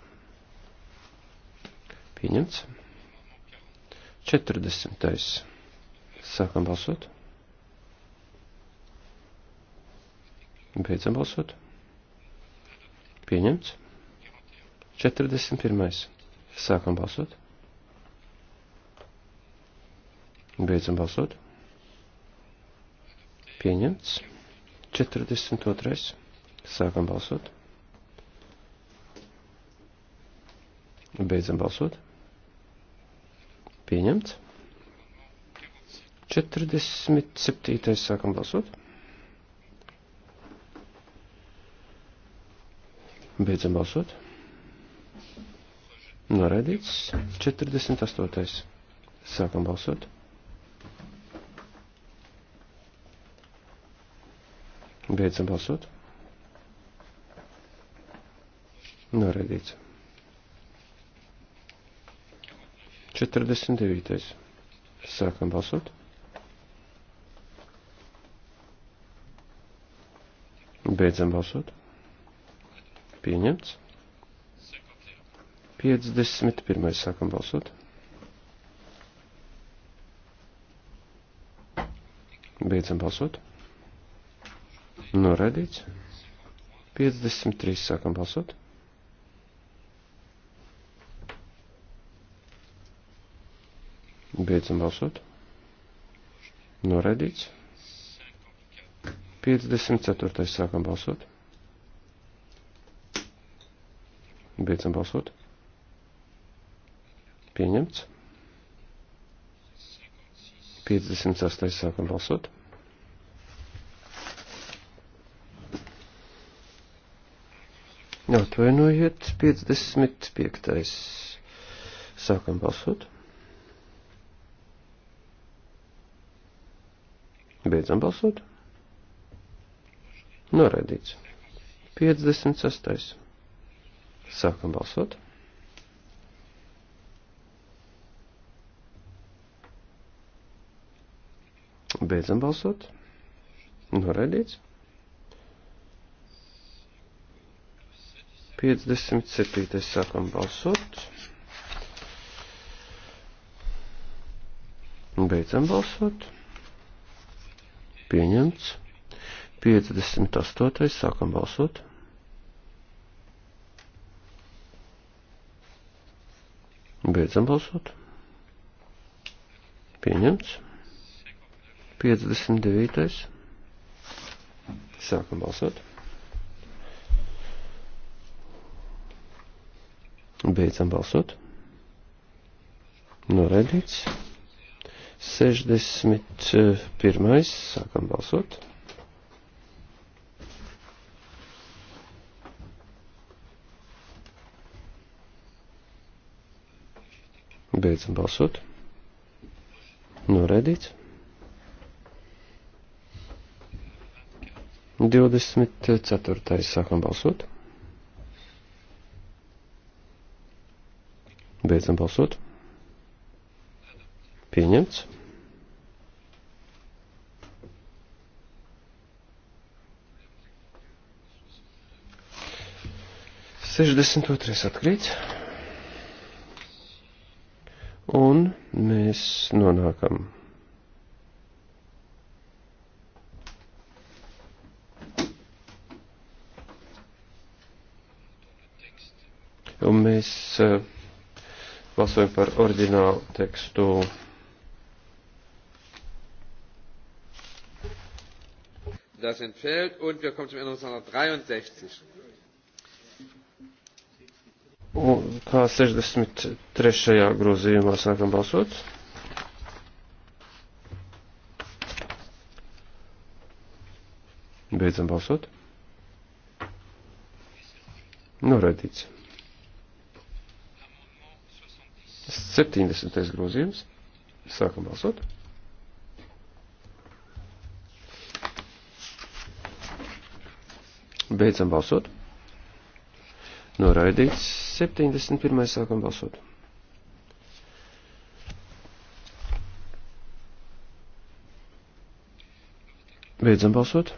Pieņemts. 40. Sākam balsot. Beidzam balsot. Pieņemts. 41. Sākam balsot. Beidzam balsot. Pieņemts. 42. Sākam balsot. Beidzam balsot. Pieņemts. 47. sākam balsot. Beidzam balsot. Noraidīts. 48. Sākam balsot. Beidzam balsot. Noraidīts. 49. Sākam balsot. Beidzam balsot. Pieņemts. 51. Sākam balsot. Beidzam balsot. Noraidīts. 53. Sākam balsot. Beidzam balsot. Noraidīts. 54. sākam balsot. Beidzam balsot. Pieņemts. 58. sākam balsot. Atvainojiet, 55. sākam balsot. Beidzam balsot. Noraidīts. 56. Sākam balsot. Beidzam balsot. Noraidīts. 57. sākam balsot. Beidzam balsot pieņemts. 58. sākam balsot. Beidzam balsot. Pieņemts. 59. Sākam balsot. Beidzam balsot. Noraidīts. 61. Eh, sākam balsot. Beidzam balsot. Noraidīts. 24. Eh, sākam balsot. Beidzam balsot. Pieņemts. 62. atkrīt. Un mēs nonākam. Un mēs uh, balsojam par oriģinālu tekstu. Das entfällt und wir kommen zum Änderungsantrag 63. Un kā 63. grozījumā sākam balsot. Beidzam balsot. Noraidīts. 70. grozījums. Sākam balsot. Beidzam balsot. Noraidīts 71. sākam balsot. Beidzam balsot.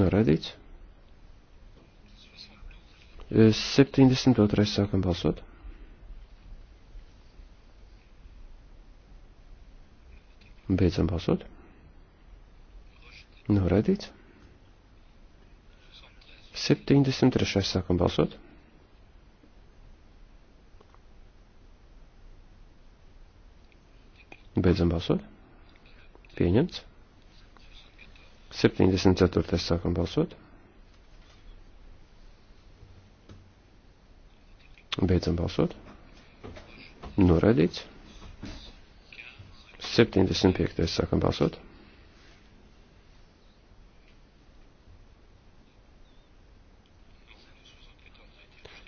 Noraidīts. 72. sākam balsot. Beidzam balsot. Noraidīts. 73. sākam balsot. Beidzam balsot. Pieņemts. 74. sākam balsot. Beidzam balsot. Noraidīts. 75. sākam balsot.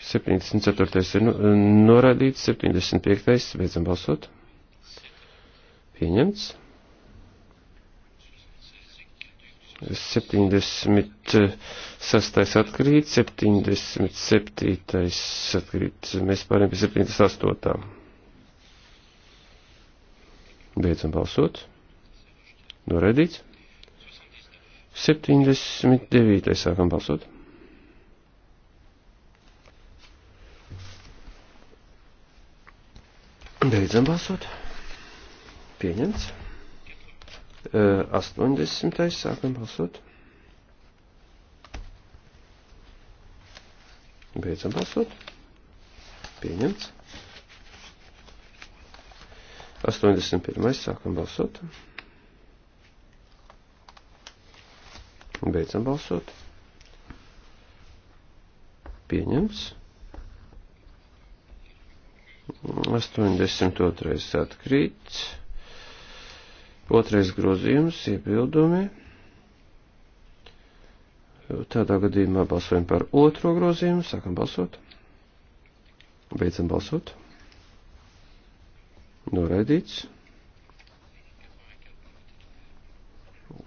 74. ir nu, noraidīts, 75. beidzam balsot. Pieņemts. 76. atkrīt, 77. atkrīt, mēs pārējām pie 78. Beidzam balsot. Noraidīts. 79. sākam balsot. Beidzam balsot. Pieņemts. 80. sākam balsot. Beidzam balsot. Pieņemts. 81. sākam balsot. Beidzam balsot. Pieņemts. 82. atkrīt. Otrais grozījums, iebildumi. Tādā gadījumā balsojam par otro grozījumu, sākam balsot. Beidzam balsot. Noraidīts.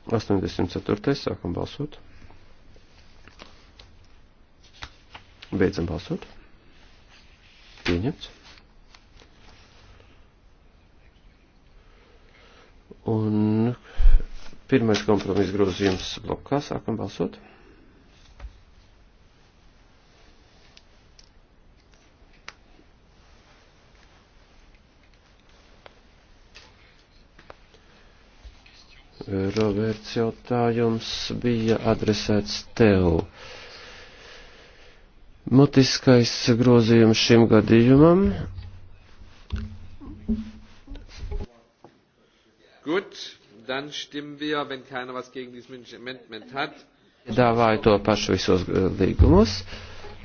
84. sākam balsot. Beidzam balsot. Pieņemts. Un pirmais kompromiss grozījums blokā. Sākam balsot. Roberts jautājums bija adresēts tev. Mutiskais grozījums šim gadījumam Gut, dann stimmen wir, wenn keiner was gegen dieses Amendment hat. Piedāvāju to pašu visos eh, līgumus.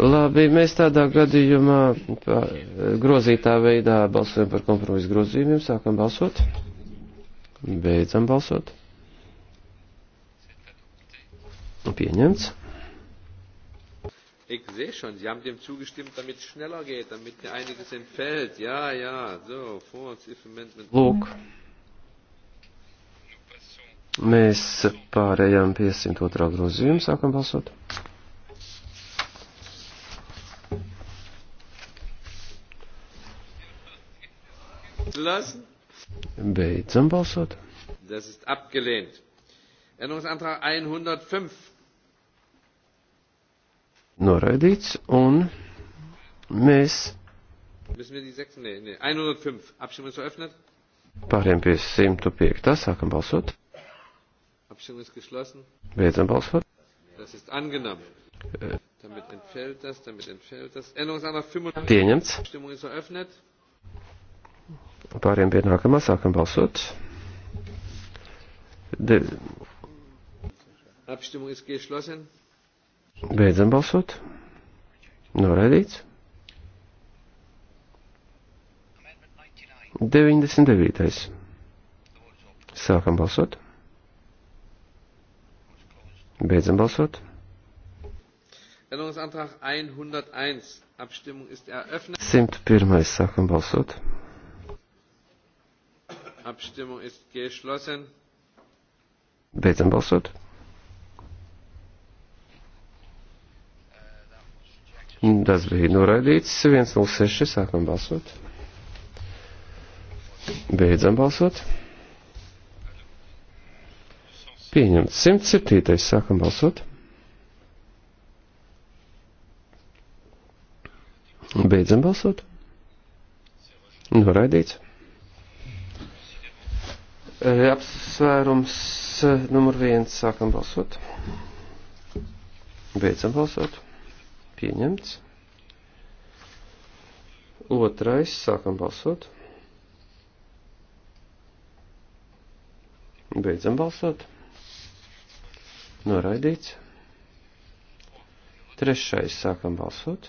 Labi, mēs tādā gadījumā eh, grozītā veidā balsojam par kompromisu grozījumiem. Sākam balsot. Beidzam balsot. Pieņemts. Ich sehe schon, Sie haben dem zugestimmt, damit es schneller geht, damit mir einiges entfällt. Ja, ja, so, vor uns, if amendment. Look. Mm -hmm. Mēs pārējām pie 102. grozījuma, sākam balsot. Beidzam balsot. Tas ir apgelēnt. Änderungsantrag 105. Noraidīts un mēs. Müssen wir die 6, nee, nee, 105. Abstimmung ist eröffnet. Pāriem pie 105. Sākam balsot. Abstimmung ist geschlossen. Beidzam balsot. Tas ir angenommen. Äh. Damit entfällt das, damit entfällt das. Änderungsantrag 35. Pieņemts. Abstimmung ist eröffnet. Pāriem pie nākamā sākam balsot. De... Abstimmung ist geschlossen. Beidzam balsot. Noraidīts. 99. Sākam balsot. Beidzam balsot. Änderungsantrag 101. Abstimmung ist eröffnet. 101. Sākam balsot. Abstimmung ist geschlossen. Beidzam balsot. Tas bija noraidīts. 106. Sākam balsot. Beidzam balsot pieņemts. 107. sākam balsot. Beidzam balsot. Noraidīts. E, apsvērums e, numur viens. Sākam balsot. Beidzam balsot. Pieņemts. Otrais. Sākam balsot. Beidzam balsot. Noraidīts. Trešais sākam balsot.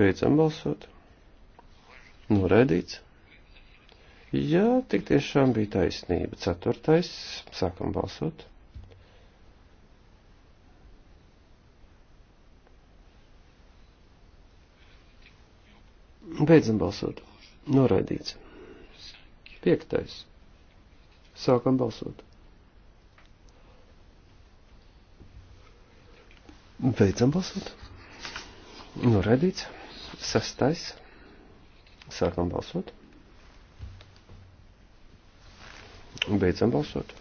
Beidzam balsot. Noraidīts. Jā, tik tiešām bija taisnība. Ceturtais, sākam balsot. Beidzam balsot. Noraidīts. Piektais. Sākam balsot. Beidzam balsot. Noraidīts. Sastais. Sākam balsot. Beidzam balsot.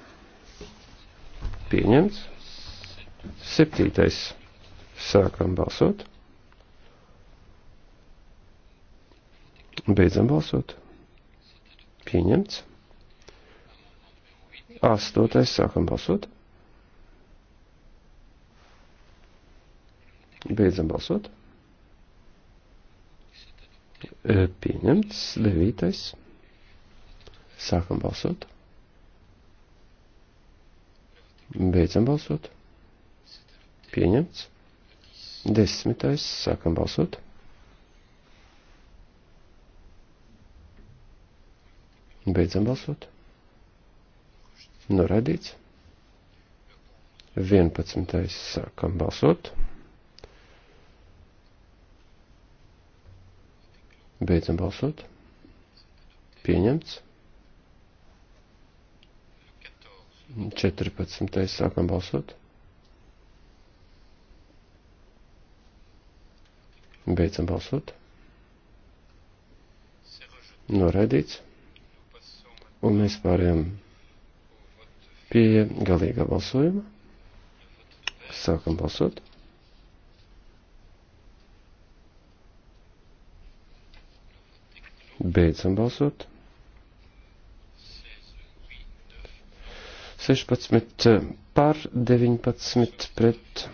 Pieņemts. Septītais. Sākam balsot. Beidzam balsot. Pieņemts. Astotais sākam balsot. Beidzam balsot. E, pieņemts. Devītais. Sākam balsot. Beidzam balsot. Pieņemts. Desmitais. Sākam balsot. Beidzam balsot. Norādīts. Nu, 11. sākam balsot. Beidzam balsot. Pieņemts. 14. sākam balsot. Beidzam balsot. Noraidīts. Nu, Un mēs pārējām pie galīgā balsojuma. Sākam balsot. Beidzam balsot. 16 eh, par 19 pret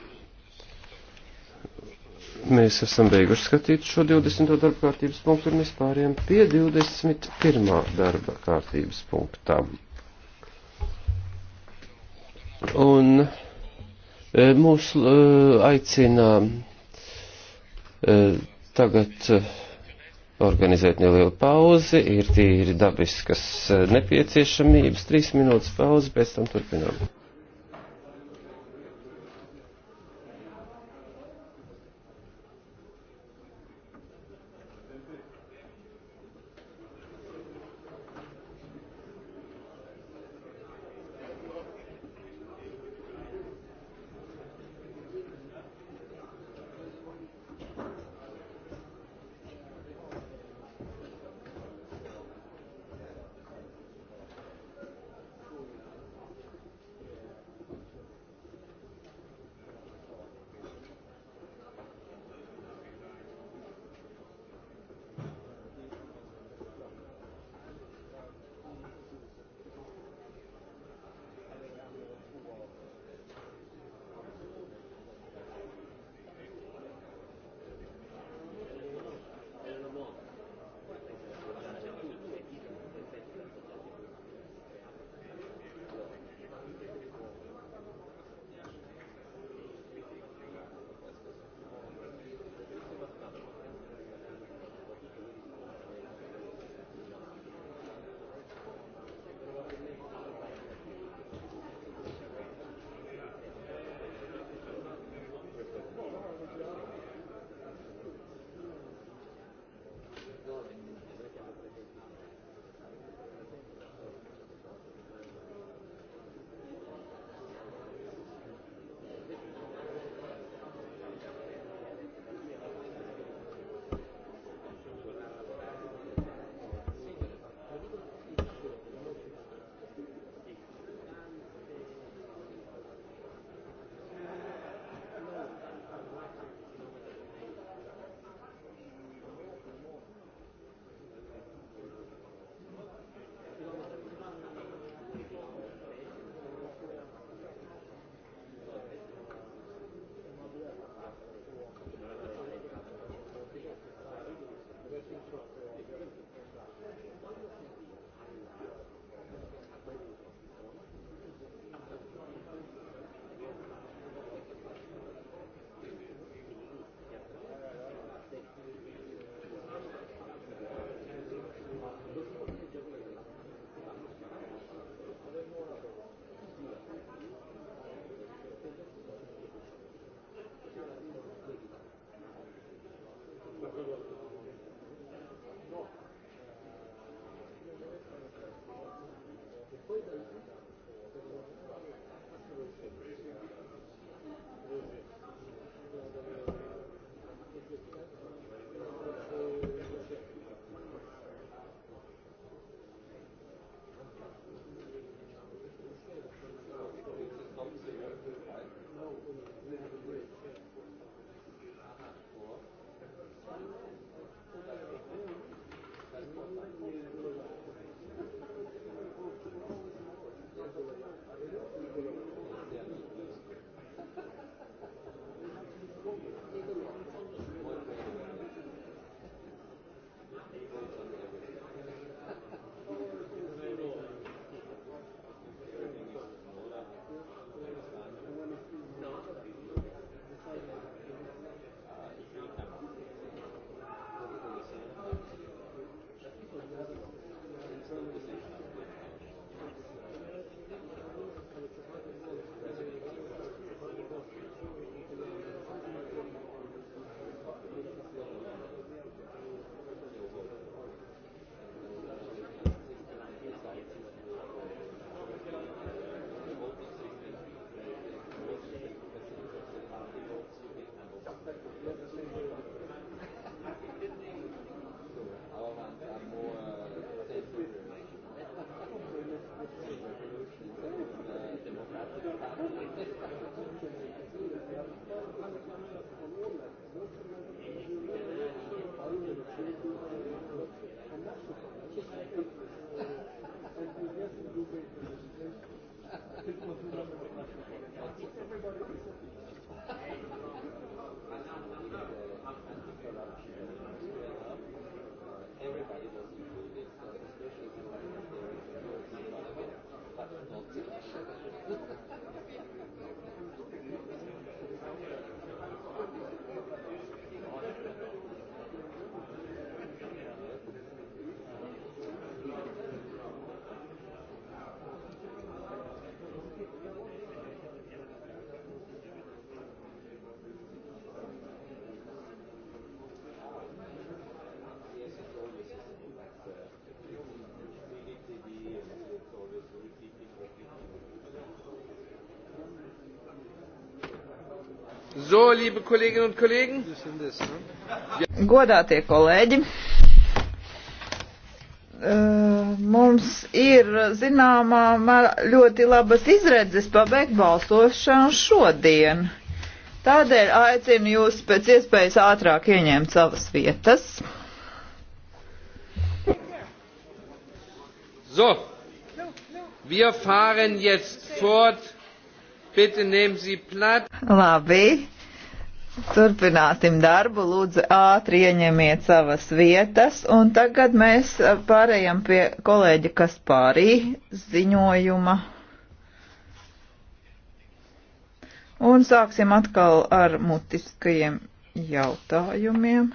Mēs esam beiguši skatīt šo 20. darba kārtības punktu un mēs pāriem pie 21. darba kārtības punktā. Un e, mūs e, aicina e, tagad organizēt nelielu pauzi, ir tīri dabiskas nepieciešamības, trīs minūtes pauzi, pēc tam turpinām. Everybody was So, liebe Kolleginnen und Kollegen. Godātie kolēģi, eh, mums ir zināmā ļoti labas izredzes pabeigt balsošanu šodien. Tādēļ aicinu jūs pēc iespējas ātrāk ieņemt savas vietas. So, wir fahren jetzt fort Bitte nehmen Sie Platz. Labi. Turpināsim darbu, lūdzu ātri ieņemiet savas vietas, un tagad mēs pārējām pie kolēģa Kaspārī ziņojuma. Un sāksim atkal ar mutiskajiem jautājumiem.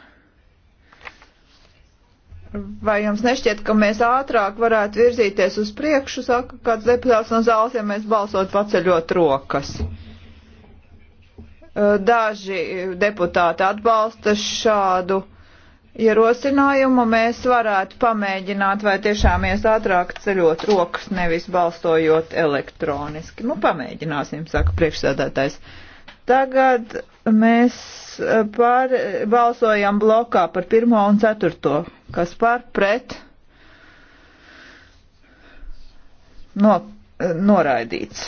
Vai jums nešķiet, ka mēs ātrāk varētu virzīties uz priekšu, saka kāds deputāts no zāles, ja mēs balsot paceļot rokas? Daži deputāti atbalsta šādu ierosinājumu. Mēs varētu pamēģināt, vai tiešām ies ātrāk ceļot rokas, nevis balstojot elektroniski. Nu, pamēģināsim, saka priekšsēdētājs. Tagad mēs par, balsojam blokā par pirmo un ceturto kas par pret no, noraidīts.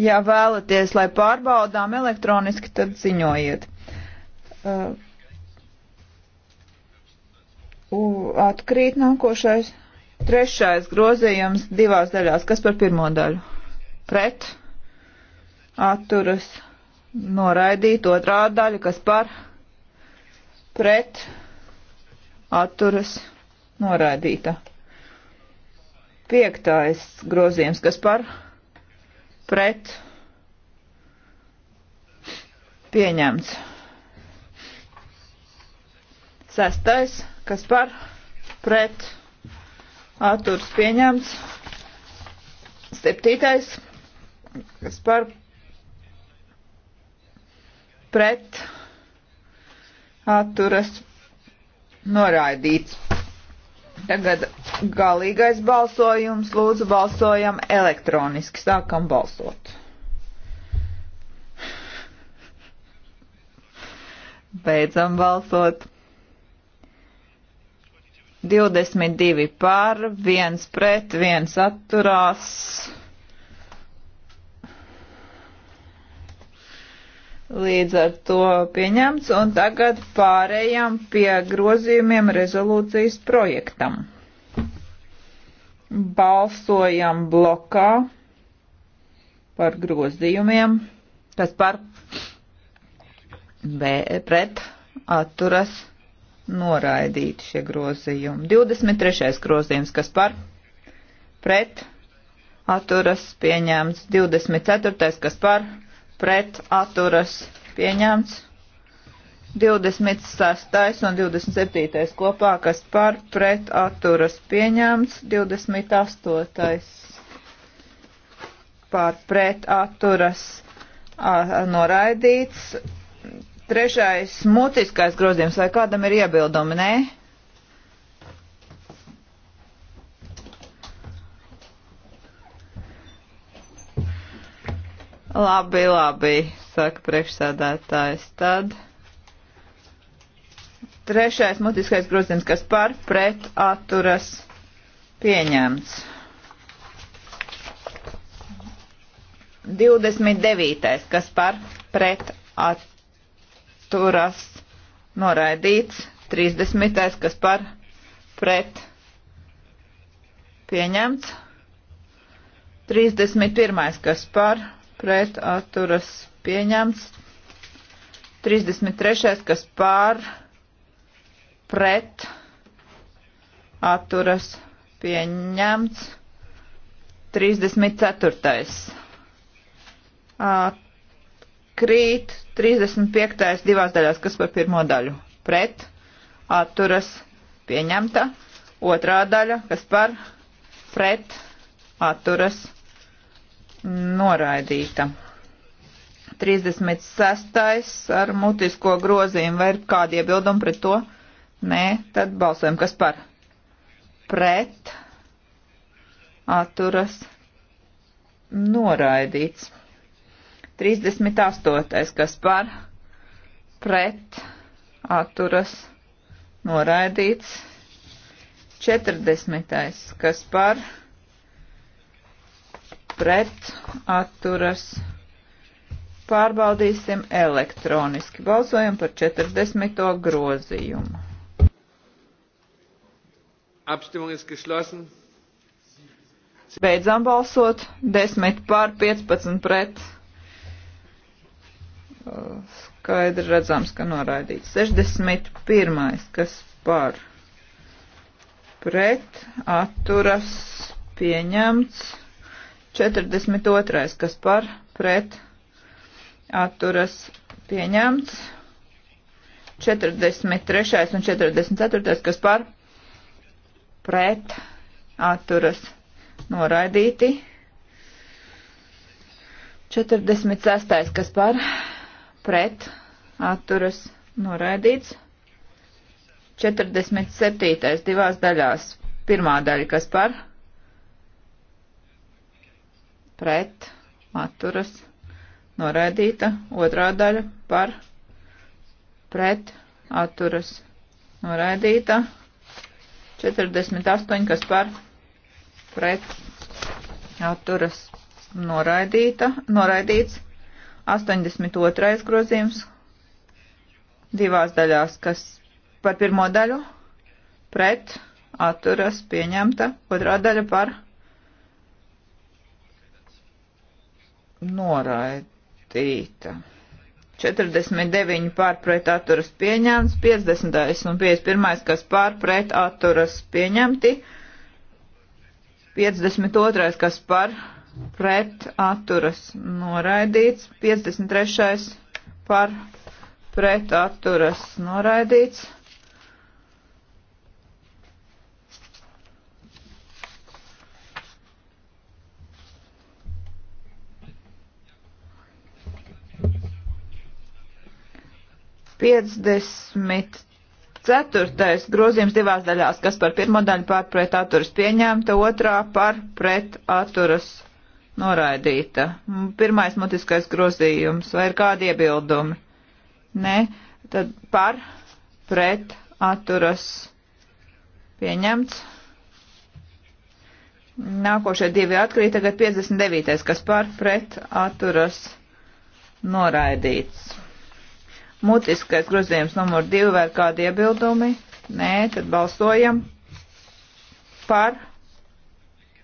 Ja vēlaties, lai pārbaudām elektroniski, tad ziņojiet. Uh, atkrīt nākošais. Trešais grozījums divās daļās. Kas par pirmo daļu? Pret. Atturas. Noraidīt otrā daļa. Kas par? pret atturas noraidīta. Piektais grozījums, kas par pret pieņemts. Sestais, kas par pret atturas pieņemts. Septītais, kas par pret atturas noraidīts. Tagad galīgais balsojums. Lūdzu, balsojam elektroniski. Sākam balsot. Beidzam balsot. 22 pār, 1 pret, 1 atturās. Līdz ar to pieņemts, un tagad pārējām pie grozījumiem rezolūcijas projektam. Balsojam blokā par grozījumiem, kas par B, pret atturas noraidīti šie grozījumi. 23. grozījums, kas par pret atturas pieņemts, 24. kas par pret pret atturas pieņemts. 26. un 27. kopā, kas par pret atturas pieņemts. 28. par pret atturas noraidīts. Trešais mutiskais grozījums, vai kādam ir iebildumi? Nē. Labi, labi, saka priekšsēdētājs. Tad trešais mutiskais grozījums, kas par pret atturas pieņemts. 29. kas par pret atturas noraidīts. 30. kas par pret pieņemts. 31. kas par pret atturas pieņemts. 33. kas pār pret atturas pieņemts. 34. Krīt 35. divās daļās, kas par pirmo daļu pret atturas pieņemta. Otrā daļa, kas par pret atturas pieņemta noraidīta. 36. ar mutisko grozījumu vai ir kādi iebildumi pret to? Nē, tad balsojam, kas par pret atturas noraidīts. 38. kas par pret atturas noraidīts. 40. kas par pret pret atturas. Pārbaudīsim elektroniski. Balsojam par 40. grozījumu. Abstimmung ist geschlossen. Beidzām balsot. 10 pār 15 pret. Skaidri redzams, ka noraidīts. 61. kas par pret atturas pieņemts. 42. kas par pret atturas pieņemts. 43. un 44. kas par pret atturas noraidīti. 46. kas par pret atturas noraidīts. 47. divās daļās. Pirmā daļa kas par pret pret atturas noraidīta, otrā daļa par pret atturas noraidīta, 48, kas par pret atturas noraidīta, noraidīts, 82. grozījums divās daļās, kas par pirmo daļu pret atturas pieņemta, otrā daļa par pret noraidīta. 49 pārpret atturas pieņemts, 50 un 51, kas pārpret atturas pieņemti, 52, kas pārpret atturas noraidīts, 53 pārpret atturas noraidīts. 54. grozījums divās daļās, kas par pirmo daļu pārpret atturas pieņemta, otrā par pret atturas noraidīta. Pirmais mutiskais grozījums, vai ir kādi iebildumi? Nē, tad par pret atturas pieņemts. Nākošie divi atkrīt, tagad 59. kas par pret atturas noraidīts. Mutiskais grozījums numur 2 vai kādi iebildumi? Nē, tad balsojam par,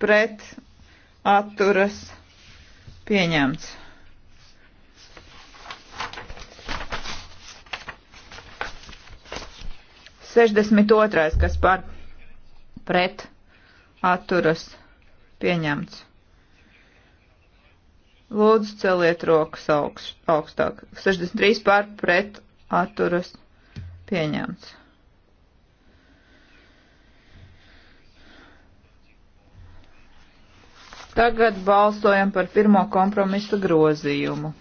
pret, atturas, pieņemts. Sešdesmit otrais, kas par, pret, atturas, pieņemts. Lūdzu, celiet rokas augst, augstāk. 63 pār pret atturas pieņemts. Tagad balsojam par pirmo kompromisa grozījumu.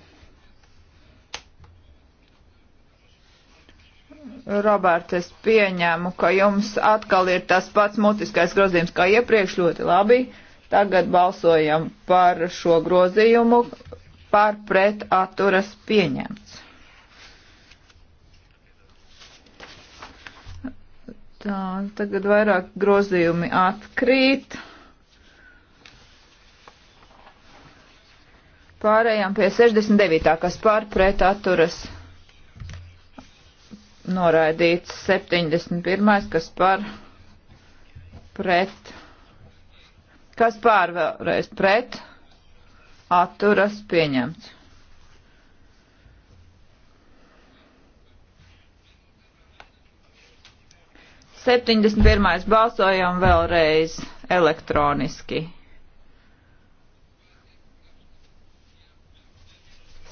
Roberts, es pieņēmu, ka jums atkal ir tas pats mutiskais grozījums kā iepriekš ļoti labi. Uh, Tagad balsojam par šo grozījumu, par pret atturas pieņemts. Tā, tagad vairāk grozījumi atkrīt. Pārējām pie 69. kas pār pret atturas noraidīts 71. kas par pret Kas pār vēlreiz pret? Atturas pieņemts. Septiņdesmit pirmais balsojam vēlreiz elektroniski.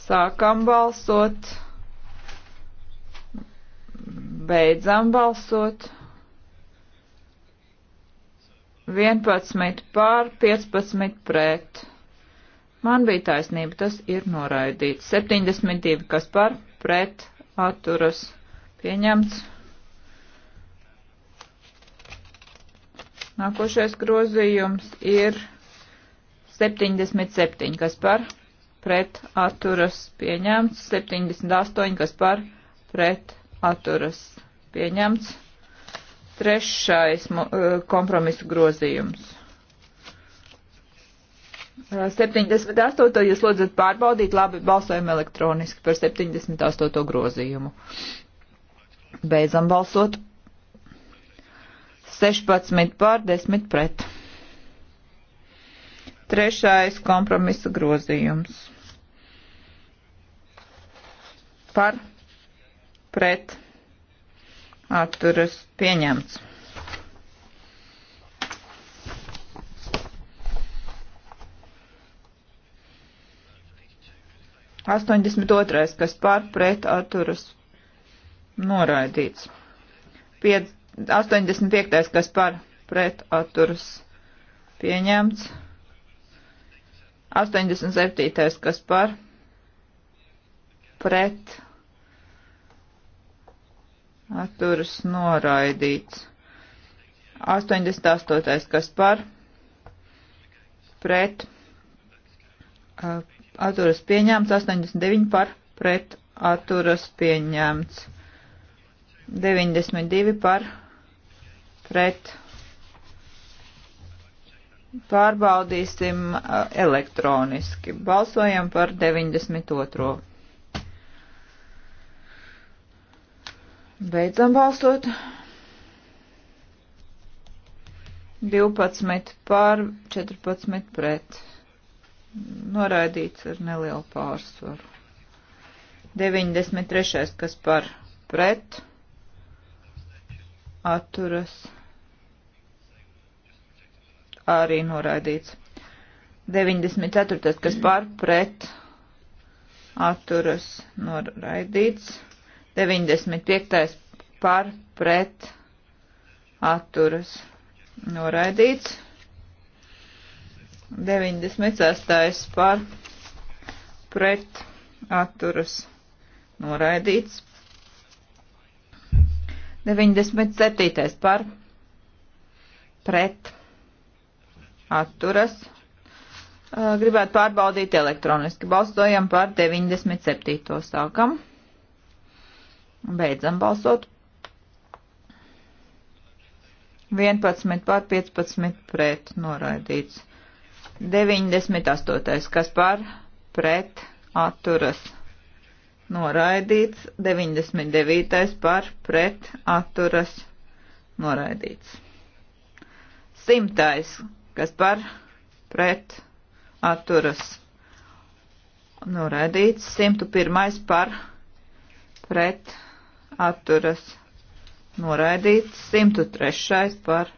Sākam balsot. Beidzam balsot. 11 pār, 15 pret. Man bija taisnība, tas ir noraidīts. 72, kas par, pret, atturas, pieņemts. Nākošais grozījums ir 77, kas par, pret, atturas, pieņemts. 78, kas par, pret, atturas, pieņemts. Trešais eh, kompromisu grozījums. 78. jūs lūdzat pārbaudīt, labi, balsojam elektroniski par 78. grozījumu. Beidzam balsot. 16 pār 10 pret. Trešais kompromisa grozījums. Par pret atturas pieņemts. Astoņdesmit otrais, kas par pret atturas noraidīts. Pied, 85. kas par pret atturas pieņemts. 87. kas par pret atturas noraidīts. 88. kas par pret atturas pieņemts, 89 par pret atturas pieņemts, 92 par pret. Pārbaudīsim elektroniski. Balsojam par 92. Beidzam balsot. 12 pār 14 pret. Noraidīts ar nelielu pārsvaru. 93. kas par pret. Atturas. Arī noraidīts. 94. kas par pret. Atturas. Noraidīts. 95. par pret atturas noraidīts. 96. par pret atturas noraidīts. 97. par pret atturas. Gribētu pārbaudīt elektroniski. Balstojam par 97. sākam. Beidzam balsot. 11 pār 15 pret noraidīts. 98. kas pār pret atturas noraidīts. 99. pār pret atturas noraidīts. 100. kas pār pret atturas noraidīts. 101. pār pret atturas atturas noraidīts, 103. par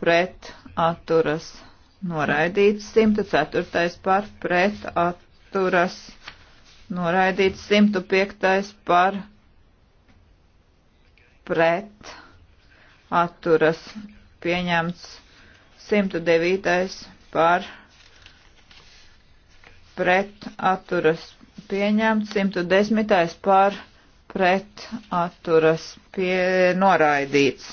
pret atturas noraidīts, 104. par pret atturas noraidīts, 105. par pret atturas pieņemts, 109. par pret atturas pieņemts, 110. par pret pret atturas pie noraidīts.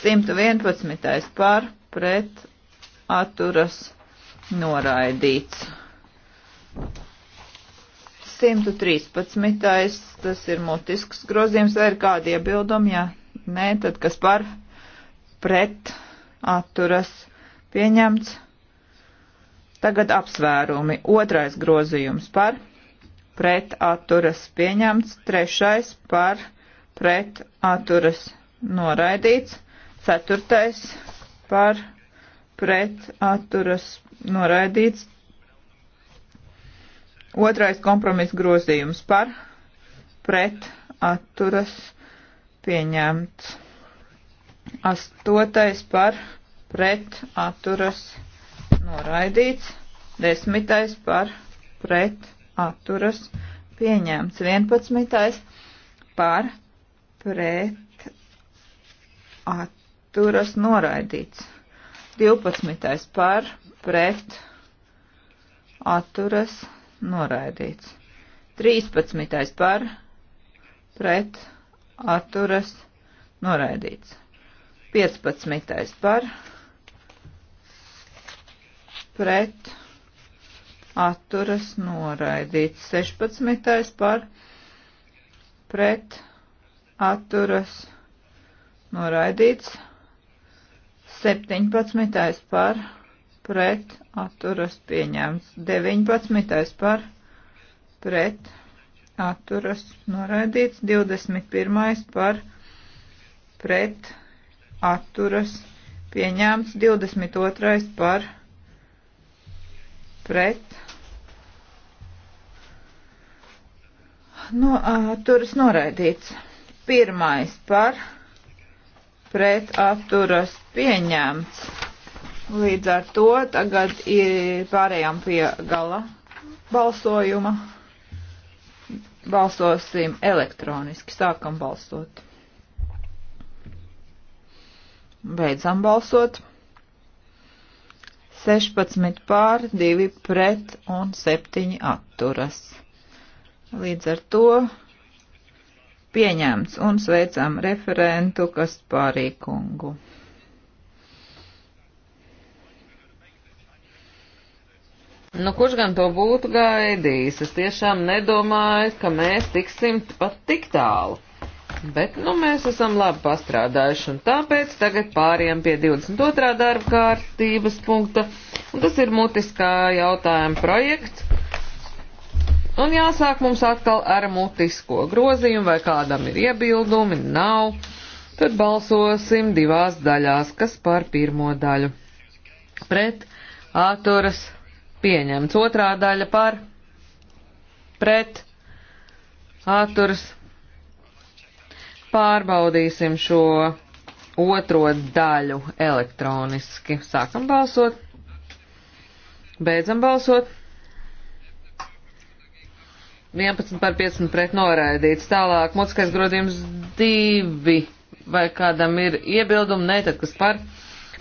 111. par pret atturas noraidīts. 113. tas ir mutisks grozījums, vai ir kādi iebildumi, ja nē, tad kas par pret atturas pieņemts. Tagad apsvērumi. Otrais grozījums par pret atturas pieņemts, trešais par pret atturas noraidīts, ceturtais par pret atturas noraidīts, otrais kompromiss grozījums par pret atturas pieņemts, astotais par pret atturas noraidīts, desmitais par pret atturas atturas pieņemts. 11. par pret atturas noraidīts. 12. par pret atturas noraidīts. 13. par pret atturas noraidīts. 15. par pret atturas noraidīts atturas noraidīts. 16. par pret atturas noraidīts. 17. par pret atturas pieņemts. 19. par pret atturas noraidīts. 21. par pret atturas pieņemts. 22. par pret Nu, atturas noraidīts. Pirmais par pret atturas pieņemts. Līdz ar to tagad pārējām pie gala balsojuma. Balsosim elektroniski. Sākam balsot. Beidzam balsot. 16 pār, 2 pret un 7 atturas. Līdz ar to pieņemts un sveicam referentu Kaspārīkungu. Nu, kurš gan to būtu gaidījis? Es tiešām nedomāju, ka mēs tiksim pat tik tālu. Bet, nu, mēs esam labi pastrādājuši, un tāpēc tagad pāriem pie 22. darba kārtības punkta, un tas ir mutiskā jautājuma projekts Un jāsāk mums atkal ar mutisko grozījumu, vai kādam ir iebildumi, nav. Tad balsosim divās daļās, kas par pirmo daļu. Pret āturas pieņemts. Otrā daļa par pret āturas. Pārbaudīsim šo otro daļu elektroniski. Sākam balsot. Beidzam balsot. 11 par 15 pret noraidīts. Tālāk, mutiskais grozījums 2. Vai kādam ir iebildumi? Nē, tad kas par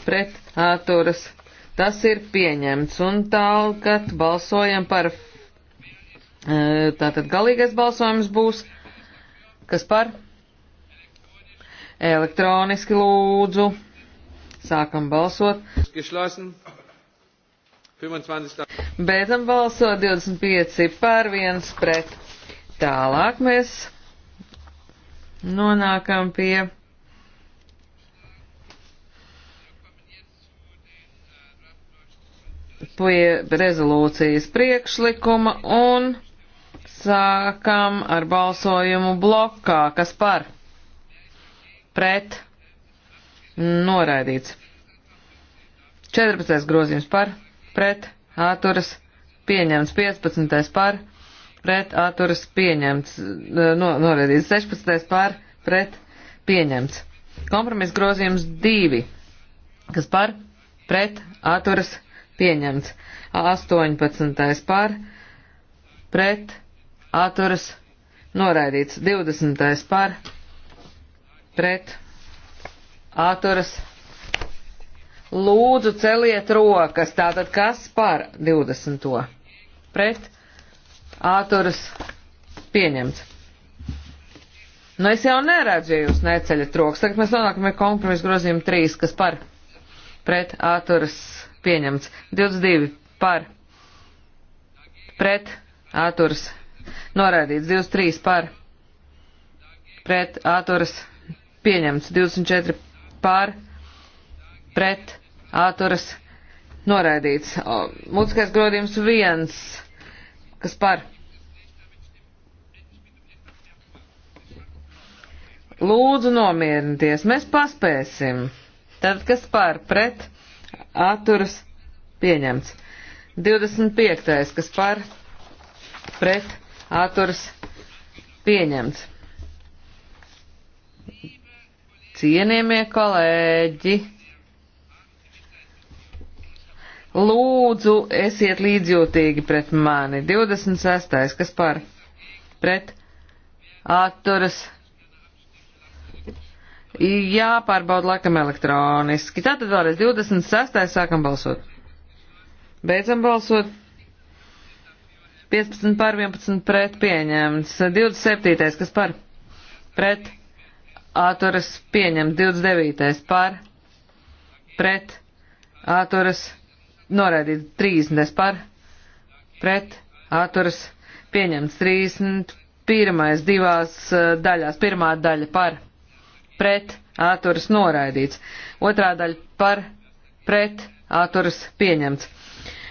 pret atturas. Tas ir pieņemts. Un tālāk balsojam par. E, tātad galīgais balsojums būs. Kas par? Elektroniski lūdzu. Sākam balsot. Geschlossen. Beidzam balsot 25 pār 1 pret. Tālāk mēs nonākam pie. pie rezolūcijas priekšlikuma un sākam ar balsojumu blokā, kas par pret noraidīts. 14. grozījums par pret atturas pieņemts 15. par pret atturas pieņemts, no, norēdīts 16. par pret pieņemts. Kompromiss grozījums 2, kas par pret atturas pieņemts. 18. par pret atturas noraidīts. 20. par pret atturas pieņemts Lūdzu, celiet rokas. Tātad kas par 20. pret āturas pieņemts. Nu, es jau neredzu, ja jūs neceļat rokas. Tagad mēs nonākam pie kompromisa grozījuma 3, kas par pret āturas pieņemts. 22 par pret āturas noraidīts. 23 par pret āturas pieņemts. 24 par pret pret āturas noraidīts. Mūtiskais grodījums viens, kas par. Lūdzu nomierinieties, mēs paspēsim. Tad, kas par pret atturas pieņemts. 25. kas par pret atturas pieņemts. Cienījamie kolēģi! Lūdzu, esiet līdzjūtīgi pret mani. 26. kas par? Pret atturas. Jāpārbauda laikam elektroniski. Tātad vēlreiz 26. sākam balsot. Beidzam balsot. 15 par 11 pret pieņemts. 27. kas par? Pret atturas pieņemts. 29. par? Pret atturas pieņemts noraidīts 30 par, pret, atturas, pieņemts 31 divās eh, daļās, pirmā daļa par, pret, atturas, noraidīts, otrā daļa par, pret, atturas, pieņemts.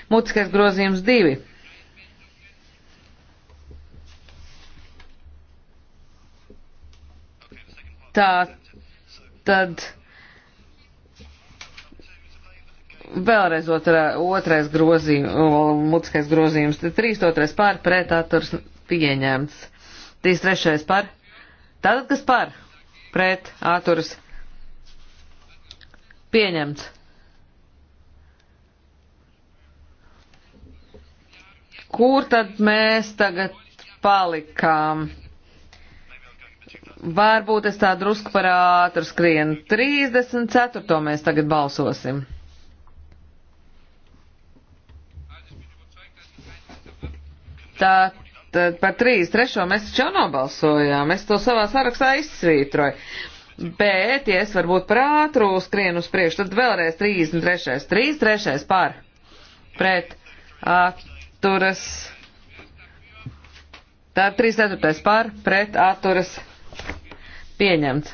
Mutiskais grozījums 2. Tā tad Vēlreiz otrā, otrais grozījums, mutiskais grozījums, 3, 2 pār, pret atturs pieņemts. 3, 3 pār. Tātad, kas pār? Pret atturs pieņemts. Kur tad mēs tagad palikām? Varbūt es tā drusku par ātru skrienu. 34. mēs tagad balsosim. Tā tad par 3. trešo mēs taču jau nobalsojām, es to savā sarakstā izsvītroju. Bet, ja es varbūt par ātru skrienu uz priekšu, tad vēlreiz 33. 33. pār pret atturas. Tā ir 34. pār pret atturas pieņemts.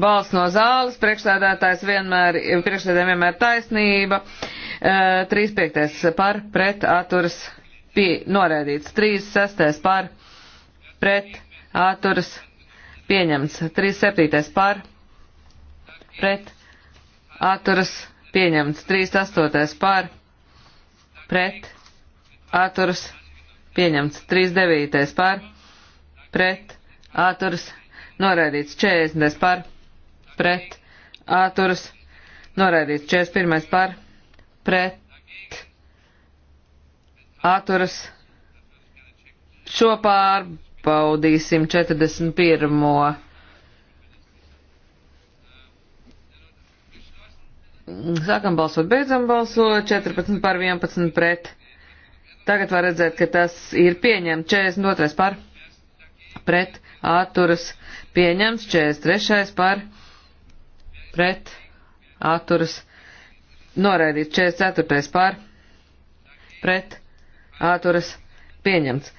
Balsts no zāles, priekšsēdētājs vienmēr, priekšsēdētājiem vienmēr taisnība. Uh, 35. Eh, par pret atturas pie, noraidīts. 36. par pret atturas pieņemts. 37. par pret atturas pieņemts. 38. par pret atturas pieņemts. 39. par pret atturas noraidīts. 40. par pret atturas noraidīts. 41. par pret pret atturas šo pārbaudīsim 41. Sākam balsot, beidzam balsot, 14 par 11 pret. Tagad var redzēt, ka tas ir pieņemts 42 par pret atturas, pieņemts 43 par pret atturas Noraidīts 44. pār. Pret. Āturas. Pieņemts.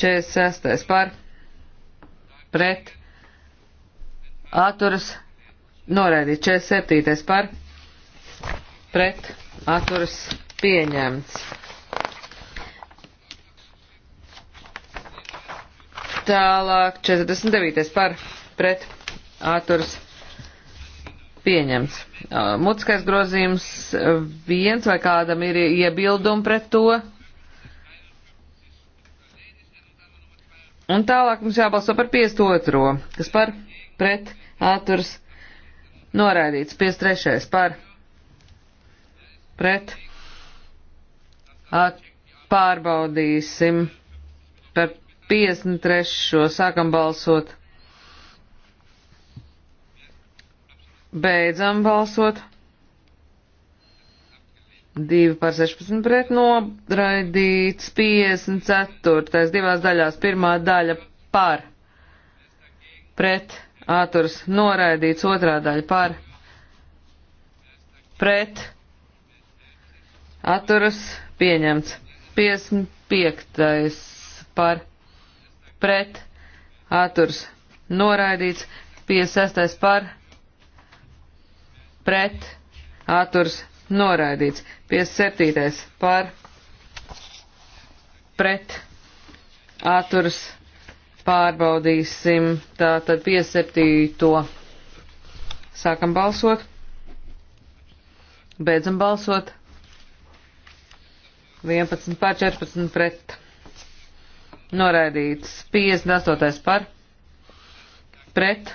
46. pār. Pret. Āturas. Noraidīts 47. pār. Pret. Āturas. Pieņemts. Tālāk 49. par pret āturs Pieņemts. Mutiskais grozījums viens vai kādam ir iebildumi pret to? Un tālāk mums jābalso par 52. Kas par pret atturs noraidīts. 53. par pret at, pārbaudīsim par 53. sākam balsot. Beidzam balsot. 2 par 16 pret noraidīts 54. divās daļās. Pirmā daļa par pret āturs noraidīts, otrā daļa par pret āturs pieņemts. 55. par pret āturs noraidīts, 56. par pret pret, atturs noraidīts. 57. par, pret, atturs pārbaudīsim. Tātad 57. sākam balsot, beidzam balsot. 11 pār 14 pret. Noraidīts 58 par. Pret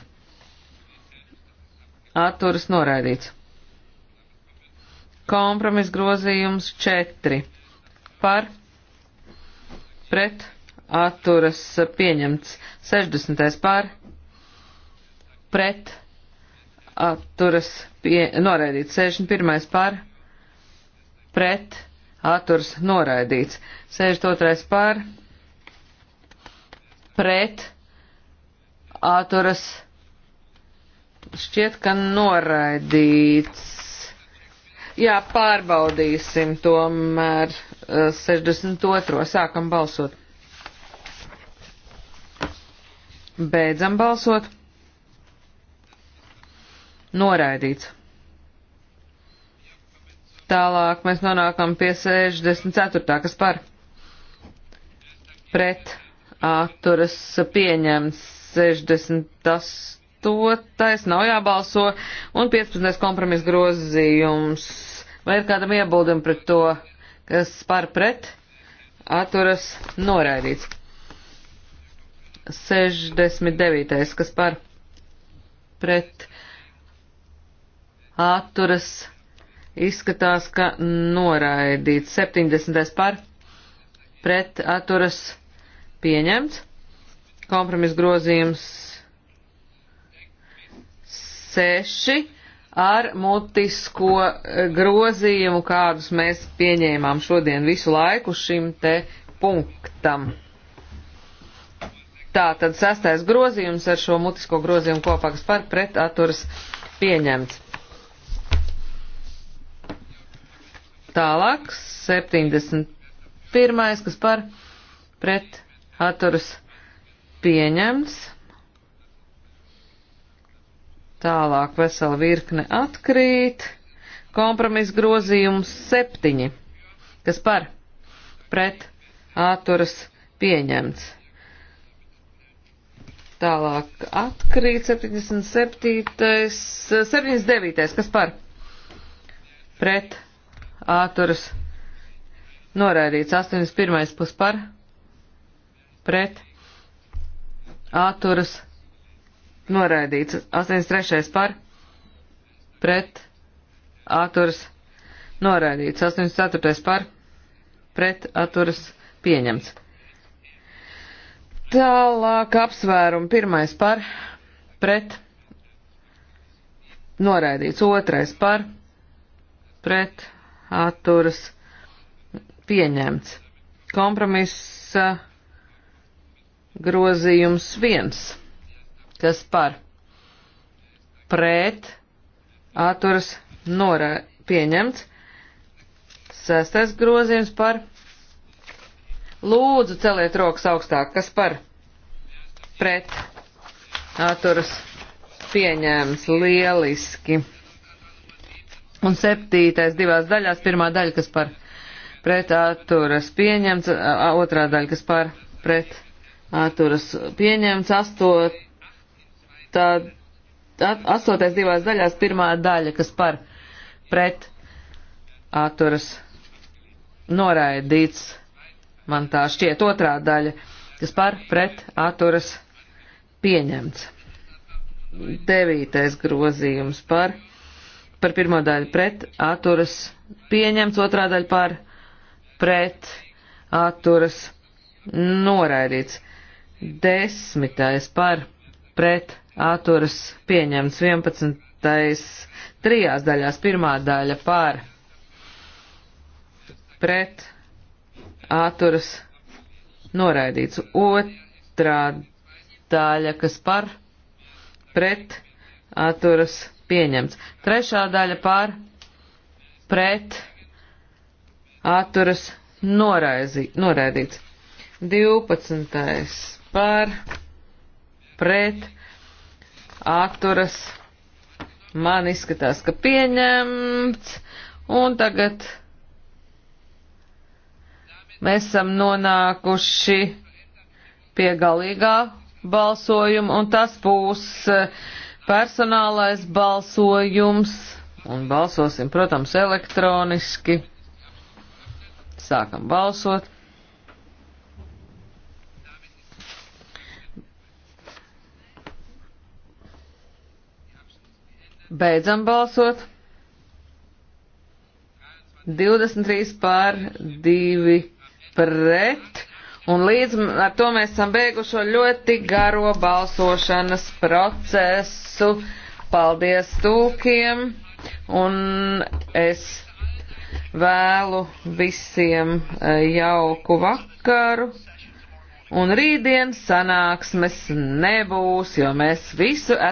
atturas noraidīts. Kompromis grozījums 4 par pret atturas pieņemts 60. par pret atturas pie, noraidīts 61. par pret atturas noraidīts 62. par pret atturas noraidīts Šķiet, ka noraidīts. Jā, pārbaudīsim tomēr 62. Eh, Sākam balsot. Beidzam balsot. Noraidīts. Tālāk mēs nonākam pie 64. kas par pret atturas pieņemts 68. 28. nav jābalso un 15. kompromis grozījums. Vai ir kādam iebildumi pret to, kas par pret atturas noraidīts? 69. kas par pret atturas izskatās, ka noraidīts. 70. par pret atturas pieņemts. Kompromis grozījums 6 ar mutisko eh, grozījumu, kādus mēs pieņēmām šodien visu laiku šim te punktam. Tā tad sastais grozījums ar šo mutisko grozījumu kopā, kas par pret atturas pieņemts. Tālāk, 71. kas par pret atturas pieņemts. Tālāk vesela virkne atkrīt. Kompromis grozījums septiņi, kas par pret āturas pieņemts. Tālāk atkrīt 77. 79. kas par pret āturas noraidīts 81. pus par pret āturas pieņemts noraidīts. 83. par, pret, atturas, noraidīts. 84. par, pret, atturas, pieņemts. Tālāk apsvērumu pirmais par, pret, noraidīts. Otrais par, pret, atturas, pieņemts. Kompromisa grozījums viens kas par pret atturas norā pieņemts. Sestais grozījums par lūdzu celiet rokas augstāk, kas par pret atturas pieņēmts lieliski. Un septītais divās daļās, pirmā daļa, kas par pret atturas pieņemts, otrā daļa, kas par pret atturas pieņemts, astot Tad astotais divās daļās pirmā daļa, kas par pret atturas noraidīts, man tā šķiet otrā daļa, kas par pret atturas pieņemts. Devītais grozījums par, par pirmo daļu pret atturas pieņemts, otrā daļa par pret atturas noraidīts. Desmitais par pret pret atturas pieņemts 11. trijās daļās pirmā daļa par pret atturas noraidīts otrā daļa, kas par pret atturas pieņemts trešā daļa par pret atturas noraizi, noraidīts 12. par pret pret atturas. Man izskatās, ka pieņemts. Un tagad mēs esam nonākuši pie galīgā balsojuma, un tas būs eh, personālais balsojums. Un balsosim, protams, elektroniski. Sākam balsot. Beidzam balsot. 23 pār 2 pret. Un līdz ar to mēs esam beiguši šo ļoti garo balsošanas procesu. Paldies tūkiem. Un es vēlu visiem e, jauku vakaru. Un rītdien sanāksmes nebūs, jo mēs visu.